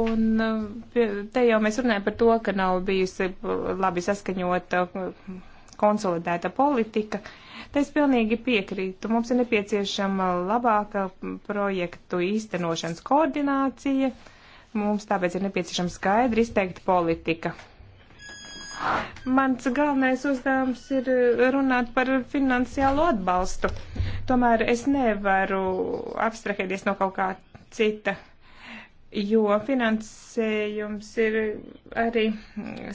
Un eh, te jau mēs runājam par to, ka nav bijusi labi saskaņota konsolidēta politika. Te es pilnīgi piekrītu. Mums ir nepieciešama labāka projektu īstenošanas koordinācija. Mums tāpēc ir nepieciešama skaidri izteikta politika. Mans galvenais uzdevums ir runāt par finansiālo atbalstu. Tomēr es nevaru abstrahēties no kaut kā cita, jo finansējums ir arī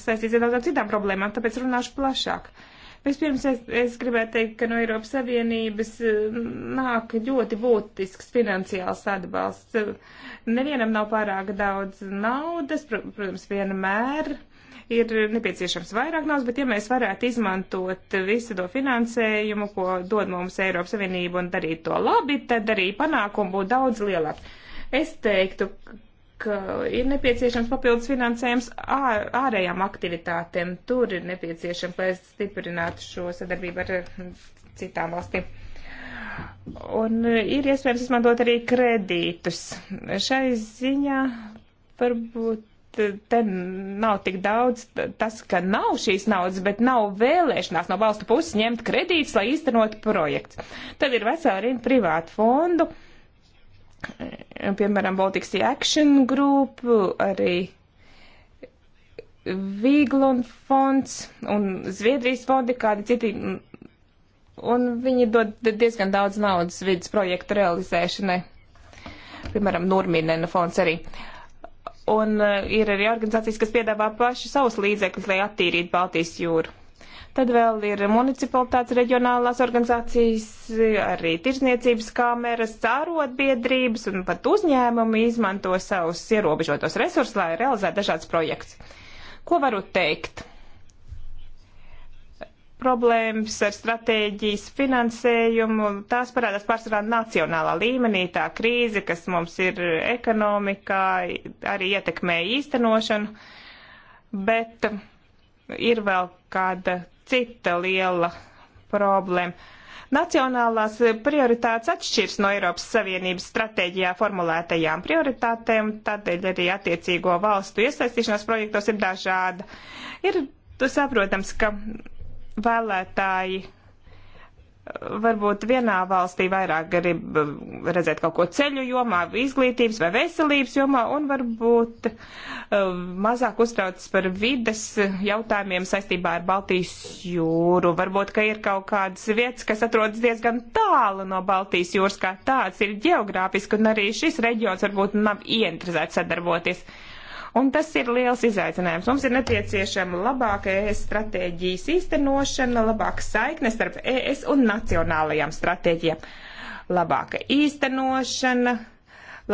saistīts ar daudzām citām problēmām, tāpēc runāšu plašāk. Uh, Vispirms es, es gribētu teikt, ka no Eiropas Savienības eh, nāk ļoti būtisks finansiāls atbalsts. Nevienam nav pārāk daudz naudas, protams, vienmēr ir nepieciešams vairāk naudas, bet ja mēs varētu izmantot visu to finansējumu, ko dod mums Eiropas Savienība un darīt to labi, tad arī panākumu būtu daudz lielāk. Es teiktu, ka ir nepieciešams papildus finansējums ār, ārējām aktivitātēm. Tur ir nepieciešams, lai stiprinātu šo sadarbību ar hm, citām valstīm. Un ir iespējams izmantot arī kredītus. Šai ziņā varbūt te nav tik daudz tas, ka nav šīs naudas, bet nav vēlēšanās no valstu puses ņemt kredītus, lai īstenot projekts. Tad ir vesela rinda privātu fondu. Uh, piemēram, Baltic Sea Action Group, arī Vīglun fonds un Zviedrijas fondi, kādi citi, un viņi dod diezgan daudz naudas vidas projektu realizēšanai. Piemēram, Nurmīnena fonds arī. Un eh, ir arī organizācijas, kas piedāvā paši savus līdzekļus, lai attīrītu Baltijas jūru. Tad vēl ir municipalitātes reģionālās organizācijas, arī tirsniecības kameras, cārotbiedrības un pat uzņēmumi izmanto savus ierobežotos resursus, lai realizētu dažādas projekts. Ko varu teikt? problēmas ar stratēģijas finansējumu, tās parādās pārsvarā nacionālā līmenī, tā krīze, kas mums ir ekonomikā, arī ietekmē īstenošanu, bet ir vēl kāda cita liela problēma. Nacionālās prioritātes atšķirs no Eiropas Savienības stratēģijā formulētajām prioritātēm, tādēļ arī attiecīgo valstu iesaistīšanās projektos ir dažāda. Ir saprotams, ka vēlētāji varbūt vienā valstī vairāk grib uh, redzēt kaut ko ceļu jomā, izglītības vai veselības jomā, un varbūt uh, mazāk uztraucas par vides jautājumiem saistībā ar Baltijas jūru. Varbūt, ka ir kaut kādas vietas, kas atrodas diezgan tālu no Baltijas jūras kā tāds, ir ģeogrāfiski, un arī šis reģions varbūt nav ieinteresēts sadarboties. Uh, Un tas ir liels izaicinājums. Mums ir nepieciešama labāka ES stratēģijas īstenošana, labāka saikne starp ES un nacionālajām stratēģijām, labāka īstenošana,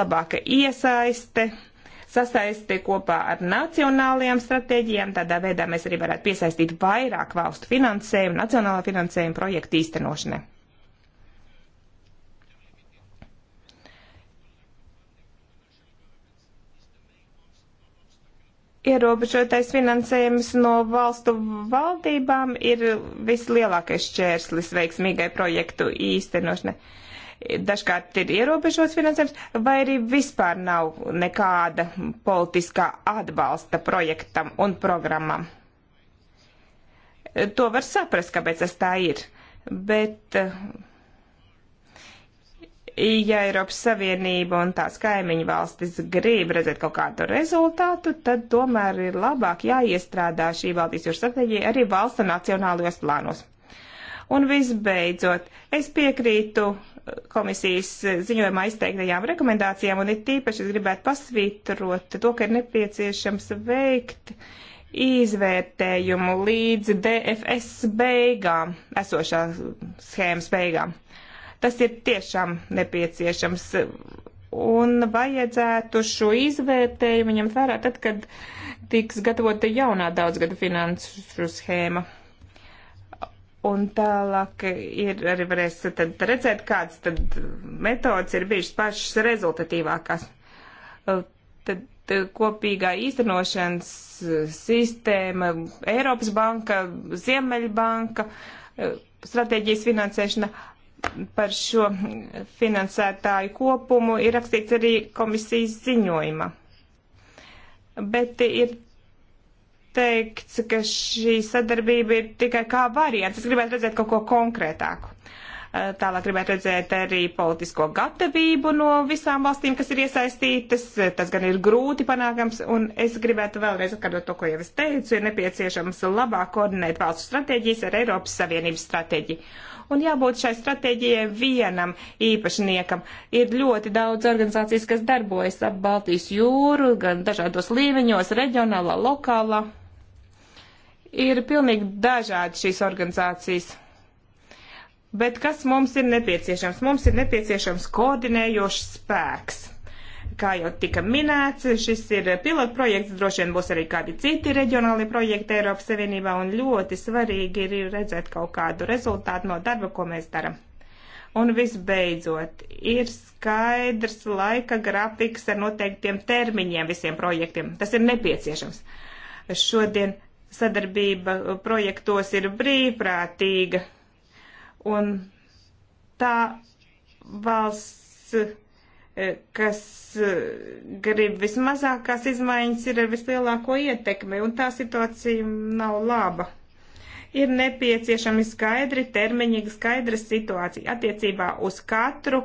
labāka iesaiste sasaisti kopā ar nacionālajām stratēģijām. Tādā veidā mēs arī varētu piesaistīt vairāk valstu finansējumu, nacionālā finansējuma projektu īstenošanai. ierobežotais finansējums no valstu valdībām ir vislielākais šķērslis veiksmīgai projektu īstenošanai. Dažkārt ir ierobežots finansējums, vai arī vispār nav nekāda politiskā atbalsta projektam un programmam. To var saprast, kāpēc tas tā ir, bet uh, ja Eiropas Savienība un tās kaimiņu valstis grib redzēt kaut kādu rezultātu, tad tomēr ir labāk jāiestrādā šī Baltijas jūras stratēģija arī valsts nacionālajos plānos. Un visbeidzot, es piekrītu eh, komisijas ziņojumā izteiktajām rekomendācijām, un ir tīpaši es gribētu pasvītrot to, ka ir nepieciešams veikt izvērtējumu līdz DFS beigām, esošā schēmas beigām Tas ir tiešām nepieciešams. Un vajadzētu šo izvērtējumu ņemt vērā tad, kad tiks gatavota jaunā daudzgada finansu schēma. Un tālāk ir arī varēs tad redzēt, kādas tad metodas ir bijušas pašas rezultatīvākās. Tad kopīgā īstenošanas sistēma, Eiropas banka, Ziemeļbanka, stratēģijas finansēšana par šo finansētāju kopumu ir rakstīts arī komisijas ziņojuma. Bet ir teikts, ka šī sadarbība ir tikai kā variants. Es gribētu redzēt kaut ko konkrētāku. Tālāk gribētu redzēt arī politisko gatavību no visām valstīm, kas ir iesaistītas. Tas gan ir grūti panākams, un es gribētu vēlreiz atkārtot to, ko jau es teicu, ir nepieciešams labāk koordinēt valstu stratēģijas ar Eiropas Savienības stratēģiju un jābūt šai stratēģijai vienam īpašniekam. Ir ļoti daudz organizācijas, kas darbojas ap Baltijas jūru, gan dažādos līmeņos, reģionālā, lokālā. Ir pilnīgi dažādi šīs organizācijas. Bet kas mums ir nepieciešams? Mums ir nepieciešams koordinējošs spēks Kā jau tika minēts, šis ir pilotprojekts, droši vien būs arī kādi citi reģionāli projekti Eiropas Savienībā, un ļoti svarīgi ir redzēt kaut kādu rezultātu no darba, ko mēs darām. Un visbeidzot, ir skaidrs laika grafiks ar noteiktiem termiņiem visiem projektiem. Tas ir nepieciešams. Šodien sadarbība projektos ir brīvprātīga, un tā valsts Eh, kas eh, grib vismazākās izmaiņas, ir ar vislielāko ietekmi, un tā situācija nav laba. Ir nepieciešami skaidri termiņi, skaidra situācija attiecībā uz katru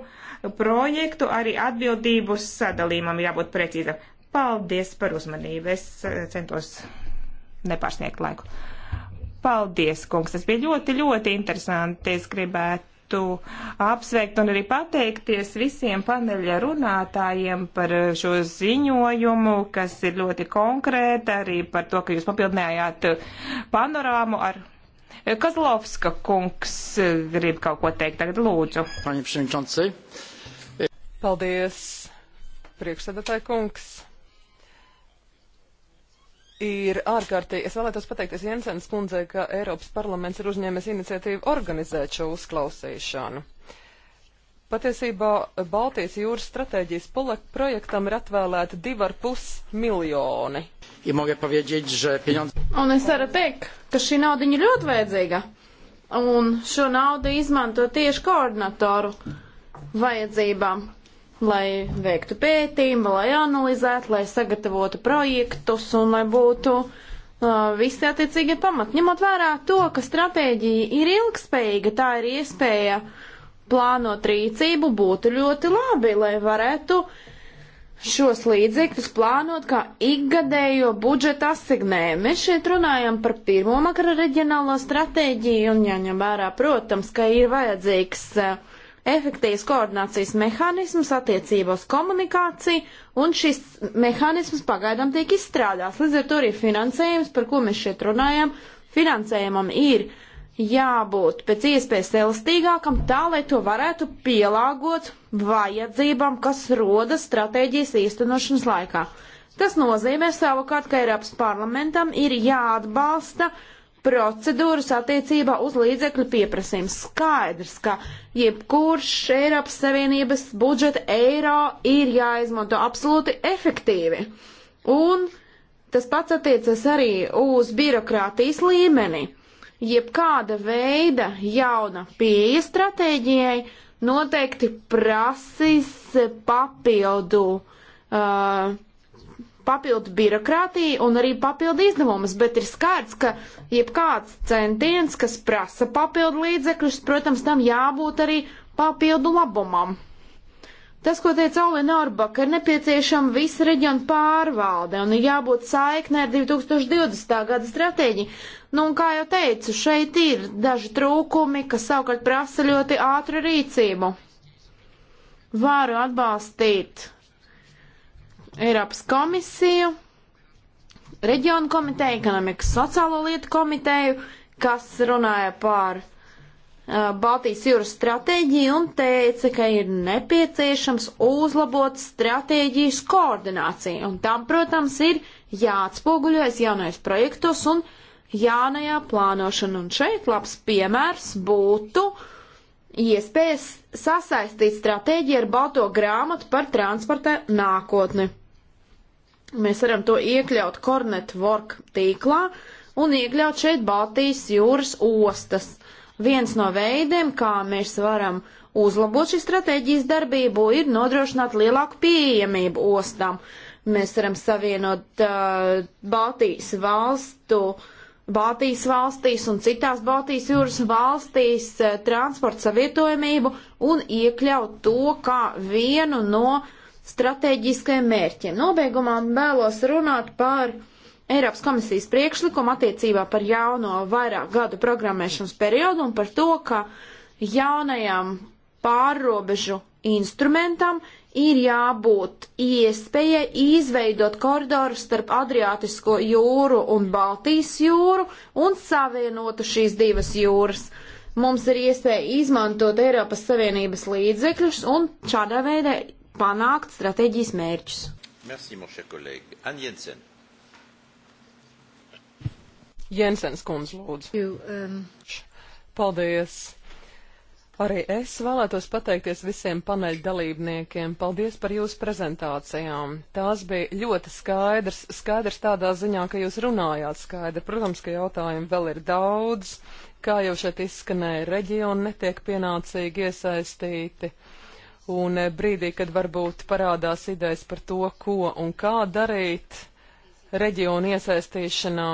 projektu, arī atbildības sadalījumam jābūt precīzam. Paldies par uzmanību. Es eh, centos nepārsniegt laiku. Paldies, kungs. Tas bija ļoti, ļoti interesanti. Es gribētu gribētu apsveikt un arī pateikties visiem paneļa runātājiem par šo ziņojumu, kas ir ļoti konkrēta, arī par to, ka jūs papildinājāt panorāmu ar. Kazlovska kungs grib kaut ko teikt tagad, lūdzu. Paldies, priekšsēdētāji kungs ir ārkārtīgi. Es vēlētos pateikties Jensens kundzē, ka Eiropas parlaments ir uzņēmis iniciatīvu organizēt šo uzklausīšanu. Patiesībā Baltijas jūras stratēģijas projektam ir atvēlēta 2,5 miljoni. Un es varu teikt, ka šī nauda ir ļoti vajadzīga. Un šo naudu izmanto tieši koordinatoru vajadzībām lai veiktu pētījumu, lai analizētu, lai sagatavotu projektus un lai būtu uh, visi attiecīgie pamati. Ņemot vērā to, ka stratēģija ir ilgspējīga, tā ir iespēja plānot rīcību, būtu ļoti labi, lai varētu šos līdzekļus plānot kā ikgadējo budžeta asignējumu. Mēs šeit runājam par pirmo makro reģionālo stratēģiju un jāņem vērā, protams, ka ir vajadzīgs uh, efektīvs koordinācijas mehānisms attiecībos komunikāciju, un šis mehānisms pagaidām tiek izstrādāts. Līdz ar to arī finansējums, par ko mēs šeit runājam, finansējumam ir jābūt pēc iespējas elastīgākam, tā lai to varētu pielāgot vajadzībām, kas rodas stratēģijas īstenošanas laikā. Tas nozīmē savukārt, ka Eiropas parlamentam ir jāatbalsta uh, procedūras attiecībā uz līdzekļu pieprasījumu. Skaidrs, ka jebkurš Eiropas Savienības budžeta eiro ir jāizmanto absolūti efektīvi. Un tas pats attiecas arī uz birokrātijas līmeni. Jebkāda veida jauna pieeja stratēģijai noteikti prasīs papildu uh, papildu birokrātiju un arī papildu izdevumus, bet ir skārts, ka jebkāds centiens, kas prasa papildu līdzekļus, protams, tam jābūt arī papildu labumam. Tas, ko teica Olin Orbaka, ir nepieciešama visa reģiona pārvalde un ir jābūt saiknē ar 2020. gada stratēģiju. Nu, un kā jau teicu, šeit ir daži trūkumi, kas savukārt prasa ļoti ātru rīcību. Varu atbalstīt Eiropas komisiju, reģionu komiteju, ekonomikas sociālo lietu komiteju, kas runāja par uh, Baltijas jūras stratēģiju un teica, ka ir nepieciešams uzlabot stratēģijas koordināciju. Un tam, protams, ir jāatspoguļojas jaunais projektos un jaunajā plānošana. Un šeit labs piemērs būtu iespējas sasaistīt stratēģiju ar balto grāmatu par transporta nākotni. Mēs varam to iekļaut Kornet Work tīklā un iekļaut šeit Baltijas jūras ostas. Viens no veidiem, kā mēs varam uzlabot šīs stratēģijas darbību, ir nodrošināt lielāku pieejamību ostām. Mēs varam savienot uh, Baltijas valstu uh, Baltijas valstīs un citās Baltijas jūras valstīs uh, transporta savietojamību un iekļaut to kā vienu no stratēģiskajiem mērķiem. Nobeigumā vēlos runāt par Eiropas komisijas priekšlikumu attiecībā par jauno vairāk gadu programmēšanas periodu un par to, ka jaunajam pārrobežu instrumentam ir jābūt iespējai izveidot koridoru starp Adriātisko jūru un Baltijas jūru un savienotu šīs divas jūras. Mums ir iespēja izmantot Eiropas Savienības līdzekļus un šādā veidā panākt stratēģijas mērķus. Merci, mon cher collègue. Anne Jensen. Jensens kundze, lūdzu. You, um... Paldies. Arī es vēlētos pateikties visiem paneļa dalībniekiem. Paldies par jūsu prezentācijām. Tās bija ļoti skaidrs, skaidrs tādā ziņā, ka jūs runājāt skaidri. Protams, ka jautājumu vēl ir daudz. Kā jau šeit izskanēja, reģioni netiek pienācīgi iesaistīti. Un eh, brīdī, kad varbūt parādās idejas par to, ko un kā darīt reģionu iesaistīšanā,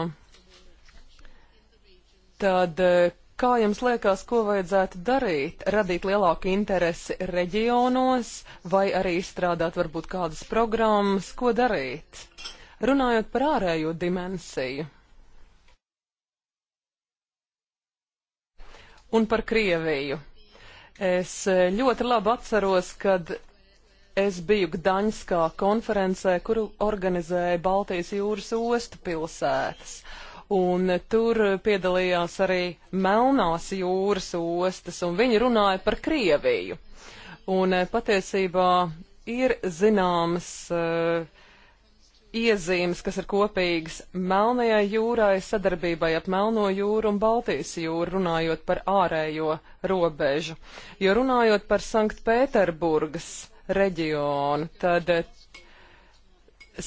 tad eh, kā jums liekas, ko vajadzētu darīt? Radīt lielāku interesi reģionos vai arī izstrādāt varbūt kādas programmas, ko darīt? Runājot par ārējo dimensiju. Un par Krieviju. Es eh, ļoti labi atceros, kad es biju Gdaņskā konferencē, kuru organizēja Baltijas jūras ostu pilsētas. Un eh, tur piedalījās arī Melnās jūras ostas, un viņi runāja par Krieviju. Un eh, patiesībā ir zināmas uh, iezīmes, kas ir kopīgas Melnajai jūrai, sadarbībai ap Melno jūru un Baltijas jūru, runājot par ārējo robežu. Jo runājot par Sanktpēterburgas reģionu, tad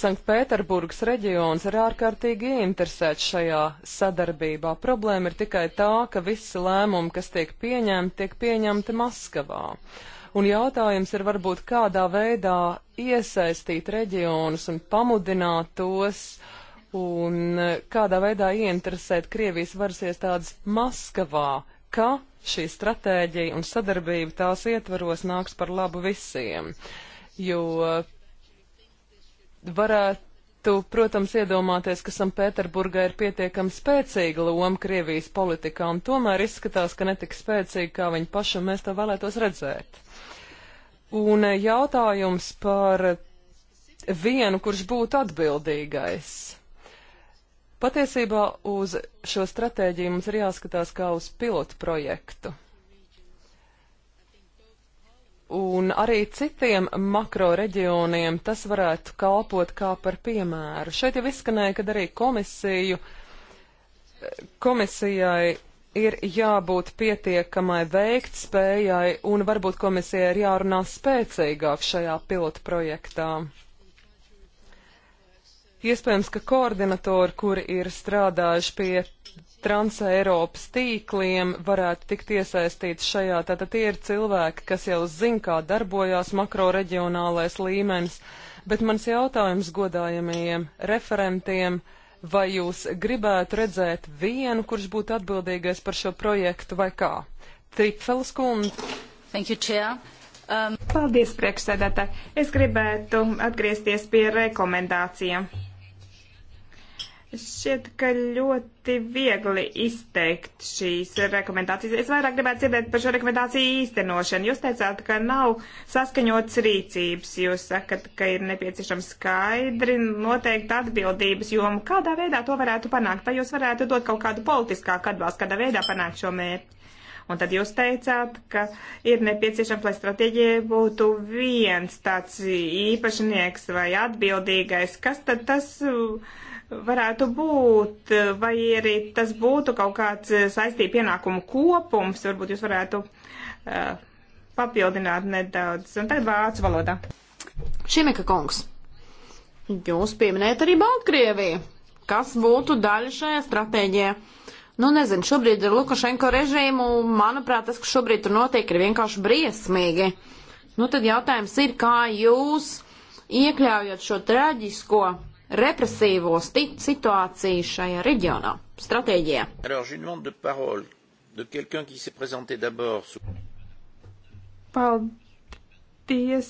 Sanktpēterburgas reģions ir ārkārtīgi ieinteresēts šajā sadarbībā. Problēma ir tikai tā, ka visi lēmumi, kas tiek pieņemti, tiek pieņemti Maskavā. Uh, Un jautājums ir varbūt kādā veidā iesaistīt reģionus un pamudināt tos un e, kādā veidā ieinteresēt Krievijas varas iestādes Maskavā, ka šī stratēģija un sadarbība tās ietvaros nāks par labu visiem. Jo varētu, protams, iedomāties, ka Sanpēterburgā ir pietiekami spēcīga loma Krievijas politikā, un tomēr izskatās, ka netik spēcīga, kā viņi paši, un mēs to vēlētos redzēt. Un jautājums par vienu, kurš būtu atbildīgais. Patiesībā uz šo stratēģiju mums ir jāskatās kā uz pilotu projektu. Un arī citiem makro reģioniem tas varētu kalpot kā par piemēru. Šeit jau izskanēja, kad arī komisiju, komisijai ir jābūt pietiekamai veiktspējai, un varbūt komisija ir jārunā spēcīgāk šajā pilotu projektā. Iespējams, ka koordinatori, kuri ir strādājuši pie transeiropas tīkliem, varētu tikt iesaistīti šajā. Tātad tie ir cilvēki, kas jau zina, kā darbojās makroreģionālais līmenis, bet mans jautājums godājamajiem referentiem ir, Vai jūs gribētu redzēt vienu, kurš būtu atbildīgais par šo projektu vai kā? Tripfelas kundze. Thank you, Chair. Um... Paldies, priekšsēdētāji. Es gribētu atgriezties pie rekomendācijām. Šķiet, ka ļoti viegli izteikt šīs rekomendācijas. Es vairāk gribētu dzirdēt par šo rekomendāciju īstenošanu. Jūs teicāt, ka nav saskaņots rīcības. Jūs sakat, ka ir nepieciešams skaidri noteikti atbildības jomu. Kādā veidā to varētu panākt? Vai jūs varētu dot kaut kādu politiskāku atbalstu, kādā veidā panākt šo mērķi? Un tad jūs teicāt, ka ir nepieciešams, lai stratēģijai būtu viens tāds īpašnieks vai atbildīgais. Kas tad tas? Uh, varētu būt, vai arī tas būtu kaut kāds eh, saistību pienākumu kopums, varbūt jūs varētu uh, papildināt nedaudz. Un tagad vācu valodā. Šimika kungs, jūs pieminējat arī Baltkrieviju. Kas būtu daļa šajā stratēģijā? Nu, nezinu, šobrīd ar Lukašenko režīmu, manuprāt, tas, kas šobrīd tur notiek, ir vienkārši briesmīgi. Nu, tad jautājums ir, kā jūs iekļaujat šo traģisko represīvo situāciju šajā reģionā, stratēģijā. Paldies!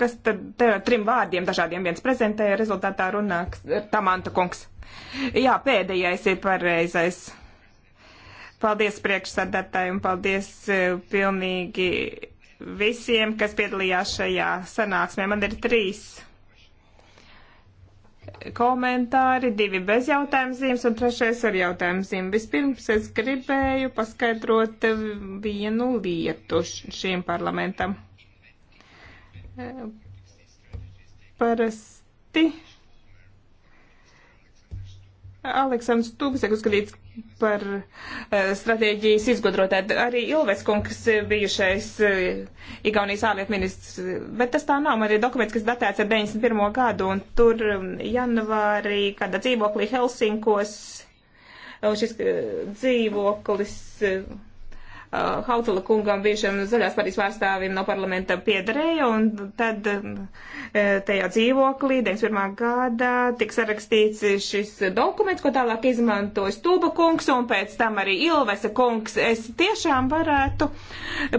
Kas tad te ar trim vārdiem dažādiem viens prezentēja, rezultātā runā Tamanta kungs. Jā, pēdējais ir pareizais. Paldies priekšsādātāji un paldies e, pilnīgi visiem, kas piedalījās šajā sanāksmē. Man ir trīs komentāri, divi bez jautājumu zīmes un trešais ar jautājumu zīmu. Vispirms es gribēju paskaidrot vienu lietu šīm parlamentam. Parasti Aleksandrs Tūksek uzskatīts, par eh, stratēģijas izgudrotāju. Arī Ilves kungs eh, bijušais eh, Igaunijas ārlietu ministrs, bet tas tā nav. Man ir dokuments, kas datēts ar 91. gadu, un tur um, janvārī kādā dzīvoklī Helsinkos, un šis dzīvoklis Eh, Hautala kungam bijušam zaļās partijas pārstāvim no parlamenta piederēja, un tad eh, tajā dzīvoklī 91. gadā tika sarakstīts šis dokuments, ko tālāk izmantoja Stūba kungs, un pēc tam arī Ilvesa kungs. Es tiešām varētu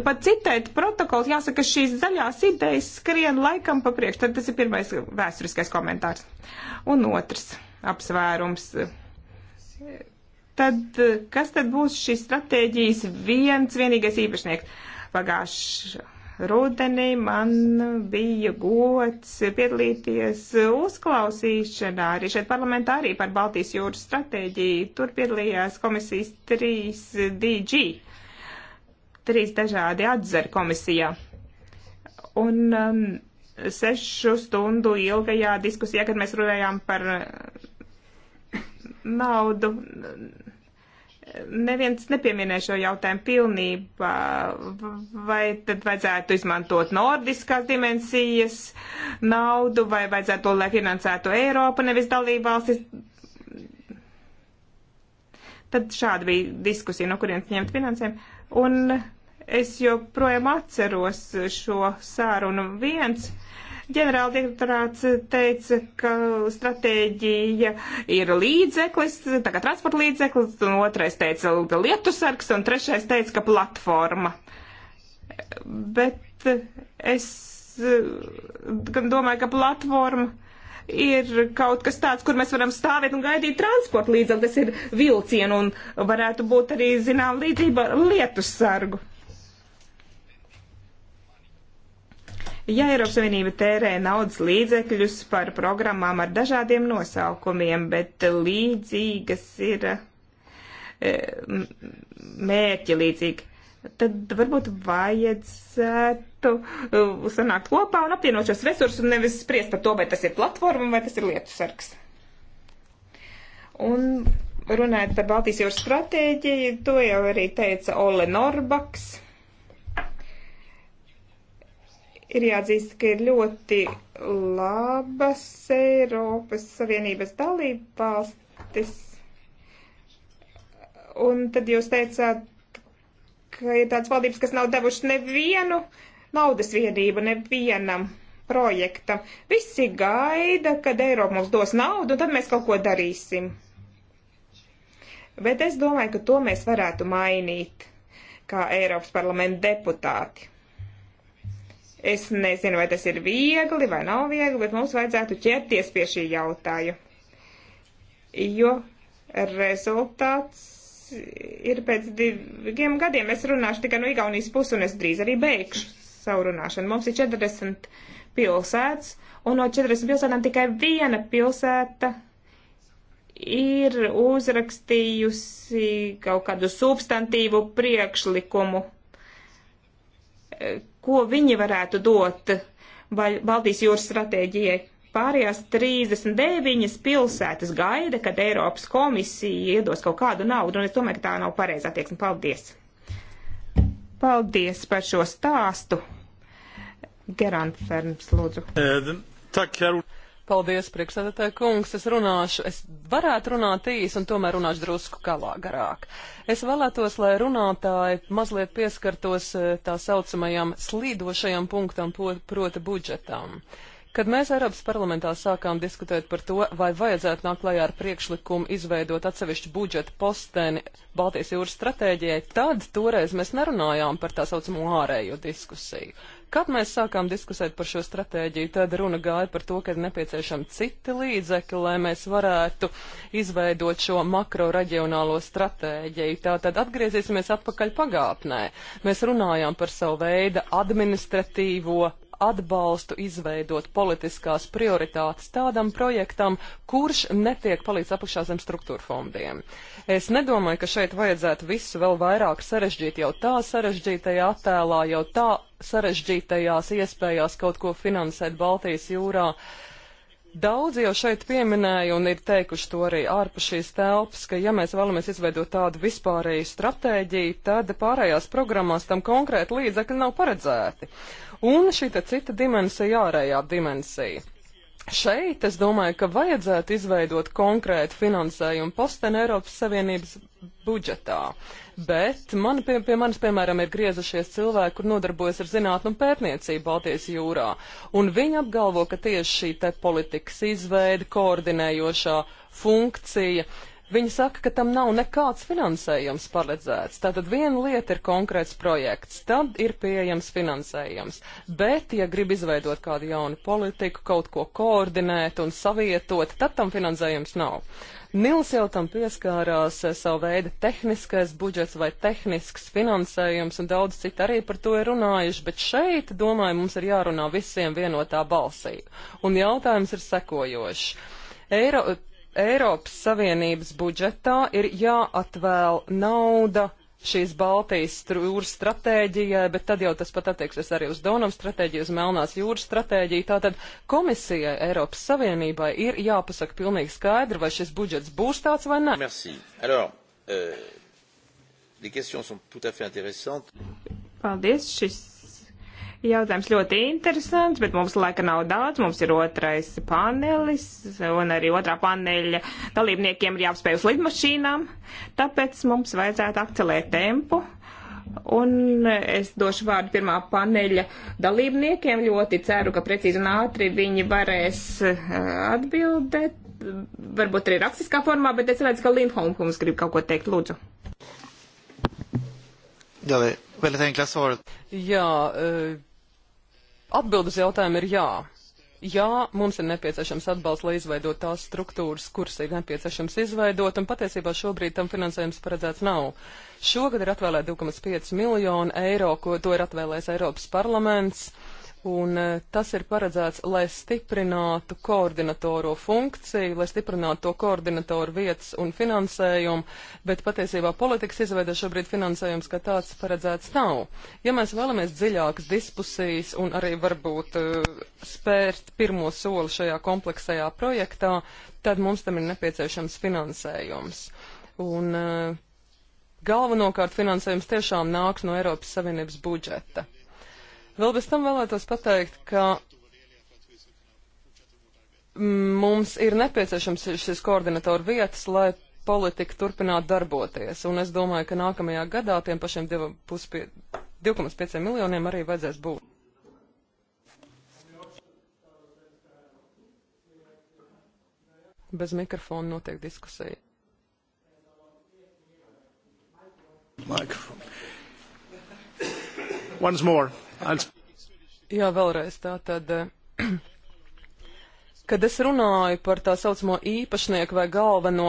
pat citēt protokols, jāsaka, šīs zaļās idejas skrien laikam pa priekš, tad tas ir pirmais vēsturiskais komentārs. Un otrs apsvērums tad, kas tad būs šis stratēģijas viens vienīgais īpašnieks? Pagājušā rudenī man bija gods piedalīties uzklausīšanā arī šeit parlamentā arī par Baltijas jūras stratēģiju. Tur piedalījās komisijas 3DG, trīs dažādi atzari komisijā. Un um, sešu stundu ilgajā diskusijā, kad mēs runājām par naudu, neviens nepieminē šo jautājumu pilnībā, vai tad vajadzētu izmantot nordiskās dimensijas naudu, vai vajadzētu to, lai finansētu Eiropa, nevis dalībvalstis. Tad šāda bija diskusija, no kurienes ņemt finansēm. Un es joprojām atceros šo sārunu viens ģenerāldirektorāts teica, ka stratēģija ir līdzeklis, tā kā transporta līdzeklis, un otrais teica lietusargs, un trešais teica, ka platforma. Bet es gan domāju, ka platforma ir kaut kas tāds, kur mēs varam stāvēt un gaidīt transporta līdzekli, tas ir vilcienu, un varētu būt arī, zinām, līdzība lietusargu. sargu. Ja Eiropas Savienība tērē naudas līdzekļus par programmām ar dažādiem nosaukumiem, bet līdzīgas ir e, mērķi līdzīgi, tad varbūt vajadzētu e, sanākt kopā un apvienot šos resursus un nevis spriest par to, vai tas ir platforma vai tas ir lietu sargs. Un runājot par Baltijas jūras stratēģiju, to jau arī teica Ole Norbaks ir jāatzīst, ka ir ļoti labas Eiropas Savienības dalībvalstis. Un tad jūs teicāt, ka ir tāds valdības, kas nav devuši nevienu naudas viedību nevienam projektam. Visi gaida, kad Eiropa mums dos naudu, un tad mēs kaut ko darīsim. Bet es domāju, ka to mēs varētu mainīt kā Eiropas parlamenta deputāti. Es nezinu, vai tas ir viegli vai nav viegli, bet mums vajadzētu ķerties pie šī jautājuma. Jo rezultāts ir pēc diviem gadiem. Es runāšu tikai no Igaunijas puses, un es drīz arī beigšu savu runāšanu. Mums ir 40 pilsētas, un no 40 pilsētām tikai viena pilsēta ir uzrakstījusi kaut kādu substantīvu priekšlikumu ko viņi varētu dot Baltijas jūras stratēģijai. Pārējās 39 pilsētas gaida, kad Eiropas komisija iedos kaut kādu naudu, un es domāju, ka tā nav pareizā attieksme. Paldies! Paldies par šo stāstu! Gerant Ferms, lūdzu. Ēden, eh, tak, Herr. Paldies, priekšsēdētāji kungs. Es runāšu, es varētu runāt īsi un tomēr runāšu drusku kalā garāk. Es vēlētos, lai runātāji mazliet pieskartos e, tā saucamajam slīdošajam punktam, proti budžetam. Kad mēs Eiropas parlamentā sākām diskutēt par to, vai vajadzētu nākt klajā ar priekšlikumu izveidot atsevišķu budžeta posteni Baltijas jūras stratēģijai, tad toreiz mēs nerunājām par tā saucamo ārējo diskusiju. Kad mēs sākām diskusēt par šo stratēģiju, tad runa gāja par to, ka ir nepieciešami citi līdzekļi, lai mēs varētu izveidot šo makro reģionālo stratēģiju. Tātad atgriezīsimies atpakaļ pagātnē. Mēs runājām par savu veidu administratīvo atbalstu izveidot politiskās prioritātes tādam projektam, kurš netiek palīdz apakšā zem struktūra fondiem. Es nedomāju, ka šeit vajadzētu visu vēl vairāk sarežģīt jau tā sarežģītajā attēlā, jau tā sarežģītajās iespējās kaut ko finansēt Baltijas jūrā. Daudzi jau šeit pieminēja un ir teikuši to arī ārpus šīs telpas, ka ja mēs vēlamies izveidot tādu vispārēju stratēģiju, tad pārējās programmās tam konkrēti līdzekļi nav paredzēti. Un šī cita dimensija, ārējā dimensija. Šeit es domāju, ka vajadzētu izveidot konkrētu finansējumu posteni Eiropas Savienības budžetā, bet man, pie, pie manis, piemēram, ir griezušies cilvēki, kur nodarbojas ar zinātnu un pētniecību Baltijas jūrā, un viņi apgalvo, ka tieši šī te politikas izveida, koordinējošā funkcija uh, Viņi saka, ka tam nav nekāds finansējums paredzēts. Tātad viena lieta ir konkrēts projekts, tad ir pieejams finansējums. Bet, ja grib izveidot kādu jaunu politiku, kaut ko koordinēt un savietot, tad tam finansējums nav. Nils jau tam pieskārās eh, savu veidu tehniskais budžets vai tehnisks finansējums, un daudz citi arī par to ir runājuši, bet šeit, domāju, mums ir jārunā visiem vienotā balsī. Un jautājums ir sekojošs. Eiro, Eiropas Savienības budžetā ir jāatvēl nauda šīs Baltijas jūras stratēģijai, bet tad jau tas pat attieksies arī uz Donavu stratēģiju, uz Melnās jūras stratēģiju. Tātad komisijai Eiropas Savienībai ir jāpasaka pilnīgi skaidri, vai šis budžets būs tāds vai nē. Alors, euh, Paldies, šis Jautājums ļoti interesants, bet mums laika nav daudz. Mums ir otrais panelis, un arī otrā paneļa dalībniekiem ir jāapspēj uz lidmašīnām. Tāpēc mums vajadzētu akcelēt tempu. Un es došu vārdu pirmā paneļa dalībniekiem. Ļoti ceru, ka precīzi un ātri viņi varēs eh, atbildēt. Varbūt arī rakstiskā formā, bet es redzu, ka Lindholm kungs grib kaut ko teikt. Lūdzu. Jā, vēl enkla svara. Jā, eh, Atbildes jautājumi ir jā. Jā, mums ir nepieciešams atbalsts, lai izveidot tās struktūras, kuras ir nepieciešams izveidot, un patiesībā šobrīd tam finansējums paredzēts nav. Šogad ir atvēlēta 2,5 miljonu eiro, ko to ir atvēlējis Eiropas parlaments. Uh, un eh, tas ir paredzēts, lai stiprinātu koordinatoru funkciju, lai stiprinātu to koordinatoru vietas un finansējumu, bet patiesībā politikas izveida šobrīd finansējums, ka tāds paredzēts nav. Ja mēs vēlamies dziļākas diskusijas un arī varbūt uh, spērt pirmo soli šajā kompleksajā projektā, tad mums tam ir nepieciešams finansējums. Un, uh, Galvenokārt finansējums tiešām nāks no Eiropas Savienības budžeta. Vēl bez tam vēlētos pateikt, ka mums ir nepieciešams šis koordinatoru vietas, lai politika turpinātu darboties. Un es domāju, ka nākamajā gadā tiem pašiem 2,5 miljoniem arī vajadzēs būt. Bez mikrofona notiek diskusija. Mikrofons. Once more. Jā, vēlreiz tā tad. Eh, kad es runāju par tā saucamo īpašnieku vai galveno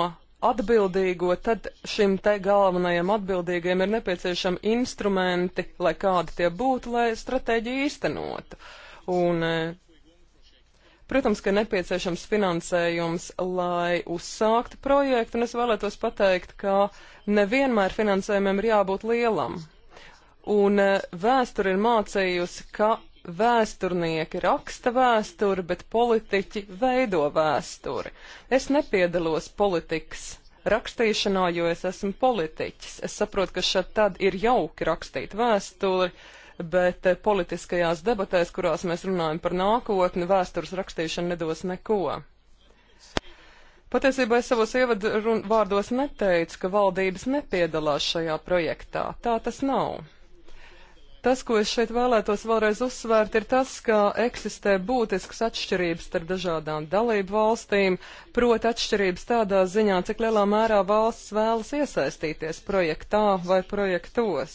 atbildīgo, tad šim te galvenajam atbildīgajam ir nepieciešami instrumenti, lai kādi tie būtu, lai stratēģiju īstenotu. Un, eh, protams, ka nepieciešams finansējums, lai uzsāktu projektu, un es vēlētos pateikt, ka nevienmēr finansējumiem ir jābūt lielam. Un eh, vēsture ir mācījusi, ka vēsturnieki raksta vēsturi, bet politiķi veido vēsturi. Es nepiedalos politikas rakstīšanā, jo es esmu politiķis. Es saprotu, ka šad tad ir jauki rakstīt vēsturi, bet eh, politiskajās debatēs, kurās mēs runājam par nākotni, vēstures rakstīšana nedos neko. Patiesībā es savos ievadu vārdos neteicu, ka valdības nepiedalās šajā projektā. Tā tas nav. Tas, ko es šeit vēlētos vēlreiz uzsvērt, ir tas, ka eksistē būtiskas atšķirības starp dažādām dalību valstīm, proti atšķirības tādā ziņā, cik lielā mērā valsts vēlas iesaistīties projektā vai projektos.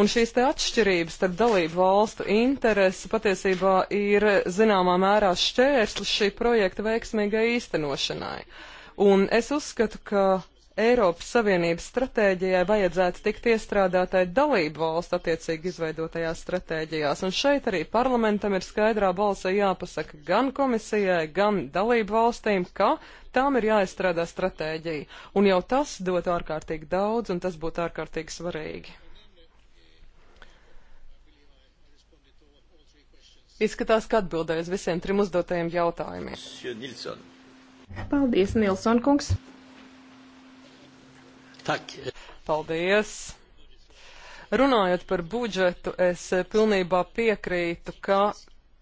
Un šīs te atšķirības starp dalību valstu interesi patiesībā ir zināmā mērā šķērslis šī projekta veiksmīgai īstenošanai. Un es uzskatu, ka Eiropas Savienības stratēģijai vajadzētu tikt iestrādātai dalību valstu attiecīgi izveidotajās stratēģijās, un šeit arī parlamentam ir skaidrā balsē jāpasaka gan komisijai, gan dalību valstīm, ka tām ir jāizstrādā stratēģija, un jau tas dot ārkārtīgi daudz, un tas būtu ārkārtīgi svarīgi. Izskatās, ka atbildēju uz visiem trim uzdotajiem jautājumiem. Paldies, Nilsson kungs! Tak. Paldies! Runājot par budžetu, es pilnībā piekrītu, ka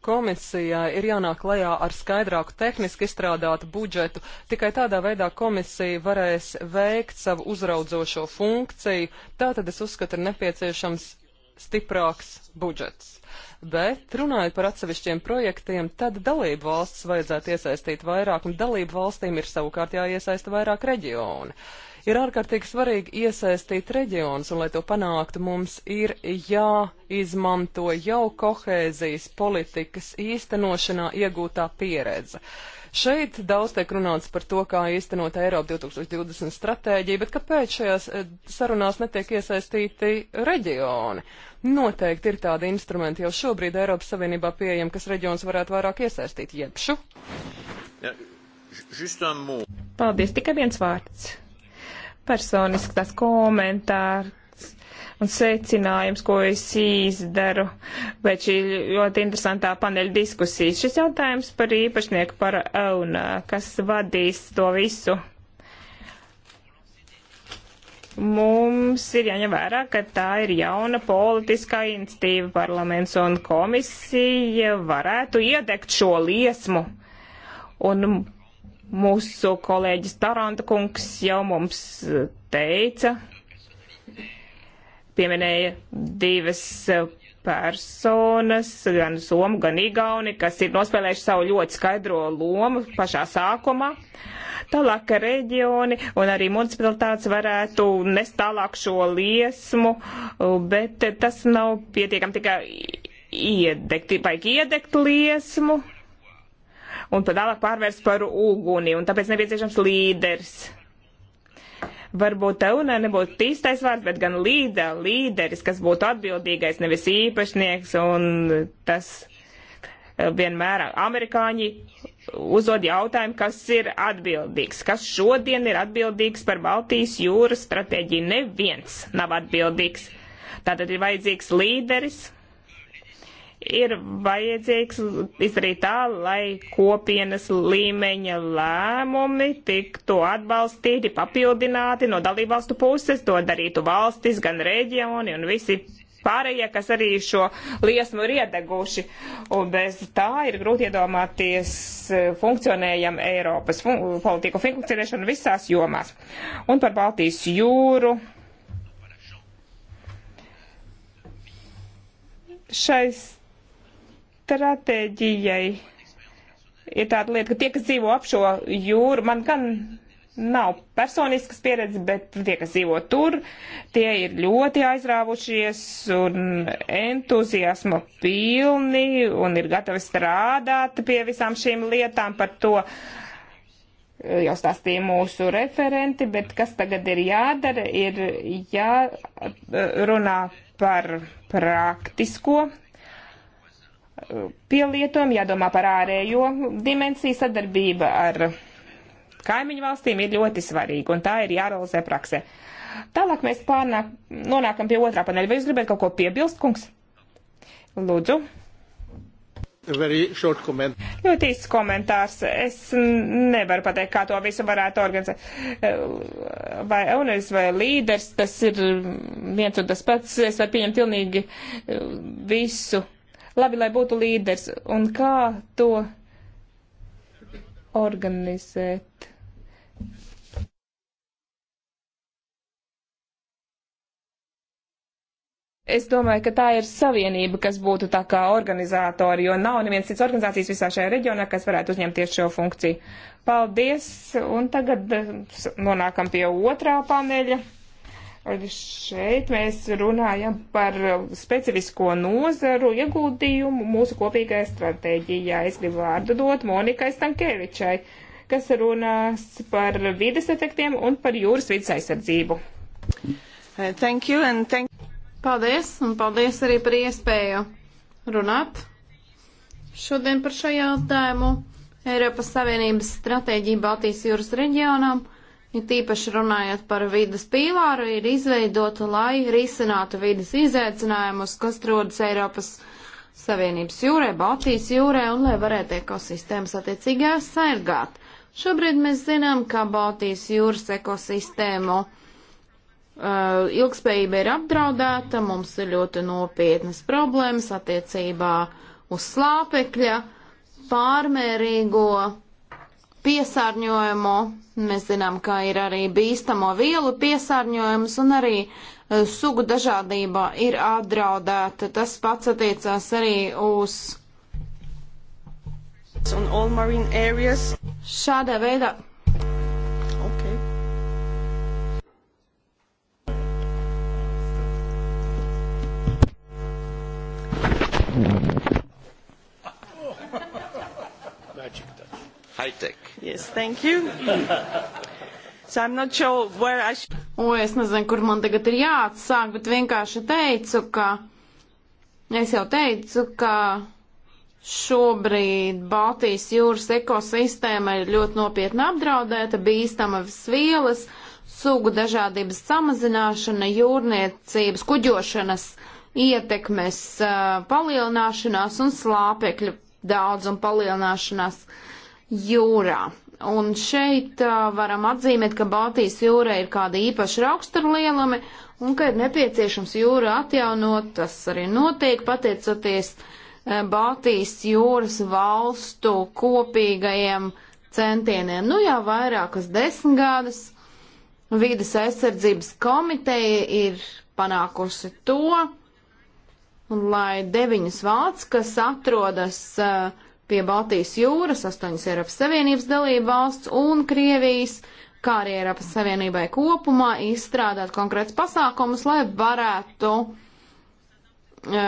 komisijai ir jānāk lajā ar skaidrāku tehniski izstrādātu budžetu. Tikai tādā veidā komisija varēs veikt savu uzraudzošo funkciju. Tātad es uzskatu, ir nepieciešams stiprāks budžets. Bet runājot par atsevišķiem projektiem, tad dalību valsts vajadzētu iesaistīt vairāk, un dalību valstīm ir savukārt jāiesaista vairāk reģioni. Uh, Ir ārkārtīgi svarīgi iesaistīt reģionus, un lai to panāktu, mums ir jāizmanto jau kohēzijas politikas īstenošanā iegūtā pieredze. Šeit daudz tiek runāts par to, kā īstenot Eiropu 2020 stratēģiju, bet kāpēc šajās eh, sarunās netiek iesaistīti reģioni? Noteikti ir tādi instrumenti jau šobrīd Eiropas Savienībā pieejami, kas reģions varētu vairāk iesaistīt. Jepšu? Paldies, tikai viens vārds personiski tās komentārs un secinājums, ko es izdaru, bet šī ļoti interesantā paneļa diskusija. Šis jautājums par īpašnieku, par Euna, kas vadīs to visu. Mums ir jāņem vērā, ka tā ir jauna politiskā institīva, parlaments un komisija varētu iedegt šo liesmu. Un Mūsu kolēģis Taranta kungs jau mums eh, teica, pieminēja divas eh, personas, gan Somu, gan Igauni, kas ir nospēlējuši savu ļoti skaidro lomu pašā sākumā. Tālāk reģioni un arī municipalitātes varētu nest tālāk šo liesmu, eh, bet tas nav pietiekami tikai iedegt, vajag iedegt liesmu, un tad tālāk pārvērst par uguni, un tāpēc nepieciešams līderis. Varbūt eunē nebūtu īstais vārds, bet gan līda, līderis, kas būtu atbildīgais, nevis īpašnieks, un tas eh, vienmēr amerikāņi uzdod jautājumu, kas ir atbildīgs, kas šodien ir atbildīgs par Baltijas jūras stratēģiju. Neviens nav atbildīgs. Tātad ir vajadzīgs līderis, ir vajadzīgs izdarīt tā, lai kopienas līmeņa lēmumi tiktu atbalstīti, papildināti no dalībvalstu puses, to darītu valstis, gan reģioni un visi pārējie, kas arī šo liesmu ir iedeguši. Un bez tā ir grūti iedomāties eh, funkcionējam Eiropas fun politiku funkcionēšanu visās jomās. Un par Baltijas jūru. Šais stratēģijai ir tāda lieta, ka tie, kas dzīvo ap šo jūru, man gan nav personiskas pieredzes, bet tie, kas dzīvo tur, tie ir ļoti aizrāvušies un entuziasma pilni un ir gatavi strādāt pie visām šīm lietām par to. Jau stāstīja mūsu referenti, bet kas tagad ir jādara, ir jārunā par praktisko pielietojumu, jādomā par ārējo dimensiju, sadarbība ar kaimiņu valstīm ir ļoti svarīga, un tā ir jārealizē praksē. Tālāk mēs pārnāk, nonākam pie otrā paneļa. Vai jūs gribat kaut ko piebilst, kungs? Lūdzu. Ļoti īsts komentārs. Es nevaru pateikt, kā to visu varētu organizēt. Vai Euneris vai līderis, tas ir viens un tas pats. Es varu pieņemt pilnīgi visu labi, lai būtu līderis. Un kā to organizēt? Es domāju, ka tā ir savienība, kas būtu tā kā organizātori, jo nav neviens cits organizācijas visā šajā reģionā, kas varētu uzņemties šo funkciju. Paldies, un tagad eh, nonākam pie otrā paneļa. Šeit mēs runājam par specifisko nozaru ieguldījumu mūsu kopīgajā stratēģijā. Es gribu vārdu dot Monikai Stankevičai, kas runās par vides efektiem un par jūras vidas aizsardzību. Eh, thank you and thank you. Paldies un paldies arī par iespēju runāt šodien par šo jautājumu Eiropas Savienības stratēģiju Baltijas jūras reģionam 2021-2027 ja tīpaši runājot par vidas pīlāru, ir izveidota, lai risinātu vidas izaicinājumus, kas rodas Eiropas Savienības jūrē, Baltijas jūrē, un lai varētu ekosistēmas attiecīgi aizsargāt. Šobrīd mēs zinām, ka Baltijas jūras ekosistēmu uh, ilgspējība ir apdraudēta, mums ir ļoti nopietnas problēmas attiecībā uz slāpekļa, pārmērīgo piesārņojumu, mēs zinām, ka ir arī bīstamo vielu piesārņojums un arī uh, sugu dažādība ir apdraudēta. Tas pats attiecās arī uz. Šādā veidā. Okay. Magic touch. High tech. Yes, thank you. So I'm not sure where I should... O, es nezinu, kur man tagad ir jāatsāk, bet vienkārši teicu, ka es jau teicu, ka šobrīd Baltijas jūras ekosistēma ir ļoti nopietni apdraudēta, bīstama visvielas, sugu dažādības samazināšana, jūrniecības, kuģošanas ietekmes uh, palielināšanās un slāpekļu daudzuma palielināšanās. Uh, jūrā. Un šeit uh, varam atzīmēt, ka Baltijas jūrā ir kāda īpaša rakstura lielumi un ka ir nepieciešams jūru atjaunot. Tas arī notiek pateicoties uh, Baltijas jūras valstu kopīgajiem centieniem. Nu jau vairākas desmitgādas vides aizsardzības komiteja ir panākusi to, lai deviņas valsts, kas atrodas uh, pie Baltijas jūras, astoņas Eiropas Savienības dalība valsts un Krievijas, kā arī Eiropas Savienībai kopumā, izstrādāt konkrēts pasākumus, lai varētu uh,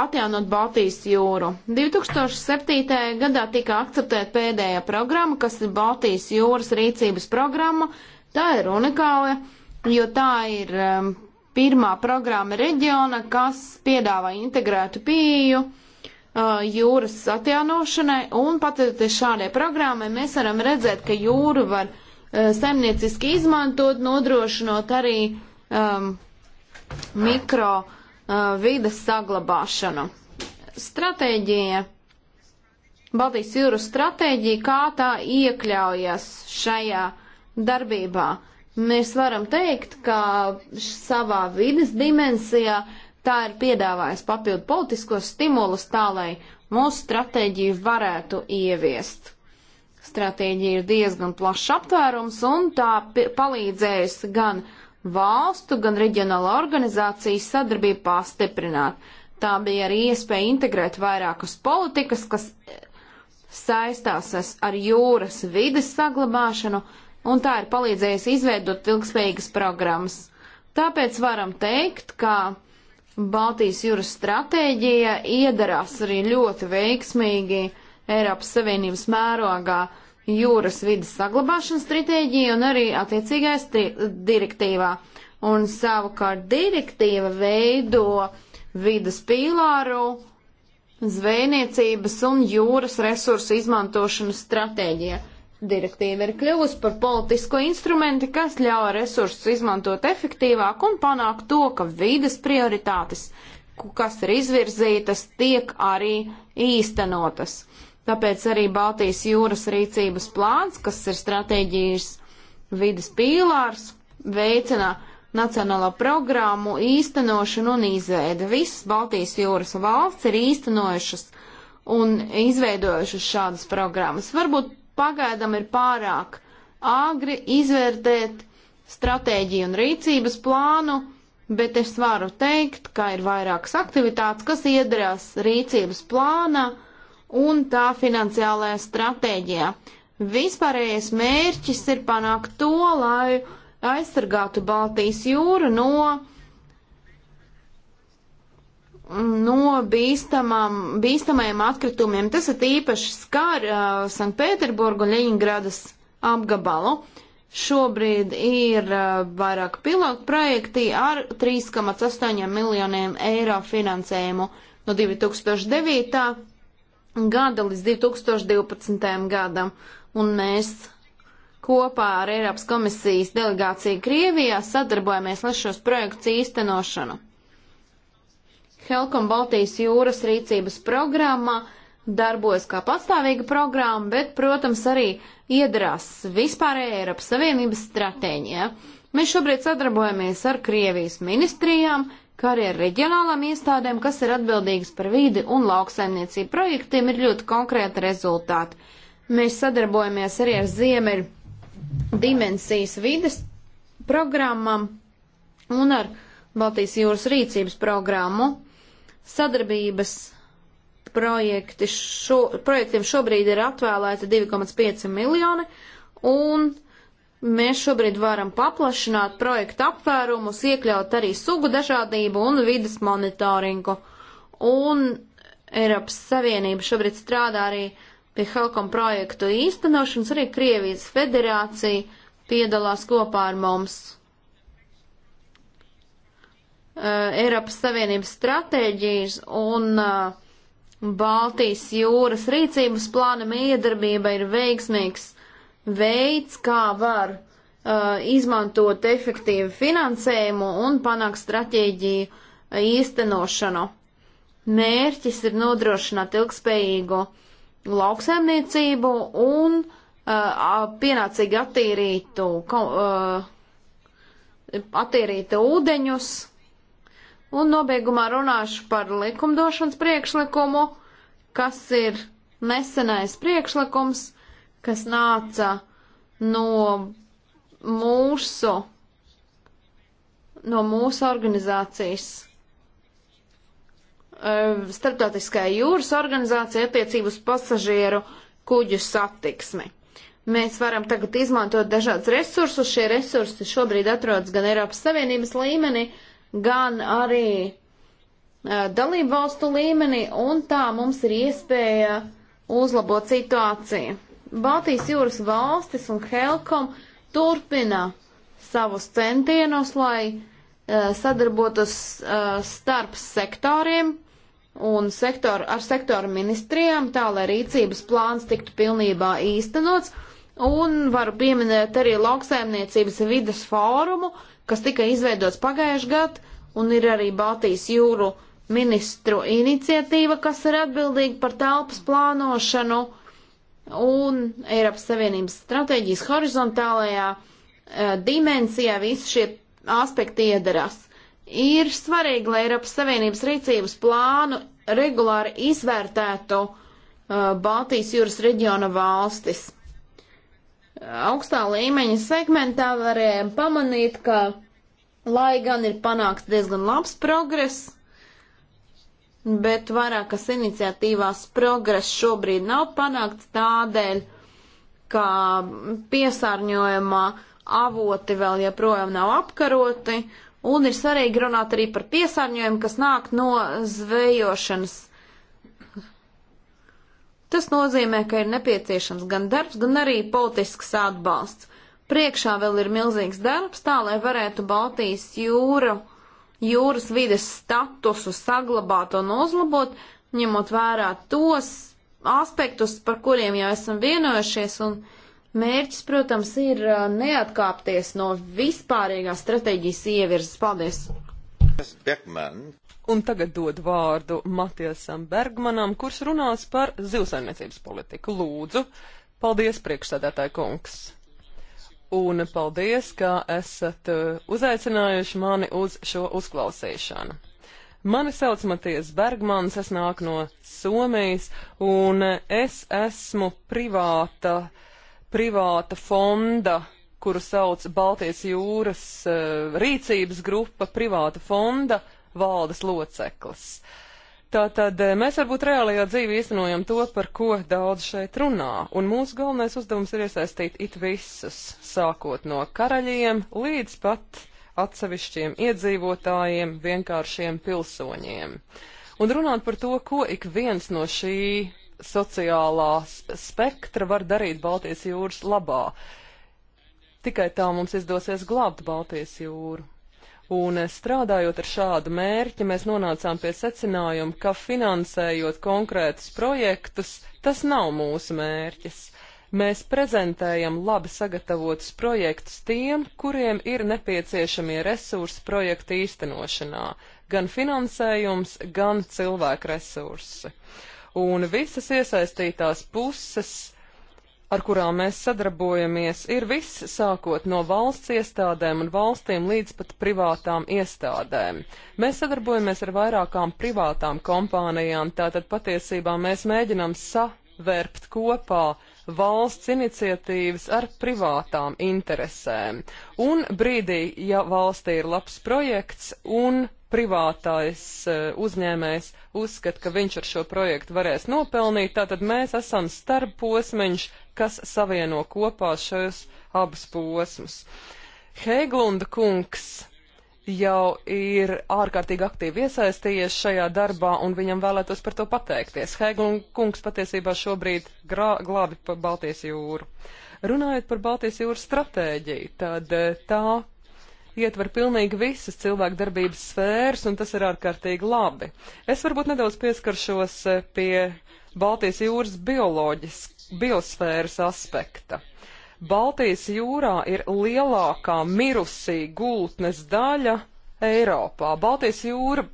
atjaunot Baltijas jūru. 2007. gadā tika akceptēta pēdējā programma, kas ir Baltijas jūras rīcības programma. Tā ir unikāla, jo tā ir um, pirmā programma reģiona, kas piedāvā integrētu pieju uh, Uh, jūras atjaunošanai, un pateicoties šādai programmai, mēs varam redzēt, ka jūru var uh, saimnieciski izmantot, nodrošinot arī um, mikro uh, vides saglabāšanu. Stratēģija, Baltijas jūras stratēģija, kā tā iekļaujas šajā darbībā. Mēs varam teikt, ka savā vides dimensijā uh, Tā ir piedāvājusi papildu politiskos stimulus tā, lai mūsu stratēģiju varētu ieviest. Stratēģija ir diezgan plašs aptvērums un tā palīdzējusi gan valstu, gan reģionāla organizācijas sadarbību pastiprināt. Tā bija arī iespēja integrēt vairākas politikas, kas e, saistās ar jūras vides saglabāšanu, un tā ir palīdzējusi izveidot ilgspējīgas programmas. Tāpēc varam teikt, ka Baltijas jūras stratēģija iedarās arī ļoti veiksmīgi Eiropas Savienības mērogā jūras vidas saglabāšanas stratēģija un arī attiecīgais direktīvā. Un savukārt direktīva veido vidas pīlāru, zvejniecības un jūras resursu izmantošanas stratēģiju. Direktīva ir kļuvusi par politisko instrumenti, kas ļauj resursus izmantot efektīvāk un panākt to, ka vides prioritātes, kas ir izvirzītas, tiek arī īstenotas. Tāpēc arī Baltijas jūras rīcības plāns, kas ir stratēģijas vides pīlārs, veicina nacionālo programmu īstenošanu un izveidi. Visas Baltijas jūras valsts ir īstenojušas un izveidojušas šādas programmas. Varbūt Pagaidām ir pārāk āgri izvērtēt stratēģiju un rīcības plānu, bet es varu teikt, ka ir vairākas aktivitātes, kas iedarās rīcības plānā un tā finansiālajā stratēģijā. Vispārējais mērķis ir panākt to, lai aizsargātu Baltijas jūru no no bīstamajiem atkritumiem. Tas ir īpaši skar uh, Sanktpēterburgu un Leņingradas apgabalu. Šobrīd ir uh, vairāk pilotu projekti ar 3,8 miljoniem eiro finansējumu no 2009. gada līdz 2012. gadam. Un mēs kopā ar Eiropas komisijas delegāciju Krievijā sadarbojamies, lai šos projektus īstenošanu. Helkom Baltijas jūras rīcības programma darbojas kā pastāvīga programma, bet, protams, arī iedarās vispārējā Eiropas Savienības stratēģijā. Mēs šobrīd sadarbojamies ar Krievijas ministrijām, kā arī ar reģionālām iestādēm, kas ir atbildīgas par vīdi un lauksaimniecību projektiem, ir ļoti konkrēti rezultāti. Mēs sadarbojamies arī ar Ziemeļu dimensijas vides programmam un ar Baltijas jūras rīcības programmu. Sadarbības projekti šo, projektiem šobrīd ir atvēlēta 2,5 miljoni, un mēs šobrīd varam paplašināt projektu apvērumus, iekļaut arī sugu dažādību un vidas monitoringu. Un Eiropas Savienība šobrīd strādā arī pie Helkom projektu īstenošanas, arī Krievijas federācija piedalās kopā ar mums. Eh, Eiropas Savienības stratēģijas un eh, Baltijas jūras rīcības plāna miedarbība ir veiksmīgs veids, kā var uh, izmantot efektīvu finansējumu un panākt stratēģiju īstenošanu. Mērķis ir nodrošināt ilgspējīgu lauksaimniecību un uh, pienācīgi attīrītu, uh, attīrītu ūdeņus, Un nobeigumā runāšu par likumdošanas priekšlikumu, kas ir nesenais priekšlikums, kas nāca no mūsu, no mūsu organizācijas. E, Startautiskajā jūras organizācija attiecību uz pasažieru kuģu satiksmi. Mēs varam tagad izmantot dažādas resursus. Šie resursi šobrīd atrodas gan Eiropas Savienības līmenī, uh, gan arī uh, dalību valstu līmenī, un tā mums ir iespēja uzlabot situāciju. Baltijas jūras valstis un Helkom turpina savus centienus, lai uh, sadarbotos uh, starp sektoriem un sektoru, ar sektoru ministrijām, tā lai rīcības plāns tiktu pilnībā īstenots. Un varu pieminēt arī lauksaimniecības vidas fórumu, kas tika izveidots pagājušajā gadā, un ir arī Baltijas jūru ministru iniciatīva, kas ir atbildīga par telpas plānošanu un Eiropas Savienības stratēģijas horizontālajā e, dimensijā visi šie aspekti iedarās. Ir svarīgi, lai Eiropas Savienības rīcības plānu regulāri izvērtētu e, Baltijas jūras reģiona valstis augstā līmeņa segmentā varējām pamanīt, ka, lai gan ir panākts diezgan labs progress, bet vairākas iniciatīvās progress šobrīd nav panākts tādēļ, ka piesārņojumā avoti vēl joprojām nav apkaroti, un ir svarīgi runāt arī par piesārņojumu, kas nāk no zvejošanas Tas nozīmē, ka ir nepieciešams gan darbs, gan arī politisks atbalsts. Priekšā vēl ir milzīgs darbs tā, lai varētu Baltijas jūru, jūras vides statusu saglabāt un uzlabot, ņemot vērā tos aspektus, par kuriem jau esam vienojušies, un mērķis, protams, ir uh, neatkāpties no vispārīgās stratēģijas ievirzes. Paldies! Bergman. Un tagad dod vārdu Matiesam Bergmanam, kurš runās par zivsainiecības politiku. Lūdzu, paldies priekšsēdētāji kungs! Un paldies, ka esat uh, uzaicinājuši mani uz šo uzklausīšanu. Mani sauc Matijas Bergmans, es nāku no Somijas, un es esmu privāta, privāta fonda, kuru sauc Baltijas jūras uh, rīcības grupa, privāta fonda valdes loceklis. Tātad eh, mēs varbūt reālajā dzīvē īstenojam to, par ko daudz šeit runā, un mūsu galvenais uzdevums ir iesaistīt it visus, sākot no karaļiem līdz pat atsevišķiem iedzīvotājiem, vienkāršiem pilsoņiem. Un runāt par to, ko ik viens no šī sociālā spektra var darīt Baltijas jūras labā. Tikai tā mums izdosies glābt Baltijas jūru. Un strādājot ar šādu mērķi, mēs nonācām pie secinājuma, ka finansējot konkrētus projektus, tas nav mūsu mērķis. Mēs prezentējam labi sagatavotus projektus tiem, kuriem ir nepieciešamie resursi projekta īstenošanā - gan finansējums, gan cilvēku resursi. Un visas iesaistītās puses ar kurām mēs sadarbojamies, ir viss sākot no valsts iestādēm un valstīm līdz pat privātām iestādēm. Mēs sadarbojamies ar vairākām privātām kompānijām, tātad patiesībā mēs mēģinām savērpt kopā valsts iniciatīvas ar privātām interesēm. Un brīdī, ja valstī ir labs projekts un privātais eh, uzņēmējs uzskata, ka viņš ar šo projektu varēs nopelnīt, tātad mēs esam starp posmiņš kas savieno kopā šos abus posmus. Heiglunda kungs jau ir ārkārtīgi aktīvi iesaistījies šajā darbā, un viņam vēlētos par to pateikties. Hēglund kungs patiesībā šobrīd grā, glābi pa Baltijas jūru. Runājot par Baltijas jūras stratēģiju, tad eh, tā ietver pilnīgi visas cilvēku darbības sfēras, un tas ir ārkārtīgi labi. Es varbūt nedaudz pieskaršos eh, pie Baltijas jūras bioloģiski biosfēras aspekta. Baltijas jūrā ir lielākā mirusī gultnes daļa Eiropā. Baltijas jūra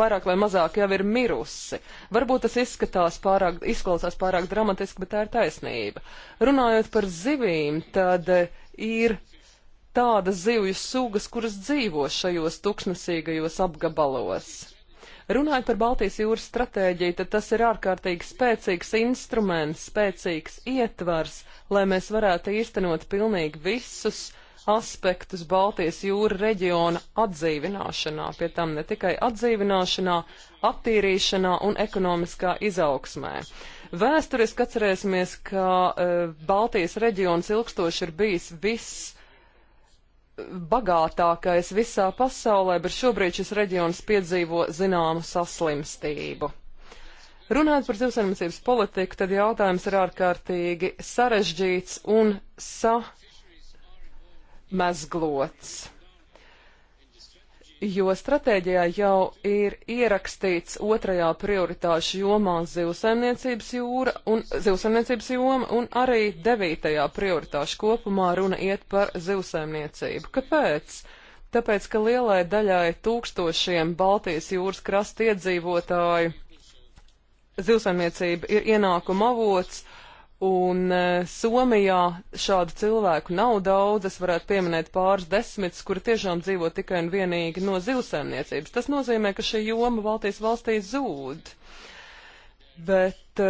vairāk vai mazāk jau ir mirusi. Varbūt tas izskatās pārāk, izklausās pārāk dramatiski, bet tā ir taisnība. Runājot par zivīm, tad ir tādas zivju sugas, kuras dzīvo šajos tuksnesīgajos apgabalos. Runājot par Baltijas jūras stratēģiju, tad tas ir ārkārtīgi spēcīgs instruments, spēcīgs ietvars, lai mēs varētu īstenot pilnīgi visus aspektus Baltijas jūra reģiona atdzīvināšanā, pie tam ne tikai atdzīvināšanā, attīrīšanā un ekonomiskā izaugsmē. Vēsturiski atcerēsimies, ka e, Baltijas reģions ilgstoši ir bijis viss bagātākais visā pasaulē, bet šobrīd šis reģions piedzīvo zināmu saslimstību. Runājot par zivsaimniecības politiku, tad jautājums ir ārkārtīgi sarežģīts un samezglots jo stratēģijā jau ir ierakstīts otrajā prioritāšu jomā zivsaimniecības jūra un zivsaimniecības joma, un arī devītajā prioritāšu kopumā runa iet par zivsaimniecību. Kāpēc? Tāpēc, ka lielai daļai tūkstošiem Baltijas jūras krasta iedzīvotāju zivsaimniecība ir ienākuma avots, Un e, Somijā šādu cilvēku nav daudz, es varētu pieminēt pāris desmitus, kuri tiešām dzīvo tikai un vienīgi no zivsēmniecības. Tas nozīmē, ka šī joma Baltijas valstī zūd. Bet e,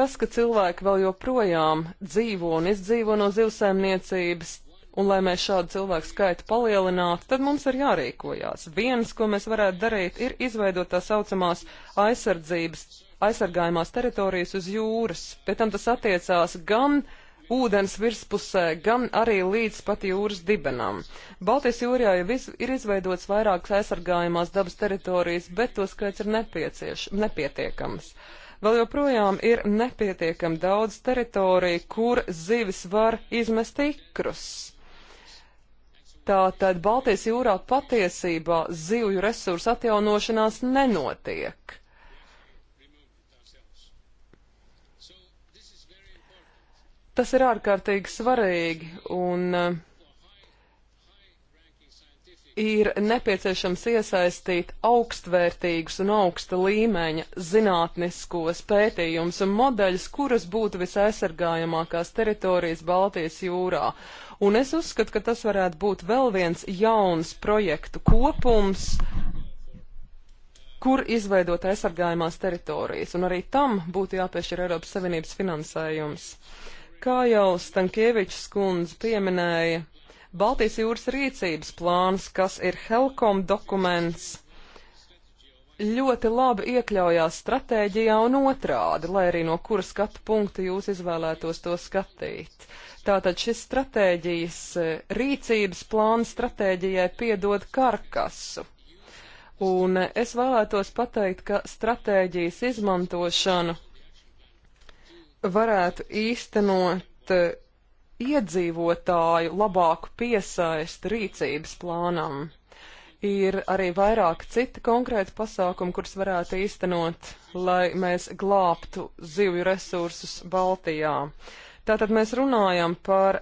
tas, ka cilvēki vēl joprojām dzīvo un izdzīvo no zivsēmniecības, un lai mēs šādu cilvēku skaitu palielinātu, tad mums ir jārīkojās. Viens, ko mēs varētu darīt, ir izveidot tā saucamās aizsardzības aizsargājumās teritorijas uz jūras, pēc tam tas attiecās gan ūdens virspusē, gan arī līdz pat jūras dibenam. Baltijas jūrā jau iz, ir izveidots vairākas aizsargājumās dabas teritorijas, bet to skaits ir nepietiekams. Vēl joprojām ir nepietiekami daudz teritoriju, kur zivis var izmest ikrus. Tātad Baltijas jūrā patiesībā zivju resursu atjaunošanās nenotiek. Tas ir ārkārtīgi svarīgi un eh, ir nepieciešams iesaistīt augstvērtīgus un augsta līmeņa zinātniskos pētījumus un modeļus, kuras būtu visaizsargājamākās teritorijas Baltijas jūrā. Un es uzskatu, ka tas varētu būt vēl viens jauns projektu kopums, kur izveidot aizsargājumās teritorijas, un arī tam būtu jāpiešķir Eiropas Savienības finansējums. Uh, Kā jau Stankievičs kundze pieminēja, Baltijas jūras rīcības plāns, kas ir Helkom dokuments, ļoti labi iekļaujās stratēģijā un otrādi, lai arī no kura skatu punkta jūs izvēlētos to skatīt. Tātad šis stratēģijas rīcības plāns stratēģijai piedod karkasu. Un es vēlētos pateikt, ka stratēģijas izmantošanu varētu īstenot eh, iedzīvotāju labāku piesaisti rīcības plānam. Ir arī vairāk citi konkrēti pasākumi, kurus varētu īstenot, lai mēs glābtu zivju resursus Baltijā. Tātad mēs runājam par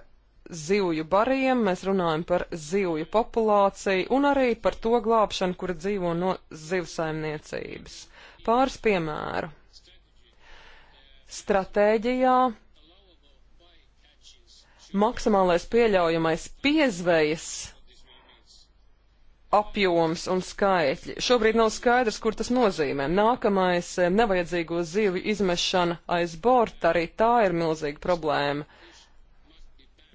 zivju bariem, mēs runājam par zivju populāciju un arī par to glābšanu, kura dzīvo no zivsaimniecības. Pāris piemēru stratēģijā maksimālais pieļaujamais piezvejas apjoms un skaitļi. Šobrīd nav skaidrs, kur tas nozīmē. Nākamais eh, - nevajadzīgo zivju izmešana aiz borta, arī tā ir milzīga problēma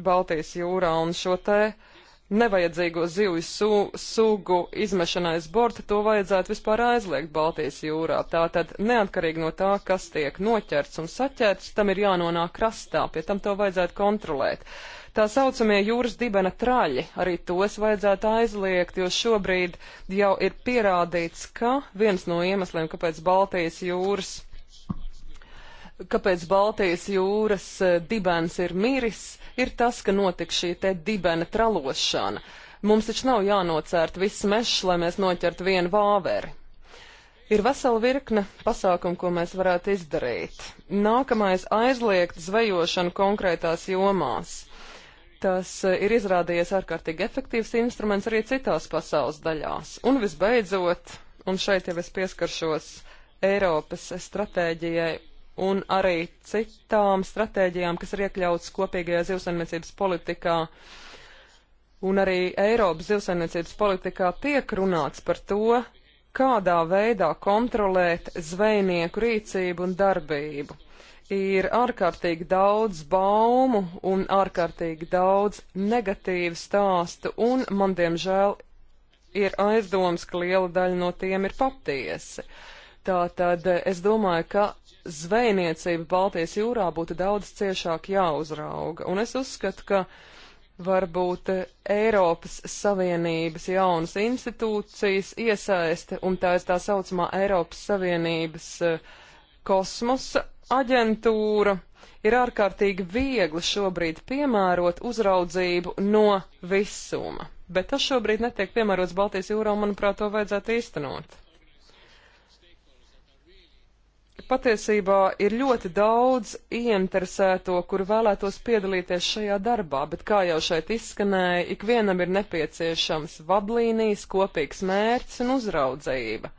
Baltijas jūrā un šo te uh, nevajadzīgo zivju su, sugu izmešanai uz borta, to vajadzētu vispār aizliegt Baltijas jūrā. Tātad, neatkarīgi no tā, kas tiek noķerts un saķerts, tam ir jānonāk krastā, pie tam to vajadzētu kontrolēt. Tā saucamie jūras dibena traļi, arī tos vajadzētu aizliegt, jo šobrīd jau ir pierādīts, ka viens no iemesliem, kāpēc Baltijas jūras kāpēc Baltijas jūras e, dibens ir miris, ir tas, ka notika šī te dibena tralošana. Mums taču nav jānocērt viss mešs, lai mēs noķertu vienu vāveri. Ir vesela virkne pasākumu, ko mēs varētu izdarīt. Nākamais - aizliegt zvejošanu konkrētās jomās. Tas e, ir izrādījies ārkārtīgi efektīvs instruments arī citās pasaules daļās. Un visbeidzot, un šeit jau es pieskaršos Eiropas stratēģijai un arī citām stratēģijām, kas ir iekļautas kopīgajā zivsaimniecības politikā. Un arī Eiropas zivsaimniecības politikā tiek runāts par to, kādā veidā kontrolēt zvejnieku rīcību un darbību. Ir ārkārtīgi daudz baumu un ārkārtīgi daudz negatīvu stāstu, un man diemžēl ir aizdoms, ka liela daļa no tiem ir patiesi. Uh, Tātad es domāju, ka zvejniecība Baltijas jūrā būtu daudz ciešāk jāuzrauga, un es uzskatu, ka varbūt Eiropas Savienības jaunas institūcijas iesaiste, un tā ir tā saucamā Eiropas Savienības eh, kosmosa aģentūra, ir ārkārtīgi viegli šobrīd piemērot uzraudzību no visuma. Bet tas šobrīd netiek piemērots Baltijas jūrā, un manuprāt, to vajadzētu īstenot. Patiesībā ir ļoti daudz ieinteresēto, kur vēlētos piedalīties šajā darbā, bet kā jau šeit izskanēja, ikvienam ir nepieciešams vadlīnijas, kopīgs mērķis un uzraudzība.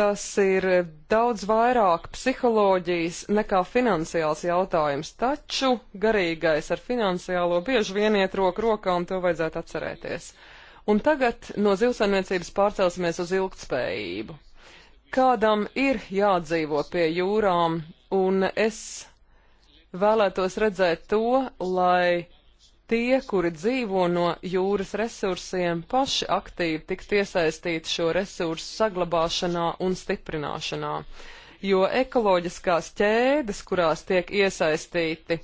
Tas ir daudz vairāk psiholoģijas nekā finansiāls jautājums, taču garīgais ar finansiālo bieži vien iet roku rokā un to vajadzētu atcerēties. Un tagad no zivsaimniecības pārcelsimies uz ilgtspējību. Kādam ir jādzīvo pie jūrām, un es vēlētos redzēt to, lai tie, kuri dzīvo no jūras resursiem, paši aktīvi tiktu iesaistīti šo resursu saglabāšanā un stiprināšanā. Jo ekoloģiskās ķēdes, kurās tiek iesaistīti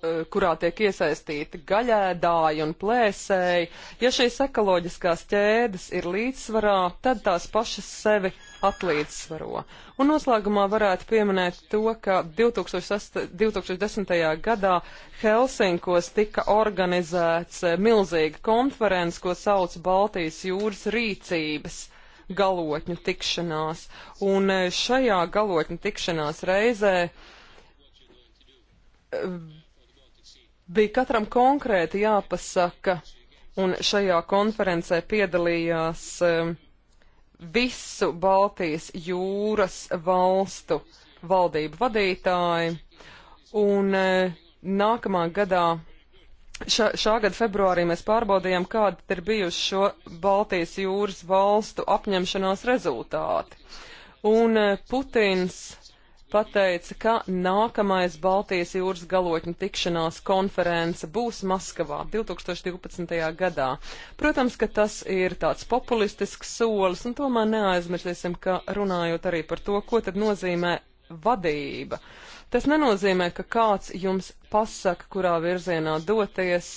Eh, kurā tiek iesaistīti gaļēdāji un plēsēji, ja šīs ekoloģiskās ķēdes ir līdzsvarā, tad tās pašas sevi atlīdzsvaro. Un noslēgumā varētu pieminēt to, ka 2008, 2010. gadā Helsinkos tika organizēts eh, milzīga konference, ko sauc Baltijas jūras rīcības galotņu tikšanās. Un eh, šajā galotņu tikšanās reizē Bija katram konkrēti jāpasaka, un šajā konferencē piedalījās um, visu Baltijas jūras valstu valdību vadītāji, un uh, nākamā gadā Šā, šā gada februārī mēs pārbaudījām, kāda ir bijusi šo Baltijas jūras valstu apņemšanās rezultāti. Un uh, Putins pateica, ka nākamais Baltijas jūras galotņu tikšanās konference būs Maskavā 2012. gadā. Protams, ka tas ir tāds populistisks solis, un tomēr neaizmirsīsim, ka runājot arī par to, ko tad nozīmē vadība. Tas nenozīmē, ka kāds jums pasaka, kurā virzienā doties,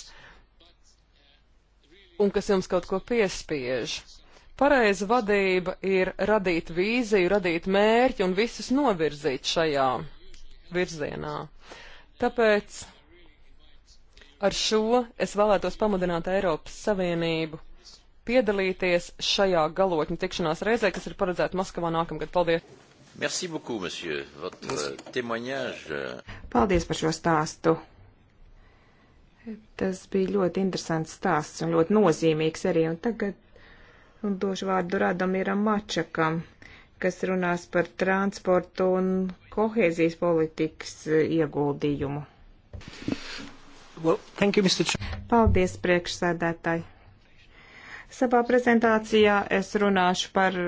un kas jums kaut ko piespiež. Pareiza vadība ir radīt vīziju, radīt mērķi un visus novirzīt šajā virzienā. Tāpēc ar šo es vēlētos pamudināt Eiropas Savienību piedalīties šajā galotņu tikšanās reizē, kas ir paredzēta Maskavā nākamgad. Paldies! Merci beaucoup, monsieur. Votre témoignage. Euh, Paldies par šo stāstu. Tas bija ļoti interesants stāsts un ļoti nozīmīgs arī. Un tagad Un došu vārdu Rādamieram Mačakam, kas runās par transportu un kohēzijas politikas e, ieguldījumu. Well, thank you, Mr. Ch Paldies, priekšsēdētāji. Savā prezentācijā es runāšu par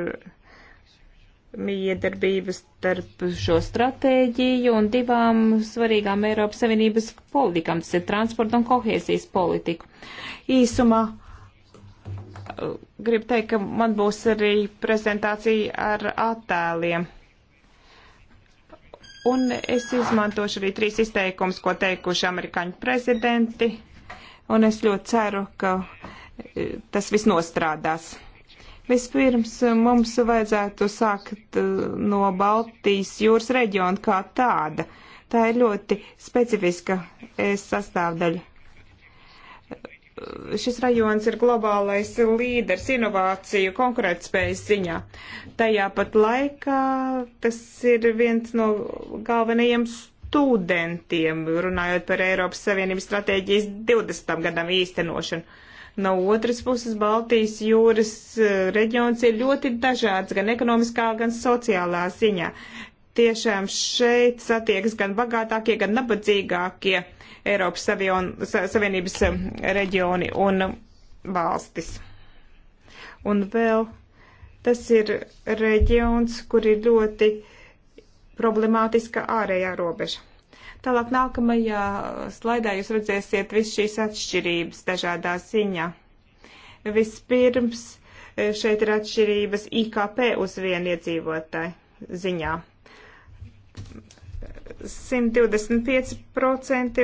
miedarbības starp šo stratēģiju un divām svarīgām Eiropas Savienības politikām, tas ir transporta un kohēzijas politiku. Īsumā gribu teikt, ka man būs arī prezentācija ar attēliem. Un es izmantošu arī trīs izteikums, ko teikuši amerikāņu prezidenti, un es ļoti ceru, ka e, tas viss nostrādās. Vispirms e, mums vajadzētu sākt e, no Baltijas jūras reģiona kā tāda. Tā ir ļoti specifiska sastāvdaļa šis rajons ir globālais līderis inovāciju konkurētspējas ziņā. Tajā pat laikā tas ir viens no galvenajiem studentiem, runājot par Eiropas Savienības stratēģijas 20. gadam īstenošanu. No otras puses, Baltijas jūras eh, reģions ir ļoti dažāds gan ekonomiskā, gan sociālā ziņā tiešām šeit satiekas gan bagātākie, gan nabadzīgākie Eiropas savion, Savienības um, reģioni un valstis. Un vēl tas ir reģions, kur ir ļoti problemātiska ārējā robeža. Tālāk nākamajā slaidā jūs redzēsiet visu šīs atšķirības dažādā ziņā. Vispirms eh, šeit ir atšķirības IKP uz vienu iedzīvotāju ziņā. 125%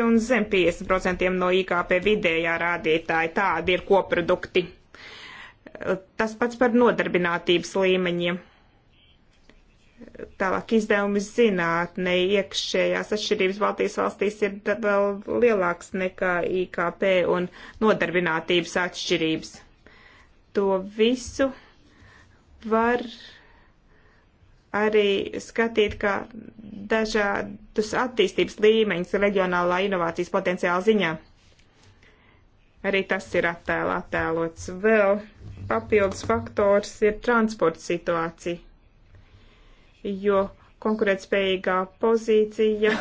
un zem 50% no IKP vidējā rādītāja. Tādi ir koprodukti. Tas pats par nodarbinātības līmeņiem. Tālāk izdevumi zinātnē iekšējās atšķirības Baltijas valstīs ir vēl lielāks nekā IKP un nodarbinātības atšķirības. To visu var arī skatīt, kā dažādus attīstības līmeņus reģionālā inovācijas potenciāla ziņā. Arī tas ir attēlā attēlots. Vēl papildus faktors ir transporta situācija, jo konkurētspējīgā pozīcija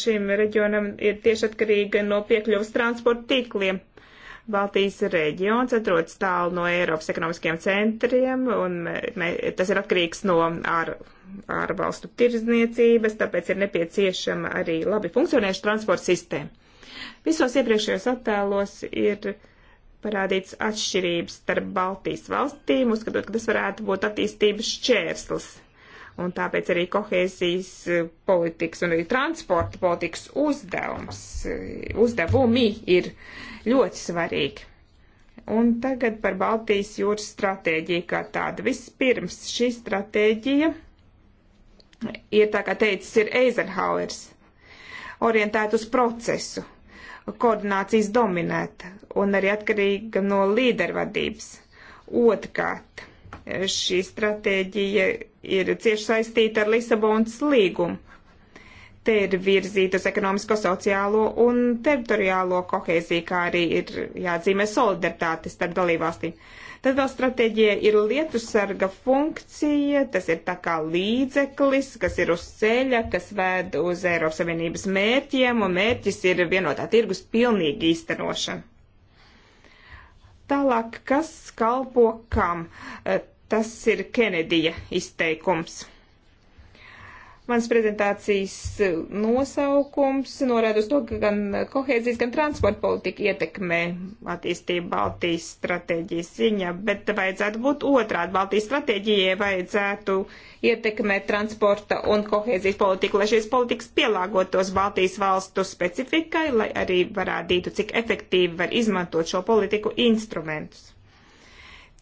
šim reģionam ir tieši atkarīga no piekļuvas transporta tīkliem. Baltijas reģions atrodas tālu no Eiropas ekonomiskiem centriem, un mē, tas ir atkarīgs no ār, ārvalstu tirzniecības, tāpēc ir nepieciešama arī labi funkcionēša transporta sistēma. Visos iepriekšējos attēlos ir parādīts atšķirības starp Baltijas valstīm, uzskatot, ka tas varētu būt attīstības čērslis Un tāpēc arī kohēzijas eh, politikas un arī transporta politikas uzdevums, eh, uzdevumi ir ļoti svarīgi. Un tagad par Baltijas jūras stratēģiju kā tādu. Vispirms šī stratēģija ir, tā kā teicis, ir Eizenhauers, orientēta uz procesu, koordinācijas dominēta un arī atkarīga no līdervadības. Otrkārt, Šī stratēģija ir cieši saistīta ar Lisabonas līgumu. Te ir virzīta uz ekonomisko, sociālo un teritoriālo kohēziju, kā arī ir jāatzīmē solidaritāte starp dalībvalstīm. Tad vēl stratēģija ir lietu sarga funkcija, tas ir tā kā līdzeklis, kas ir uz ceļa, kas ved uz Eiropas Savienības mērķiem, un mērķis ir vienotā tirgus pilnīgi īstenošana. Tālāk, kas kalpo kam? Eh, Tas ir Kenedija izteikums. Mans prezentācijas nosaukums norāda uz to, ka gan kohēzijas, gan transporta politika ietekmē attīstību Baltijas stratēģijas ziņā, bet vajadzētu būt otrādi. Baltijas stratēģijai vajadzētu ietekmēt transporta un kohēzijas politiku, lai šīs politikas pielāgotos Baltijas valstu specifikai, lai arī parādītu, cik efektīvi var izmantot šo politiku instrumentus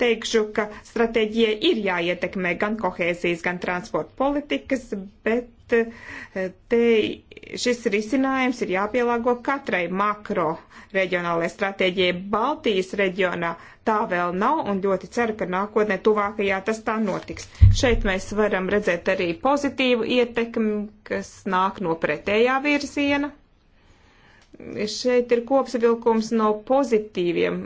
teikšu, ka stratēģija ir jāietekmē gan kohēzijas, gan transporta politikas, bet eh, te šis risinājums ir jāpielāgo katrai makro reģionālajai stratēģijai. Baltijas reģionā tā vēl nav un ļoti ceru, ka nākotnē tuvākajā tas tā notiks. Šeit mēs varam redzēt arī pozitīvu ietekmi, kas nāk no pretējā virziena. Šeit ir kopsavilkums no pozitīviem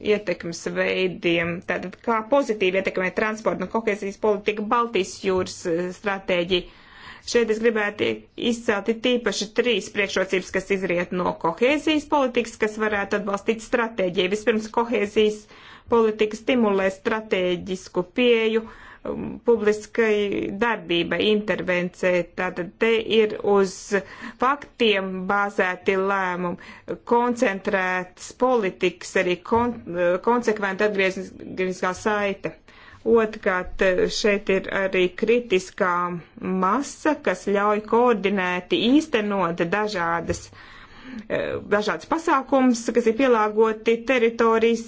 ietekmes veidiem, tātad kā pozitīvi ietekmē transporta un kohēzijas politika Baltijas jūras eh, stratēģija. Šeit es gribētu izcelt tīpaši trīs priekšrocības, kas izriet no kohēzijas politikas, kas varētu atbalstīt stratēģiju. Vispirms kohēzijas politika stimulē stratēģisku pieju, uh, Um, publiskai darbībai, intervencē. Tātad te ir uz faktiem bāzēti lēmumi, koncentrētas politikas, arī kon, uh, konsekventa atgriezniskā saite. Otrkārt, šeit ir arī kritiskā masa, kas ļauj koordinēti īstenot dažādas, uh, dažādas pasākums, kas ir pielāgoti teritorijas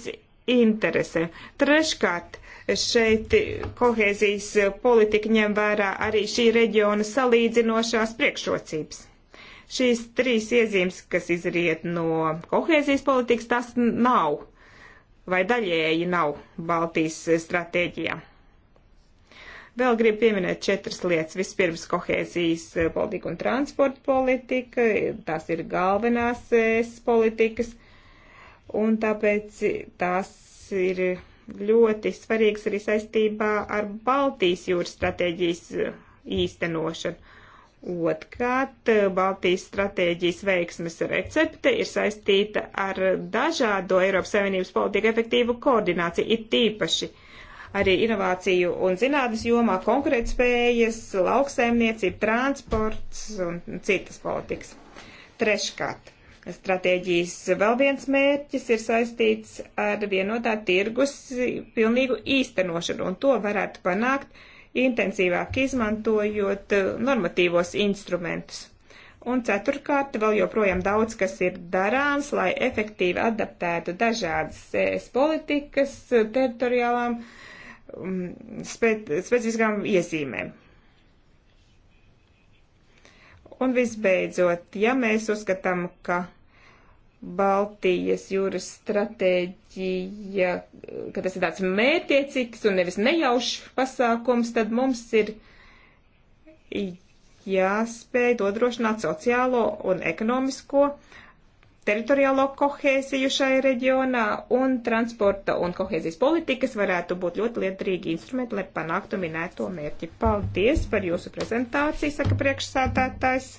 interese. Treškārt, šeit kohēzijas politika ņem vērā arī šī reģiona salīdzinošās priekšrocības. Šīs trīs iezīmes, kas izriet no kohēzijas politikas, tas nav vai daļēji nav Baltijas stratēģijā. Vēl gribu pieminēt četras lietas. Vispirms kohēzijas politika un transporta politika, tās ir galvenās politikas, un tāpēc tās ir ļoti svarīgs arī saistībā ar Baltijas jūras stratēģijas eh, īstenošanu. Otkārt, eh, Baltijas stratēģijas veiksmes recepte ir saistīta ar dažādo Eiropas Savienības politiku efektīvu koordināciju, it tīpaši arī inovāciju un zinātnes jomā konkurētspējas, lauksaimniecība, transports un citas politikas. Treškārt, Stratēģijas vēl viens mērķis ir saistīts ar vienotā tirgus pilnīgu īstenošanu, un to varētu panākt intensīvāk izmantojot eh, normatīvos instrumentus. Un ceturkārt, vēl joprojām daudz, kas ir darāms, lai efektīvi adaptētu dažādas ES politikas teritoriālām mm, specifiskām iezīmēm. Un visbeidzot, ja mēs uzskatām, ka Baltijas jūras stratēģija, ka tas ir tāds mētiecīgs un nevis nejaušs pasākums, tad mums ir jāspēj nodrošināt sociālo un ekonomisko uh, teritoriālo kohēziju šai reģionā un transporta un kohēzijas politikas varētu būt ļoti lietrīgi instrumenti, lai panāktu minēto mērķi. Paldies par jūsu prezentāciju, saka priekšsādātājs.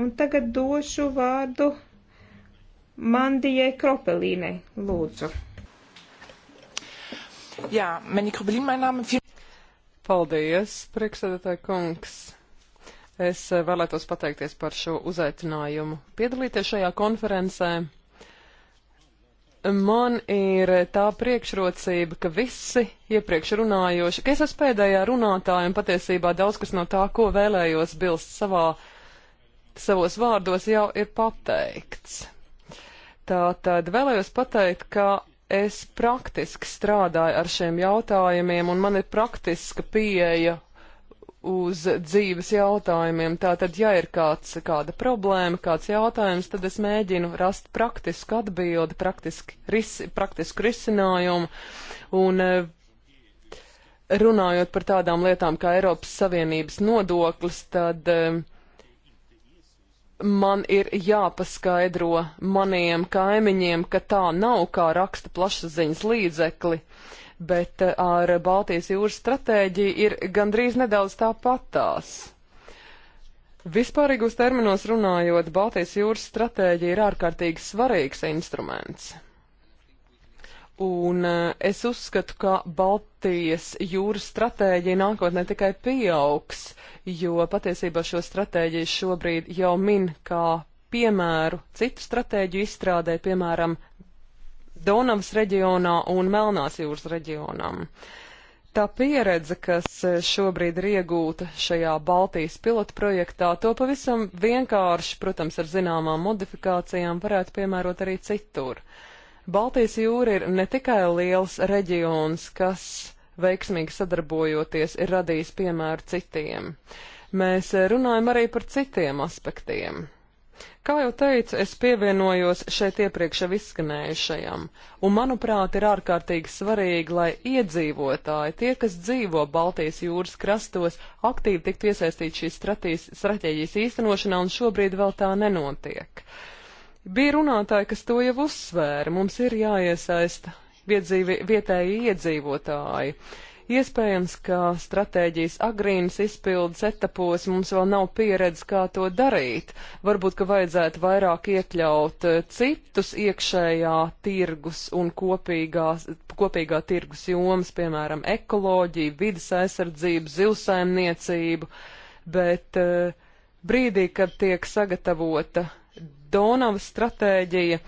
Un tagad došu vārdu Mandijai Kropelīnei, lūdzu. Jā, Mani Kropelīna, man nāma. Paldies, priekšsādātāja kungs. Es vēlētos pateikties par šo uzaicinājumu piedalīties šajā konferencē. Man ir tā priekšrocība, ka visi iepriekš runājoši, ka es esmu pēdējā runātāja un patiesībā daudz kas no tā, ko vēlējos bilst savā, savos vārdos, jau ir pateikts. Tā tad vēlējos pateikt, ka es praktiski strādāju ar šiem jautājumiem, un man ir praktiska pieeja uz dzīves jautājumiem. Tātad, ja ir kāds, kāda problēma, kāds jautājums, tad es mēģinu rast praktisku atbildi, praktiski, risi, praktisku risinājumu. Un eh, runājot par tādām lietām kā Eiropas Savienības nodoklis, tad eh, man ir jāpaskaidro maniem kaimiņiem, ka tā nav kā raksta plašsaziņas līdzekli. Uh, bet eh, ar Baltijas jūras stratēģiju ir gandrīz nedaudz tāpatās. Vispārīgos terminos runājot, Baltijas jūras stratēģija ir ārkārtīgi svarīgs instruments. Un eh, es uzskatu, ka Baltijas jūras stratēģija nākotnē tikai pieaugs, jo patiesībā šo stratēģiju šobrīd jau min kā piemēru citu stratēģiju izstrādē, piemēram, Donavas reģionā un Melnās jūras reģionam. Tā pieredze, kas šobrīd ir iegūta šajā Baltijas pilotu projektā, to pavisam vienkārši, protams, ar zināmām modifikācijām varētu piemērot arī citur. Baltijas jūra ir ne tikai liels reģions, kas veiksmīgi sadarbojoties ir radījis piemēru citiem. Mēs runājam arī par citiem aspektiem. Kā jau teicu, es pievienojos šeit iepriekš jau izskanējušajam, un manuprāt ir ārkārtīgi svarīgi, lai iedzīvotāji, tie, kas dzīvo Baltijas jūras krastos, aktīvi tiktu iesaistīti šīs stratēģijas īstenošanā, un šobrīd vēl tā nenotiek. Bija runātāji, kas to jau uzsvēra, mums ir jāiesaista viedzīvi, vietēji iedzīvotāji. Iespējams, ka stratēģijas agrīnas izpildes etapos mums vēl nav pieredzes, kā to darīt. Varbūt, ka vajadzētu vairāk iekļaut eh, citus iekšējā tirgus un kopīgās, kopīgā tirgus jomas, piemēram, ekoloģiju, vidas aizsardzību, zilsaimniecību, bet eh, brīdī, kad tiek sagatavota Donava stratēģija,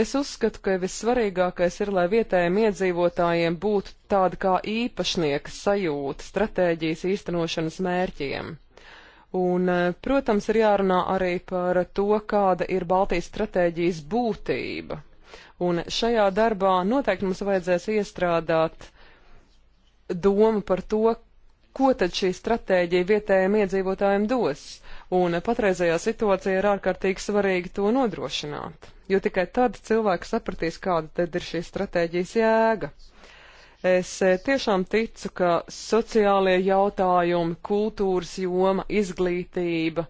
Es uzskatu, ka vissvarīgākais ir, lai vietējiem iedzīvotājiem būtu tāda kā īpašnieka sajūta stratēģijas īstenošanas mērķiem. Un, eh, protams, ir jārunā arī par to, kāda ir Baltijas stratēģijas būtība. Un šajā darbā noteikti mums vajadzēs iestrādāt domu par to, ko tad šī stratēģija vietējiem iedzīvotājiem dos un patreizējā situācija ir ārkārtīgi svarīgi to nodrošināt, jo tikai tad cilvēki sapratīs, kāda tad ir šīs stratēģijas jēga. Es e, tiešām ticu, ka sociālie jautājumi, kultūras joma, izglītība,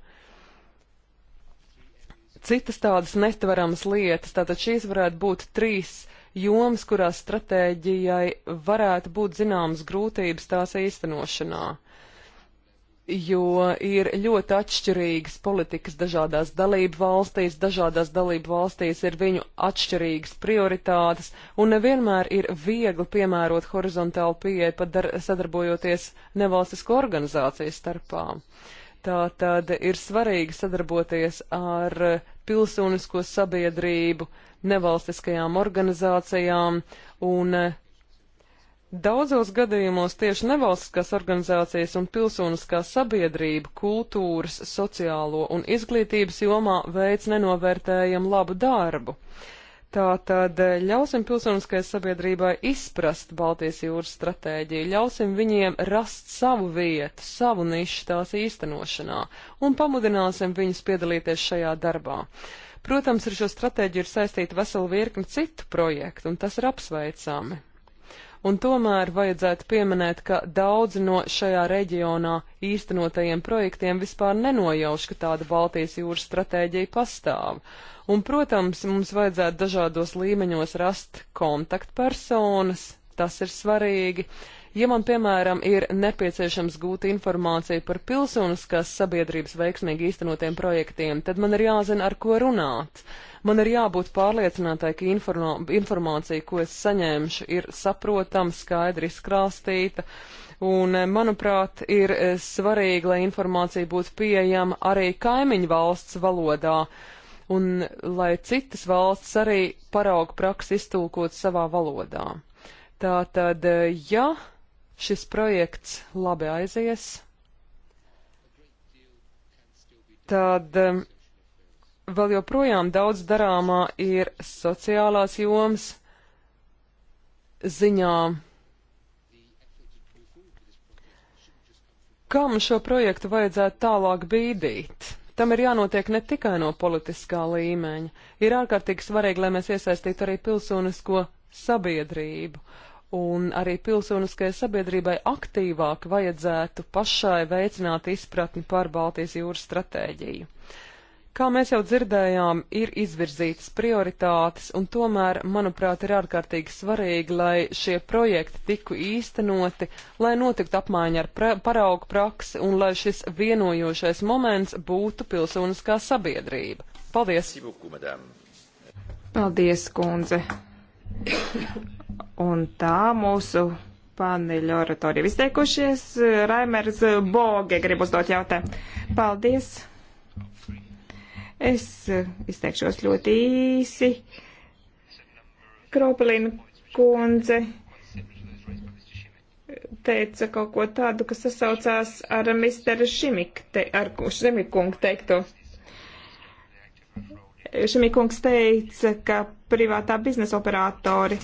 citas tādas netveramas lietas, tātad šīs varētu būt trīs jomas, kurās stratēģijai varētu būt zināmas grūtības tās īstenošanā jo ir ļoti atšķirīgas politikas dažādās dalību valstīs, dažādās dalību valstīs ir viņu atšķirīgas prioritātes, un nevienmēr ir viegli piemērot horizontālu pieeju pat sadarbojoties nevalstisko organizāciju starpā. Tā tad ir svarīgi sadarboties ar pilsonisko sabiedrību, nevalstiskajām organizācijām, un Daudzos gadījumos tieši nevalstiskās organizācijas un pilsoniskā sabiedrība kultūras, sociālo un izglītības jomā veic nenovērtējam labu darbu. Tātad eh, ļausim pilsoniskajai sabiedrībai izprast Baltijas jūras stratēģiju, ļausim viņiem rast savu vietu, savu nišu tās īstenošanā un pamudināsim viņus piedalīties šajā darbā. Protams, ar šo stratēģiju ir saistīta vesela virkni citu projektu, un tas ir apsveicami un tomēr vajadzētu pieminēt, ka daudzi no šajā reģionā īstenotajiem projektiem vispār nenojauš, ka tāda Baltijas jūras stratēģija pastāv. Un, protams, mums vajadzētu dažādos līmeņos rast kontaktpersonas, tas ir svarīgi, Ja man, piemēram, ir nepieciešams gūt informāciju par pilsoniskās sabiedrības veiksmīgi īstenotiem projektiem, tad man ir jāzina, ar ko runāt. Man ir jābūt pārliecinātai, ka informā informācija, ko es saņemšu, ir saprotama, skaidri izkrāstīta. Un, eh, manuprāt, ir eh, svarīgi, lai informācija būtu pieejama arī kaimiņu valsts valodā, un lai citas valsts arī parauga praksi iztulkot savā valodā. Tātad, eh, ja šis projekts labi aizies, tad um, vēl joprojām daudz darāmā ir sociālās jomas ziņā. Kam šo projektu vajadzētu tālāk bīdīt? Tam ir jānotiek ne tikai no politiskā līmeņa. Ir ārkārtīgi svarīgi, lai mēs iesaistītu arī pilsonisko sabiedrību un arī pilsoniskajai sabiedrībai aktīvāk vajadzētu pašai veicināt izpratni par Baltijas jūras stratēģiju. Kā mēs jau dzirdējām, ir izvirzītas prioritātes, un tomēr, manuprāt, ir ārkārtīgi svarīgi, lai šie projekti tiku īstenoti, lai notiktu apmaiņa ar paraugu praksi un lai šis vienojošais moments būtu pilsoniskā sabiedrība. Paldies! Paldies, kundze! Un tā mūsu paneļa oratorija izteikušies. Raimers Boge grib uzdot jautājumu. Paldies! Es izteikšos ļoti īsi. Kropelina kundze teica kaut ko tādu, kas sasaucās ar misteru Šimik, te, ar Šimikungu teikto. Šim kungs teica, ka privātā biznesa operatori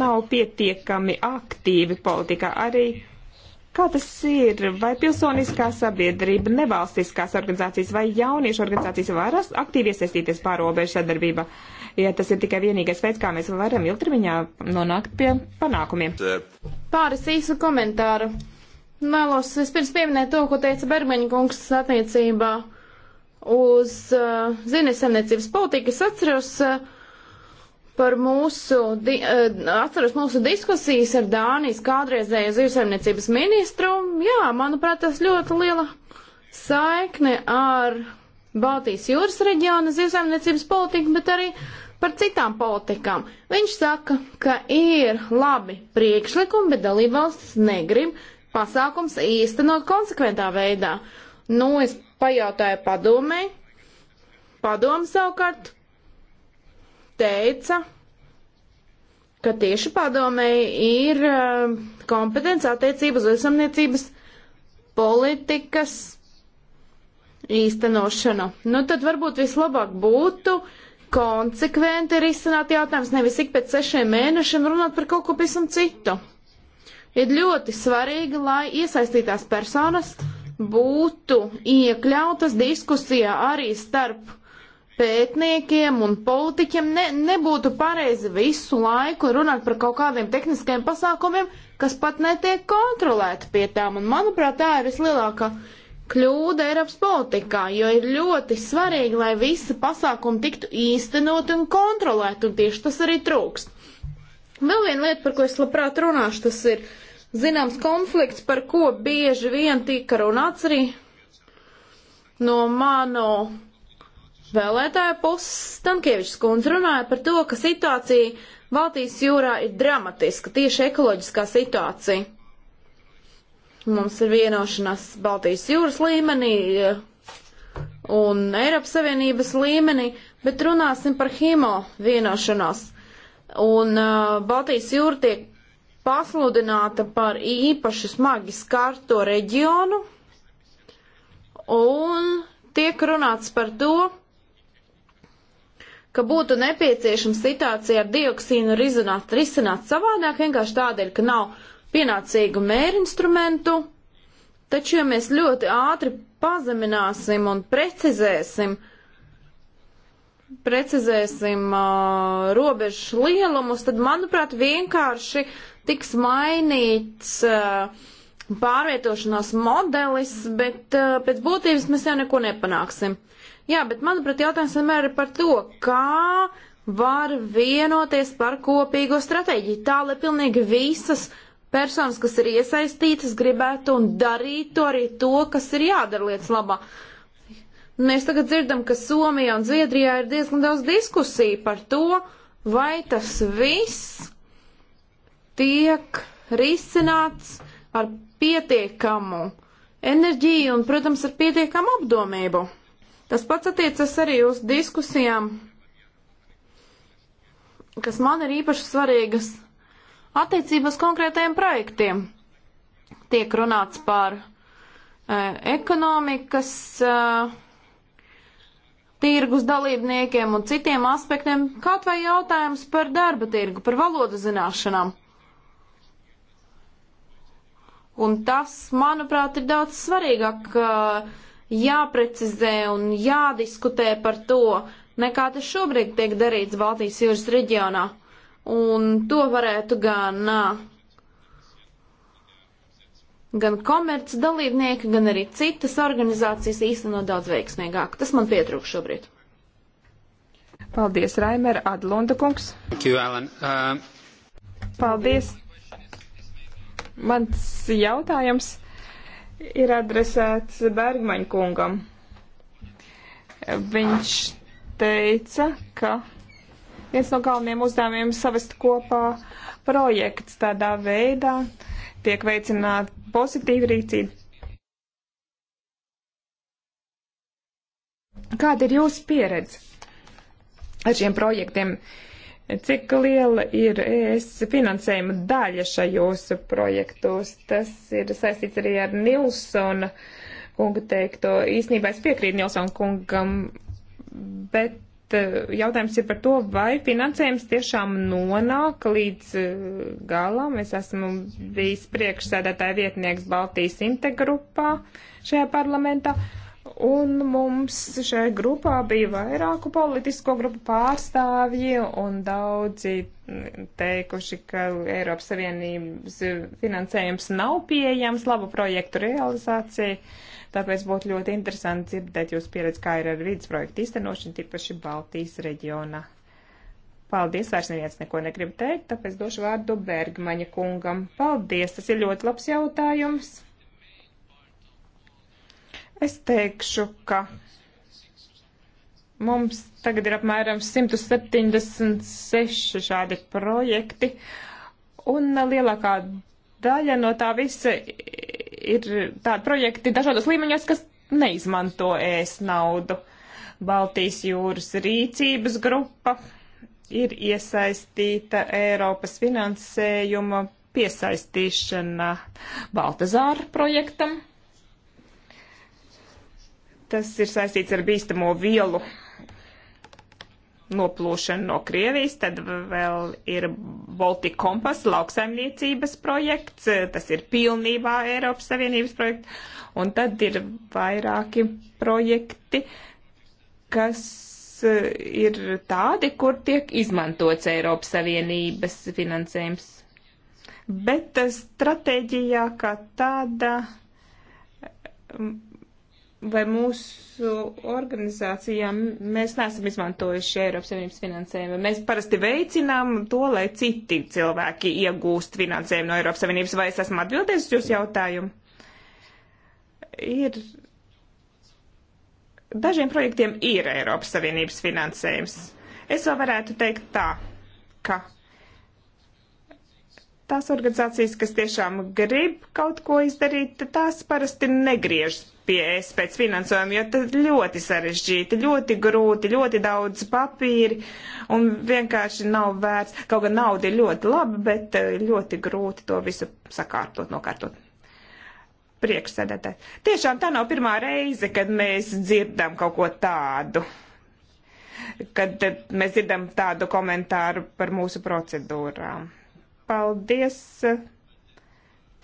nav pietiekami aktīvi politikā. Arī Kā tas ir? Vai pilsoniskā sabiedrība, nevalstiskās organizācijas vai jauniešu organizācijas var aktīvi iesaistīties pārobežu sadarbībā? Ja tas ir tikai vienīgais veids, kā mēs varam ilgtermiņā nonākt pie panākumiem. Pāris īsu komentāru. Vēlos vispirms pieminēt to, ko teica Bermeņa kungs attiecībā uz uh, zinisamniecības politiku, es atceros uh, par mūsu, di, uh, atceros mūsu diskusijas ar Dānijas kādreizēju zivsaimniecības ministru. Jā, manuprāt, tas ļoti liela saikne ar Baltijas jūras reģiona zivsaimniecības politiku, bet arī par citām politikām. Viņš saka, ka ir labi priekšlikumi, bet dalībvalstis negrib pasākums īstenot konsekventā veidā. Nu, es pajautāja padomē, padoma savukārt teica, ka tieši padomē ir eh, kompetence attiecības uz esamniecības politikas īstenošanu. Nu, tad varbūt vislabāk būtu konsekventi risināt jautājumus, nevis ik pēc sešiem mēnešiem runāt par kaut ko pavisam citu. Ir ļoti svarīgi, lai iesaistītās personas būtu iekļautas diskusijā arī starp pētniekiem un politiķiem. Ne, nebūtu pareizi visu laiku runāt par kaut kādiem tehniskiem pasākumiem, kas pat netiek kontrolēti pie tām. Un, manuprāt, tā ir vislielākā kļūda Eiropas politikā, jo ir ļoti svarīgi, lai visi pasākumi tiktu īstenot un kontrolēt, un tieši tas arī trūkst. Vēl viena lieta, par ko es labprāt runāšu, tas ir uh, zināms konflikts, par ko bieži vien tika runāts arī no manu vēlētāju puses. Stankievičs kundze runāja par to, ka situācija Baltijas jūrā ir dramatiska, tieši ekoloģiskā situācija. Mums ir vienošanās Baltijas jūras līmenī eh, un Eiropas Savienības līmenī, bet runāsim par HIMO vienošanos. Un uh, Baltijas jūra tiek pasludināta par īpaši smagi skarto reģionu, un tiek runāts par to, ka būtu nepieciešams situācija ar dioksīnu risināt, risināt savādāk, vienkārši tādēļ, ka nav pienācīgu mērinstrumentu, taču, ja mēs ļoti ātri pazemināsim un precizēsim, precizēsim uh, robežu lielumus, tad, manuprāt, vienkārši tiks mainīts uh, pārvietošanās modelis, bet uh, pēc būtības mēs jau neko nepanāksim. Jā, bet manuprāt jautājums vienmēr ir par to, kā var vienoties par kopīgo stratēģiju, tā lai pilnīgi visas personas, kas ir iesaistītas, gribētu un darītu arī to, kas ir jādara lietas labā. Mēs tagad dzirdam, ka Somijā un Zviedrijā ir diezgan daudz diskusiju par to, vai tas viss tiek risināts ar pietiekamu enerģiju un, protams, ar pietiekamu apdomību. Tas pats attiecas arī uz diskusijām, kas man ir īpaši svarīgas attiecības konkrētajiem projektiem. Tiek runāts par e, ekonomikas e, tirgus dalībniekiem un citiem aspektiem, kaut vai jautājums par darba tirgu, par valodu zināšanām. Un tas, manuprāt, ir daudz svarīgāk jāprecizē un jādiskutē par to, nekā tas šobrīd tiek darīts Baltijas jūras reģionā. Un to varētu gan, gan komerc dalībnieki, gan arī citas organizācijas īstenot daudz veiksmīgāk. Tas man pietrūk šobrīd. Paldies, Raimer Adlunda kungs. Thank you, Alan. Um... Paldies. Paldies. Mans jautājums ir adresēts Bergmaņa kungam. Viņš teica, ka viens no galvenajiem uzdevumiem savest kopā projekts tādā veidā tiek veicināta pozitīva rīcība. Kāda ir jūsu pieredze ar šiem projektiem? Uh, Cik liela ir ES finansējuma daļa šajos projektos? Tas ir saistīts arī ar Nilsona kunga teikto. Īsnībā es piekrītu Nilsona kungam, bet eh, jautājums ir par to, vai finansējums tiešām nonāk līdz eh, galam. Es esmu bijis priekšsēdētāja vietnieks Baltijas intergrupā šajā parlamentā. Uh, Un mums šajā grupā bija vairāku politisko grupu pārstāvji un daudzi teikuši, ka Eiropas Savienības finansējums nav pieejams labu projektu realizācijai. Tāpēc būtu ļoti interesanti dzirdēt jūsu pieredzi, kā ir ar vidas projektu īstenošanu, tīpaši Baltijas reģionā. Paldies, vairs neviens neko negrib teikt, tāpēc došu vārdu Bergmaņa kungam. Paldies, tas ir ļoti labs jautājums. Es teikšu, ka mums tagad ir apmēram 176 šādi projekti, un lielākā daļa no tā visa ir tādi projekti dažādos līmeņos, kas neizmanto ēs naudu. Baltijas jūras rīcības grupa ir iesaistīta Eiropas finansējuma piesaistīšana Baltazāra projektam. Tas ir saistīts ar bīstamo vielu noplūšanu no Krievijas, tad vēl ir Baltic Compass lauksaimniecības projekts, tas ir pilnībā Eiropas Savienības projekts, un tad ir vairāki projekti, kas eh, ir tādi, kur tiek izmantots Eiropas Savienības finansējums. Bet eh, stratēģijā kā tāda vai mūsu organizācijām mēs neesam izmantojuši Eiropas Savienības finansējumu. Mēs parasti veicinām to, lai citi cilvēki iegūst finansējumu no Eiropas Savienības. Vai es esmu atbildējis uz jūsu jautājumu? Ir. Dažiem projektiem ir Eiropas Savienības finansējums. Es vēl varētu teikt tā, ka tās organizācijas, kas tiešām grib kaut ko izdarīt, tās parasti negriežas pie es pēc finansējuma, jo tad ļoti sarežģīti, ļoti grūti, ļoti daudz papīri un vienkārši nav vērts. Kaut gan nauda ir ļoti laba, bet eh, ļoti grūti to visu sakārtot, nokārtot. Priekšsēdētāji. Tiešām tā nav pirmā reize, kad mēs dzirdam kaut ko tādu kad eh, mēs dzirdam tādu komentāru par mūsu procedūrām. Paldies!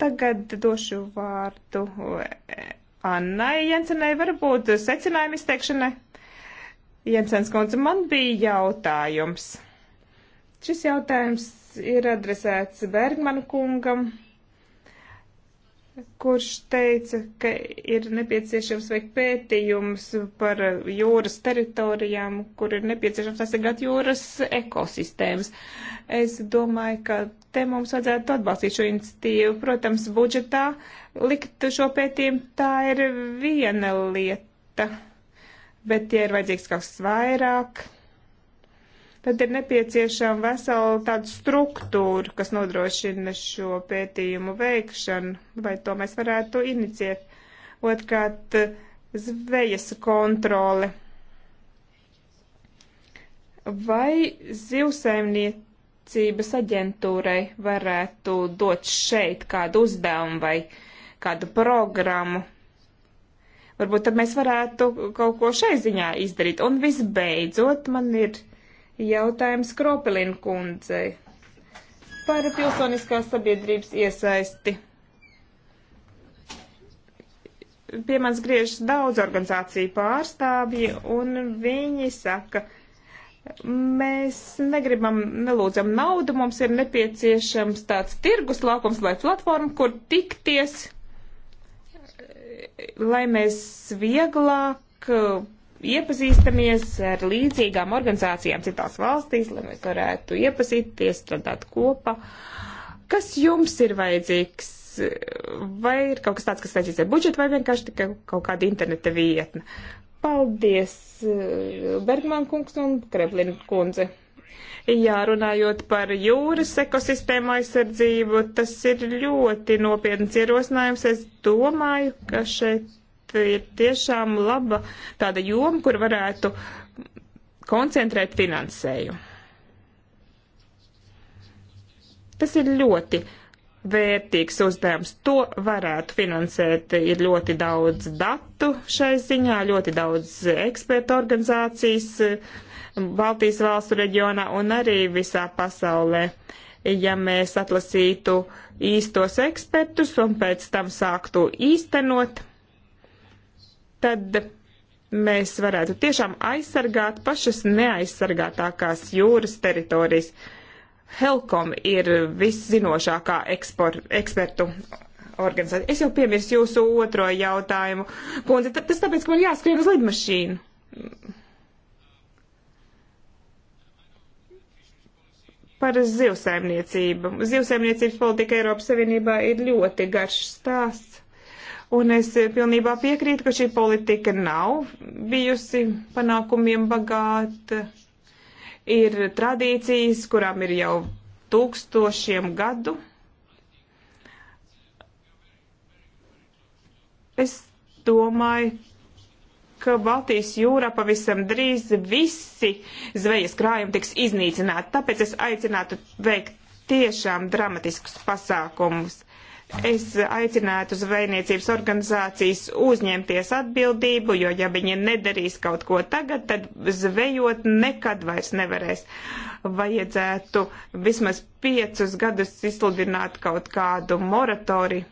Tagad došu vārdu eh, Annai Jensenai varbūt secinājuma izteikšanai. Jensens kundze, man bija jautājums. Šis jautājums ir adresēts Bergmanu kungam, kurš teica, ka ir nepieciešams veikt pētījums par jūras teritorijām, kur ir nepieciešams aizsargāt jūras ekosistēmas. Es domāju, ka te mums vajadzētu atbalstīt šo iniciatīvu. Protams, budžetā uh, likt šo pētījumu, tā ir viena lieta, bet ja ir vajadzīgs kaut kas vairāk, tad ir nepieciešama vesela tāda struktūra, kas nodrošina šo pētījumu veikšanu, vai to mēs varētu inicijēt. Otkārt, zvejas kontrole. Vai zivsaimniecības aģentūrai varētu dot šeit kādu uzdevumu vai uh, kādu programmu. Varbūt tad mēs varētu kaut ko šai ziņā izdarīt. Un visbeidzot, man ir jautājums Kropelina kundzei par pilsoniskās sabiedrības iesaisti. Pie manis griežas daudz organizāciju pārstāvji, un viņi saka, mēs negribam, nelūdzam naudu, mums ir nepieciešams tāds tirgus laukums vai platforma, kur tikties lai mēs vieglāk uh, iepazīstamies ar līdzīgām organizācijām citās valstīs, lai mēs varētu iepazīties, strādāt kopā. Kas jums ir vajadzīgs? Vai ir kaut kas tāds, kas saistīts ar budžetu, vai vienkārši tikai kaut kāda interneta vietne? Paldies, uh, Bergman kungs un Kremlina kundze. Jā, runājot par jūras ekosistēmu aizsardzību, tas ir ļoti nopietns ierosinājums. Es domāju, ka šeit ir tiešām laba tāda joma, kur varētu koncentrēt finansējumu. Tas ir ļoti vērtīgs uzdevums. To varētu finansēt. Ir ļoti daudz datu šai ziņā, ļoti daudz ekspertu organizācijas Baltijas valstu reģionā un arī visā pasaulē. Ja mēs atlasītu īstos ekspertus un pēc tam sāktu īstenot, tad mēs varētu tiešām aizsargāt pašas neaizsargātākās jūras teritorijas. Helkom ir viszinošākā ekspor, ekspertu organizācija. Es jau piemirsu jūsu otro jautājumu. Kundze, tas tāpēc, ka man jāskrien uz lidmašīnu. par zivsaimniecību. Zivsaimniecības politika Eiropas Savienībā ir ļoti garš stāsts, un es pilnībā piekrītu, ka šī politika nav bijusi panākumiem bagāta. Ir tradīcijas, kurām ir jau tūkstošiem gadu. Es domāju, Baltijas jūrā pavisam drīz visi zvejas krājumi tiks iznīcināti. Tāpēc es aicinātu veikt tiešām dramatiskus pasākumus. Es aicinātu zvejniecības organizācijas uzņemties atbildību, jo ja viņi nedarīs kaut ko tagad, tad zvejot nekad vairs nevarēs. Vajadzētu vismaz piecus gadus izsludināt kaut kādu moratoriju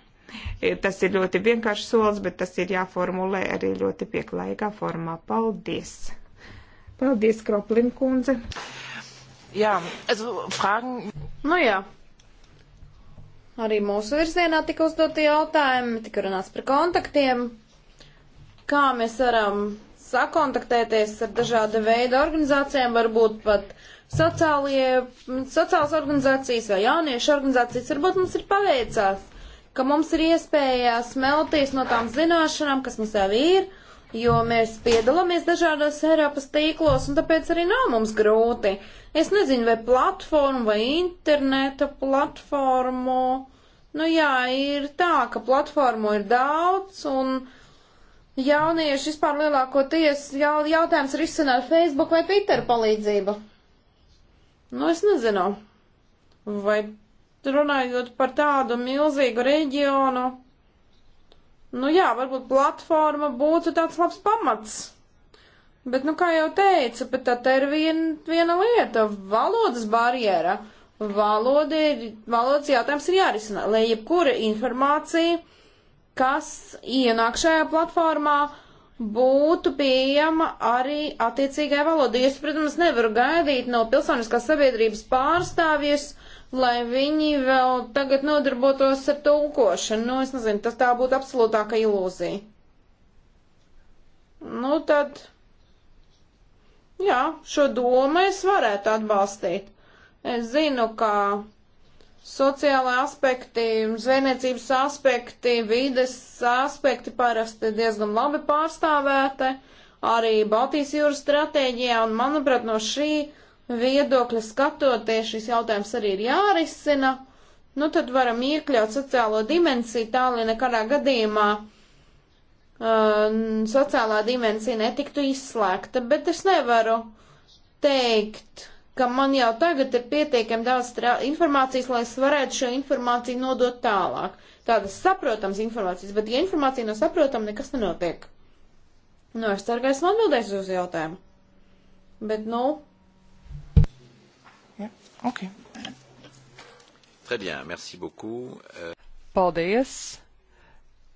Tas ir ļoti vienkāršs solis, bet tas ir jāformulē arī ļoti pieklājīgā formā. Paldies! Paldies, Kroplin kundze! Jā, also Fragen. Nu jā. Arī mūsu virzienā tika uzdoti jautājumi, tika runāts par kontaktiem, kā mēs varam sakontaktēties ar dažāda veida organizācijām, varbūt pat sociālie, sociālas organizācijas vai jauniešu organizācijas, varbūt mums ir paveicās ka mums ir iespēja smelties no tām zināšanām, kas mums jau ir, jo mēs piedalāmies dažādos Eiropas tīklos, un tāpēc arī nav mums grūti. Es nezinu, vai platformu vai interneta platformu. Nu jā, ir tā, ka platformu ir daudz, un jaunieši vispār lielākoties jau, jautājums ir izsināt Facebook vai Twitter palīdzību. Nu, es nezinu, vai runājot par tādu milzīgu reģionu, nu jā, varbūt platforma būtu tāds labs pamats. Bet, nu, kā jau teicu, bet tā, tā ir vien, viena lieta - valodas barjera. Valoda ir, valodas jautājums ir jārisina, lai jebkura informācija, kas ienāk šajā platformā, būtu pieejama arī attiecīgai valodai. Es, protams, nevaru gaidīt no pilsoniskās sabiedrības pārstāvjus uh, lai viņi vēl tagad nodarbotos ar tulkošanu. Nu, es nezinu, tas tā būtu absolūtāka ilūzija. Nu, tad, jā, šo domu es varētu atbalstīt. Es zinu, ka sociālai aspekti, zvejniecības aspekti, vides aspekti parasti diezgan labi pārstāvēti, arī Baltijas jūras stratēģijā, un manuprāt, no šī viedokļa skatoties, šis jautājums arī ir jārisina. Nu, tad varam iekļaut sociālo dimensiju tā, lai nekādā gadījumā uh, sociālā dimensija netiktu izslēgta. Bet es nevaru teikt, ka man jau tagad ir pietiekami daudz informācijas, lai es varētu šo informāciju nodot tālāk. Tādas saprotams informācijas, bet ja informācija nav no saprotama, nekas nenotiek. Nu, es ceru, ka esmu atbildējis uz jautājumu. Bet, nu, Ok. Très bien, merci beaucoup. Uh... Paldies.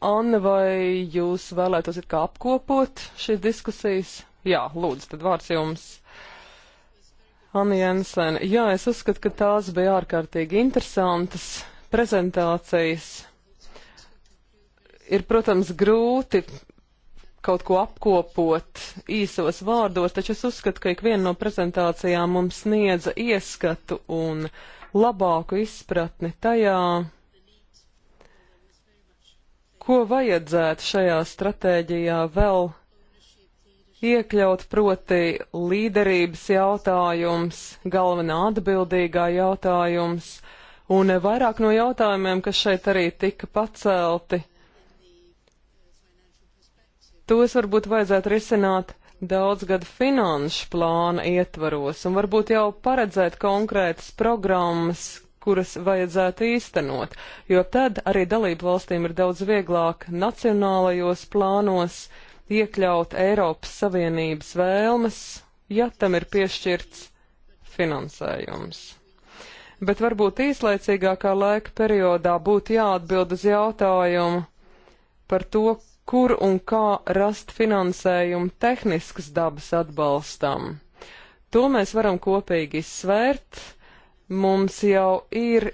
Anna, vai jūs vēlētos it kā apkopot šīs diskusijas? Jā, lūdzu, tad vārds jums. Anna Jensen, jā, es uzskatu, ka tās bija ārkārtīgi interesantas prezentācijas. Ir, protams, grūti kaut ko apkopot īsos vārdos, taču es uzskatu, ka ikviena no prezentācijām mums sniedza ieskatu un labāku izpratni tajā, ko vajadzētu šajā stratēģijā vēl iekļaut, proti līderības jautājums, galvenā atbildīgā jautājums, un vairāk no jautājumiem, kas šeit arī tika pacelti tos varbūt vajadzētu risināt daudzgadu finanšu plāna ietvaros un varbūt jau paredzēt konkrētas programmas, kuras vajadzētu īstenot, jo tad arī dalību valstīm ir daudz vieglāk nacionālajos plānos iekļaut Eiropas Savienības vēlmes, ja tam ir piešķirts finansējums. Bet varbūt īslaicīgākā laika periodā būtu jāatbild uz jautājumu par to, kur un kā rast finansējumu tehniskas dabas atbalstam. To mēs varam kopīgi izsvērt. Mums jau ir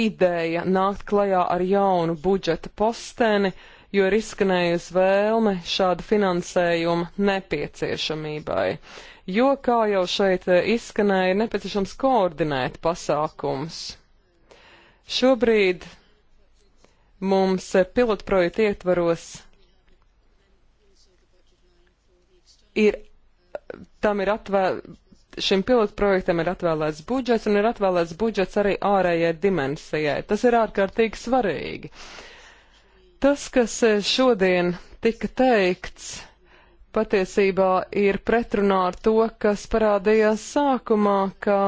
ideja nākt klajā ar jaunu budžeta posteni, jo ir izskanējusi vēlme šāda finansējuma nepieciešamībai. Jo, kā jau šeit izskanēja, ir nepieciešams koordinēt pasākums. Šobrīd mums pilotprojekta ietvaros ir, tam ir atvēl, šim pilotprojektam ir atvēlēts budžets un ir atvēlēts budžets arī ārējai dimensijai. Tas ir ārkārtīgi svarīgi. Tas, kas eh, šodien tika teikts, patiesībā ir pretrunā ar to, kas parādījās sākumā, ka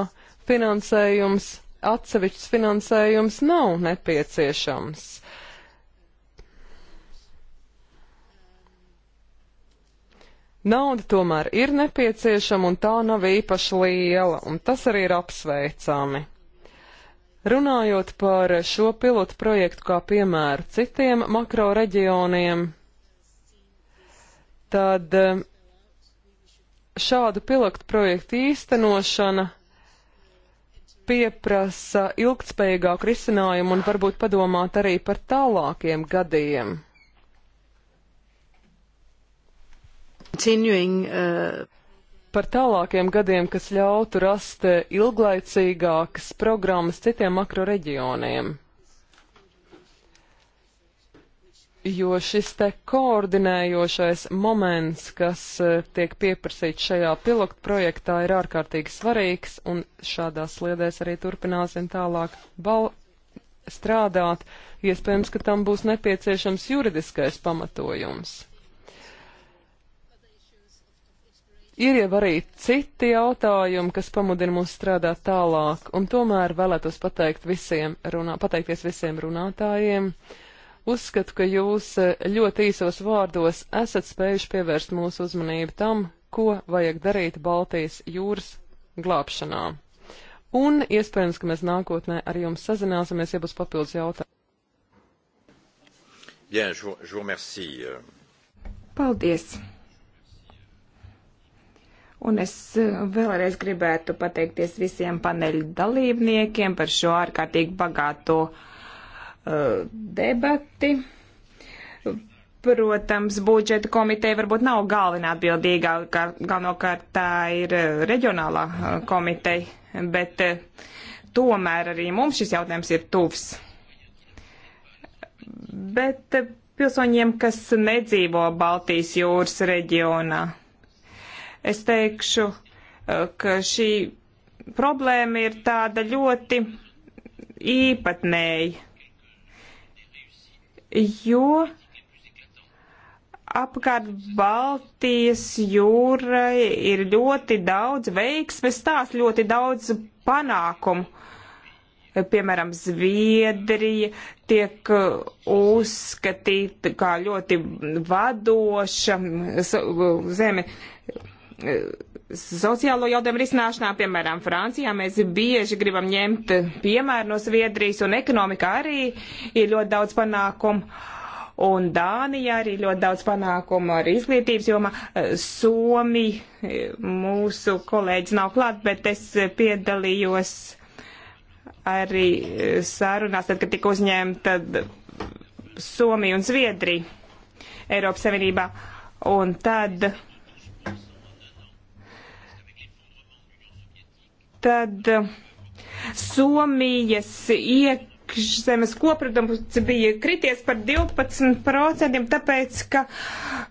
finansējums, atsevišķs finansējums nav nepieciešams Nauda tomēr ir nepieciešama un tā nav īpaši liela, un tas arī ir apsveicami. Runājot par šo pilotu projektu kā piemēru citiem makro reģioniem, tad eh, šādu pilotu projektu īstenošana pieprasa ilgtspējīgāku risinājumu un varbūt padomāt arī par tālākiem gadiem. Continuing, uh... Par tālākiem gadiem, kas ļautu rast eh, ilglaicīgākas programmas citiem makroreģioniem. jo šis te koordinējošais moments, kas eh, tiek pieprasīts šajā pilotu projektā, ir ārkārtīgi svarīgs, un šādās sliedēs arī turpināsim tālāk bal strādāt. Iespējams, ka tam būs nepieciešams juridiskais pamatojums. Ir jau arī citi jautājumi, kas pamudina mūs strādāt tālāk, un tomēr vēlētos pateikt visiem runā, pateikties visiem runātājiem. Uzskatu, ka jūs eh, ļoti īsos vārdos esat spējuši pievērst mūsu uzmanību tam, ko vajag darīt Baltijas jūras glābšanā. Un iespējams, ka mēs nākotnē ar jums sazināsimies, ja būs papildus jautājumi. Euh. Paldies! Un es eh, vēlreiz gribētu pateikties visiem paneļu dalībniekiem par šo ārkārtīgi bagāto uh, debati. Protams, budžeta komiteja varbūt nav galvenā atbildīgā, galvenokārt tā ir eh, reģionālā komiteja, bet uh, tomēr arī mums šis jautājums ir tuvs. Bet uh, pilsoņiem, kas nedzīvo Baltijas jūras reģionā Es teikšu, eh, ka šī problēma ir tāda ļoti īpatnēja, jo apkārt Baltijas jūrai ir ļoti daudz veiksmes stāsts, ļoti daudz panākumu. Piemēram, Zviedrija tiek eh, uzskatīta kā ļoti vadoša zeme sociālo jautājumu risināšanā, piemēram, Francijā, mēs bieži gribam ņemt piemēru no Zviedrijas, un ekonomikā arī ir ļoti daudz panākumu. Un Dānijā arī ļoti daudz panākumu ar izglītības jomā. Somi mūsu kolēģis nav klāt, bet es piedalījos arī sarunās, tad, kad tika uzņemta Somija un Zviedrija Eiropas Savienībā. Un tad tad eh, Somijas iet zemes koprodukts bija krities par 12%, tāpēc, ka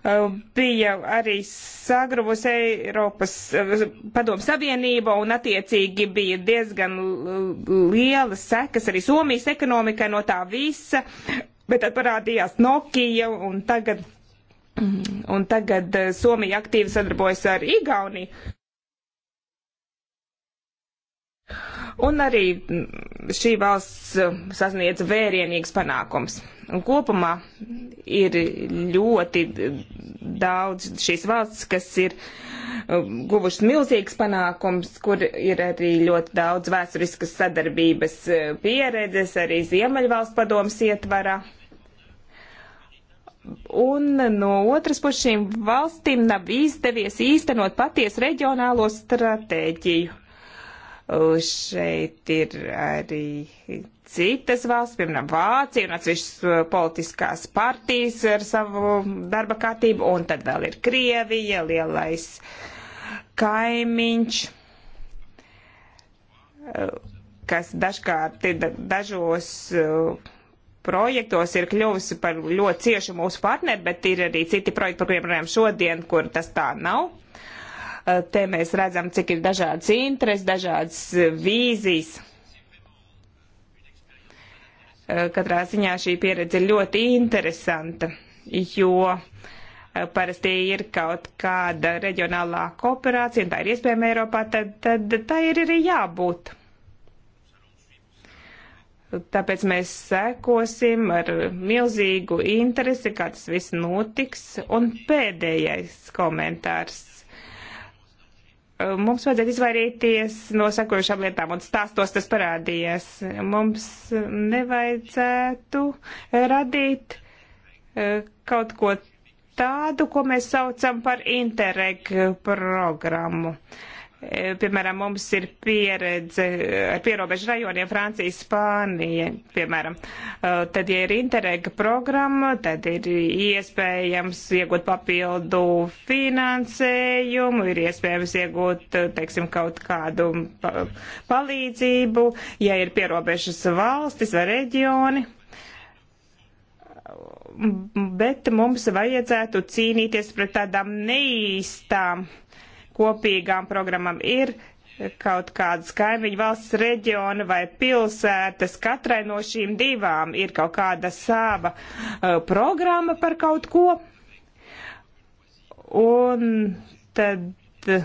eh, bija arī sagrubus Eiropas eh, padomu savienība un attiecīgi bija diezgan lielas sekas arī Somijas ekonomikai no tā visa, bet tad parādījās Nokia un tagad, un tagad Somija aktīvi sadarbojas ar Igauniju. Un arī mm, šī valsts mm, sasniedz vērienīgs panākums. Un kopumā ir ļoti daudz šīs valsts, kas ir mm, guvušas milzīgs panākums, kur ir arī ļoti daudz vēsturiskas sadarbības pieredzes, arī Ziemeļvalsts padomas ietvarā. Un no otras puses šīm valstīm nav izdevies īstenot patiesu reģionālo stratēģiju. Šeit ir arī citas valsts, piemēram, Vācija un atsevišķas uh, politiskās partijas ar savu darba kārtību, un tad vēl ir Krievija, lielais kaimiņš, uh, kas dažkārt ir dažos uh, projektos ir kļuvusi par ļoti ciešu mūsu partneri, bet ir arī citi projekti, par kuriem runājam šodien, kur tas tā nav. Eh, te mēs redzam, cik ir dažādas intereses, dažādas eh, vīzijas. Eh, katrā ziņā šī pieredze ir ļoti interesanta, jo parasti ir kaut kāda reģionālā kooperācija, un tā ir iespējama Eiropā, tad, tad tā ir arī jābūt. Tāpēc mēs sekosim ar milzīgu interesi, kā tas viss notiks. Un pēdējais komentārs mums vajadzētu izvairīties no sekojušām lietām, un stāstos tas parādījies. Mums nevajadzētu radīt e, kaut ko tādu, ko mēs saucam par Interreg programmu. Uh, Eh, piemēram, mums ir pieredze ar eh, pierobežu rajoniem Francija, Spānija, piemēram. Eh, tad, ja ir interrega programma, tad ir iespējams iegūt papildu finansējumu, ir iespējams iegūt, teiksim, kaut kādu palīdzību, ja ir pierobežas valstis vai reģioni bet mums vajadzētu cīnīties pret tādām neīstām kopīgām programmām. Ir kaut kādas kaimiņu valsts reģiona vai pilsētas, katrai no šīm divām ir kaut kāda sava uh, programma par kaut ko. Un tad e,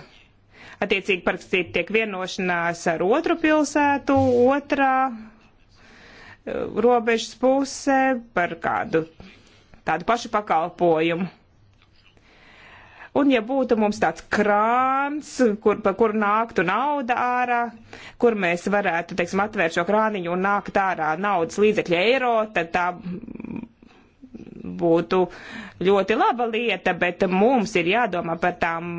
attiecīgi parakstīt tiek vienošanās ar otru pilsētu, otrā uh, robežas pusē par kādu tādu pašu pakalpojumu. Un ja būtu mums tāds krāns, kur, pa kur nāktu nauda ārā, kur mēs varētu, teiksim, atvērt šo krāniņu un nākt ārā naudas līdzekļi eiro, tad tā būtu ļoti laba lieta, bet mums ir jādomā par tām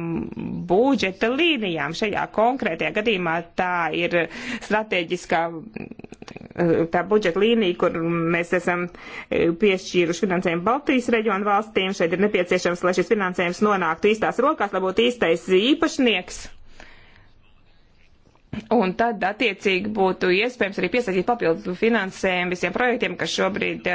budžeta līnijām. Šajā konkrētajā gadījumā tā ir strateģiskā tā budžeta līnija, kur mēs esam e, piešķīruši finansējumu Baltijas reģionu valstīm. Šeit ir nepieciešams, lai šis finansējums nonāktu īstās rokās, lai būtu īstais īpašnieks. Un tad, attiecīgi, būtu iespējams arī piesaistīt papildu finansējumu visiem projektiem, kas šobrīd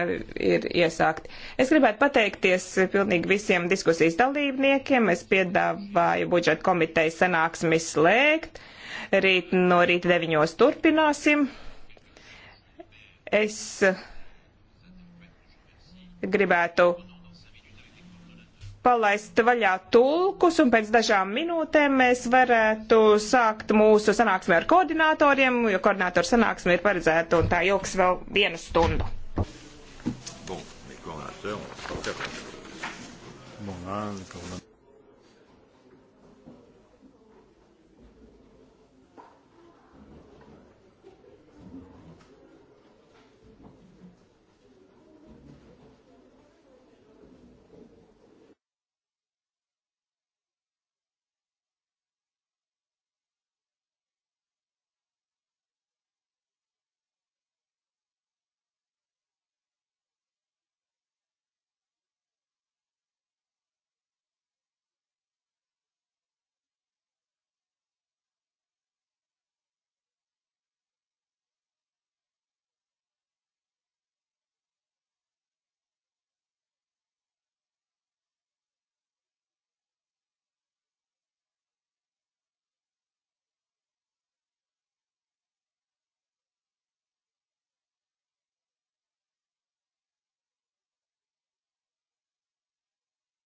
ir iesākti. Es gribētu pateikties pilnīgi visiem diskusijas dalībniekiem. Es piedāvāju budžeta komitejas sanāksmi slēgt. Rīt no rīta deviņos turpināsim. Es gribētu palaist vaļā tulkus, un pēc dažām minūtēm mēs varētu sākt mūsu sanāksmi ar koordinatoriem, jo koordinatoru sanāksmi ir paredzēta un tā ilgs vēl vienu stundu. Bon,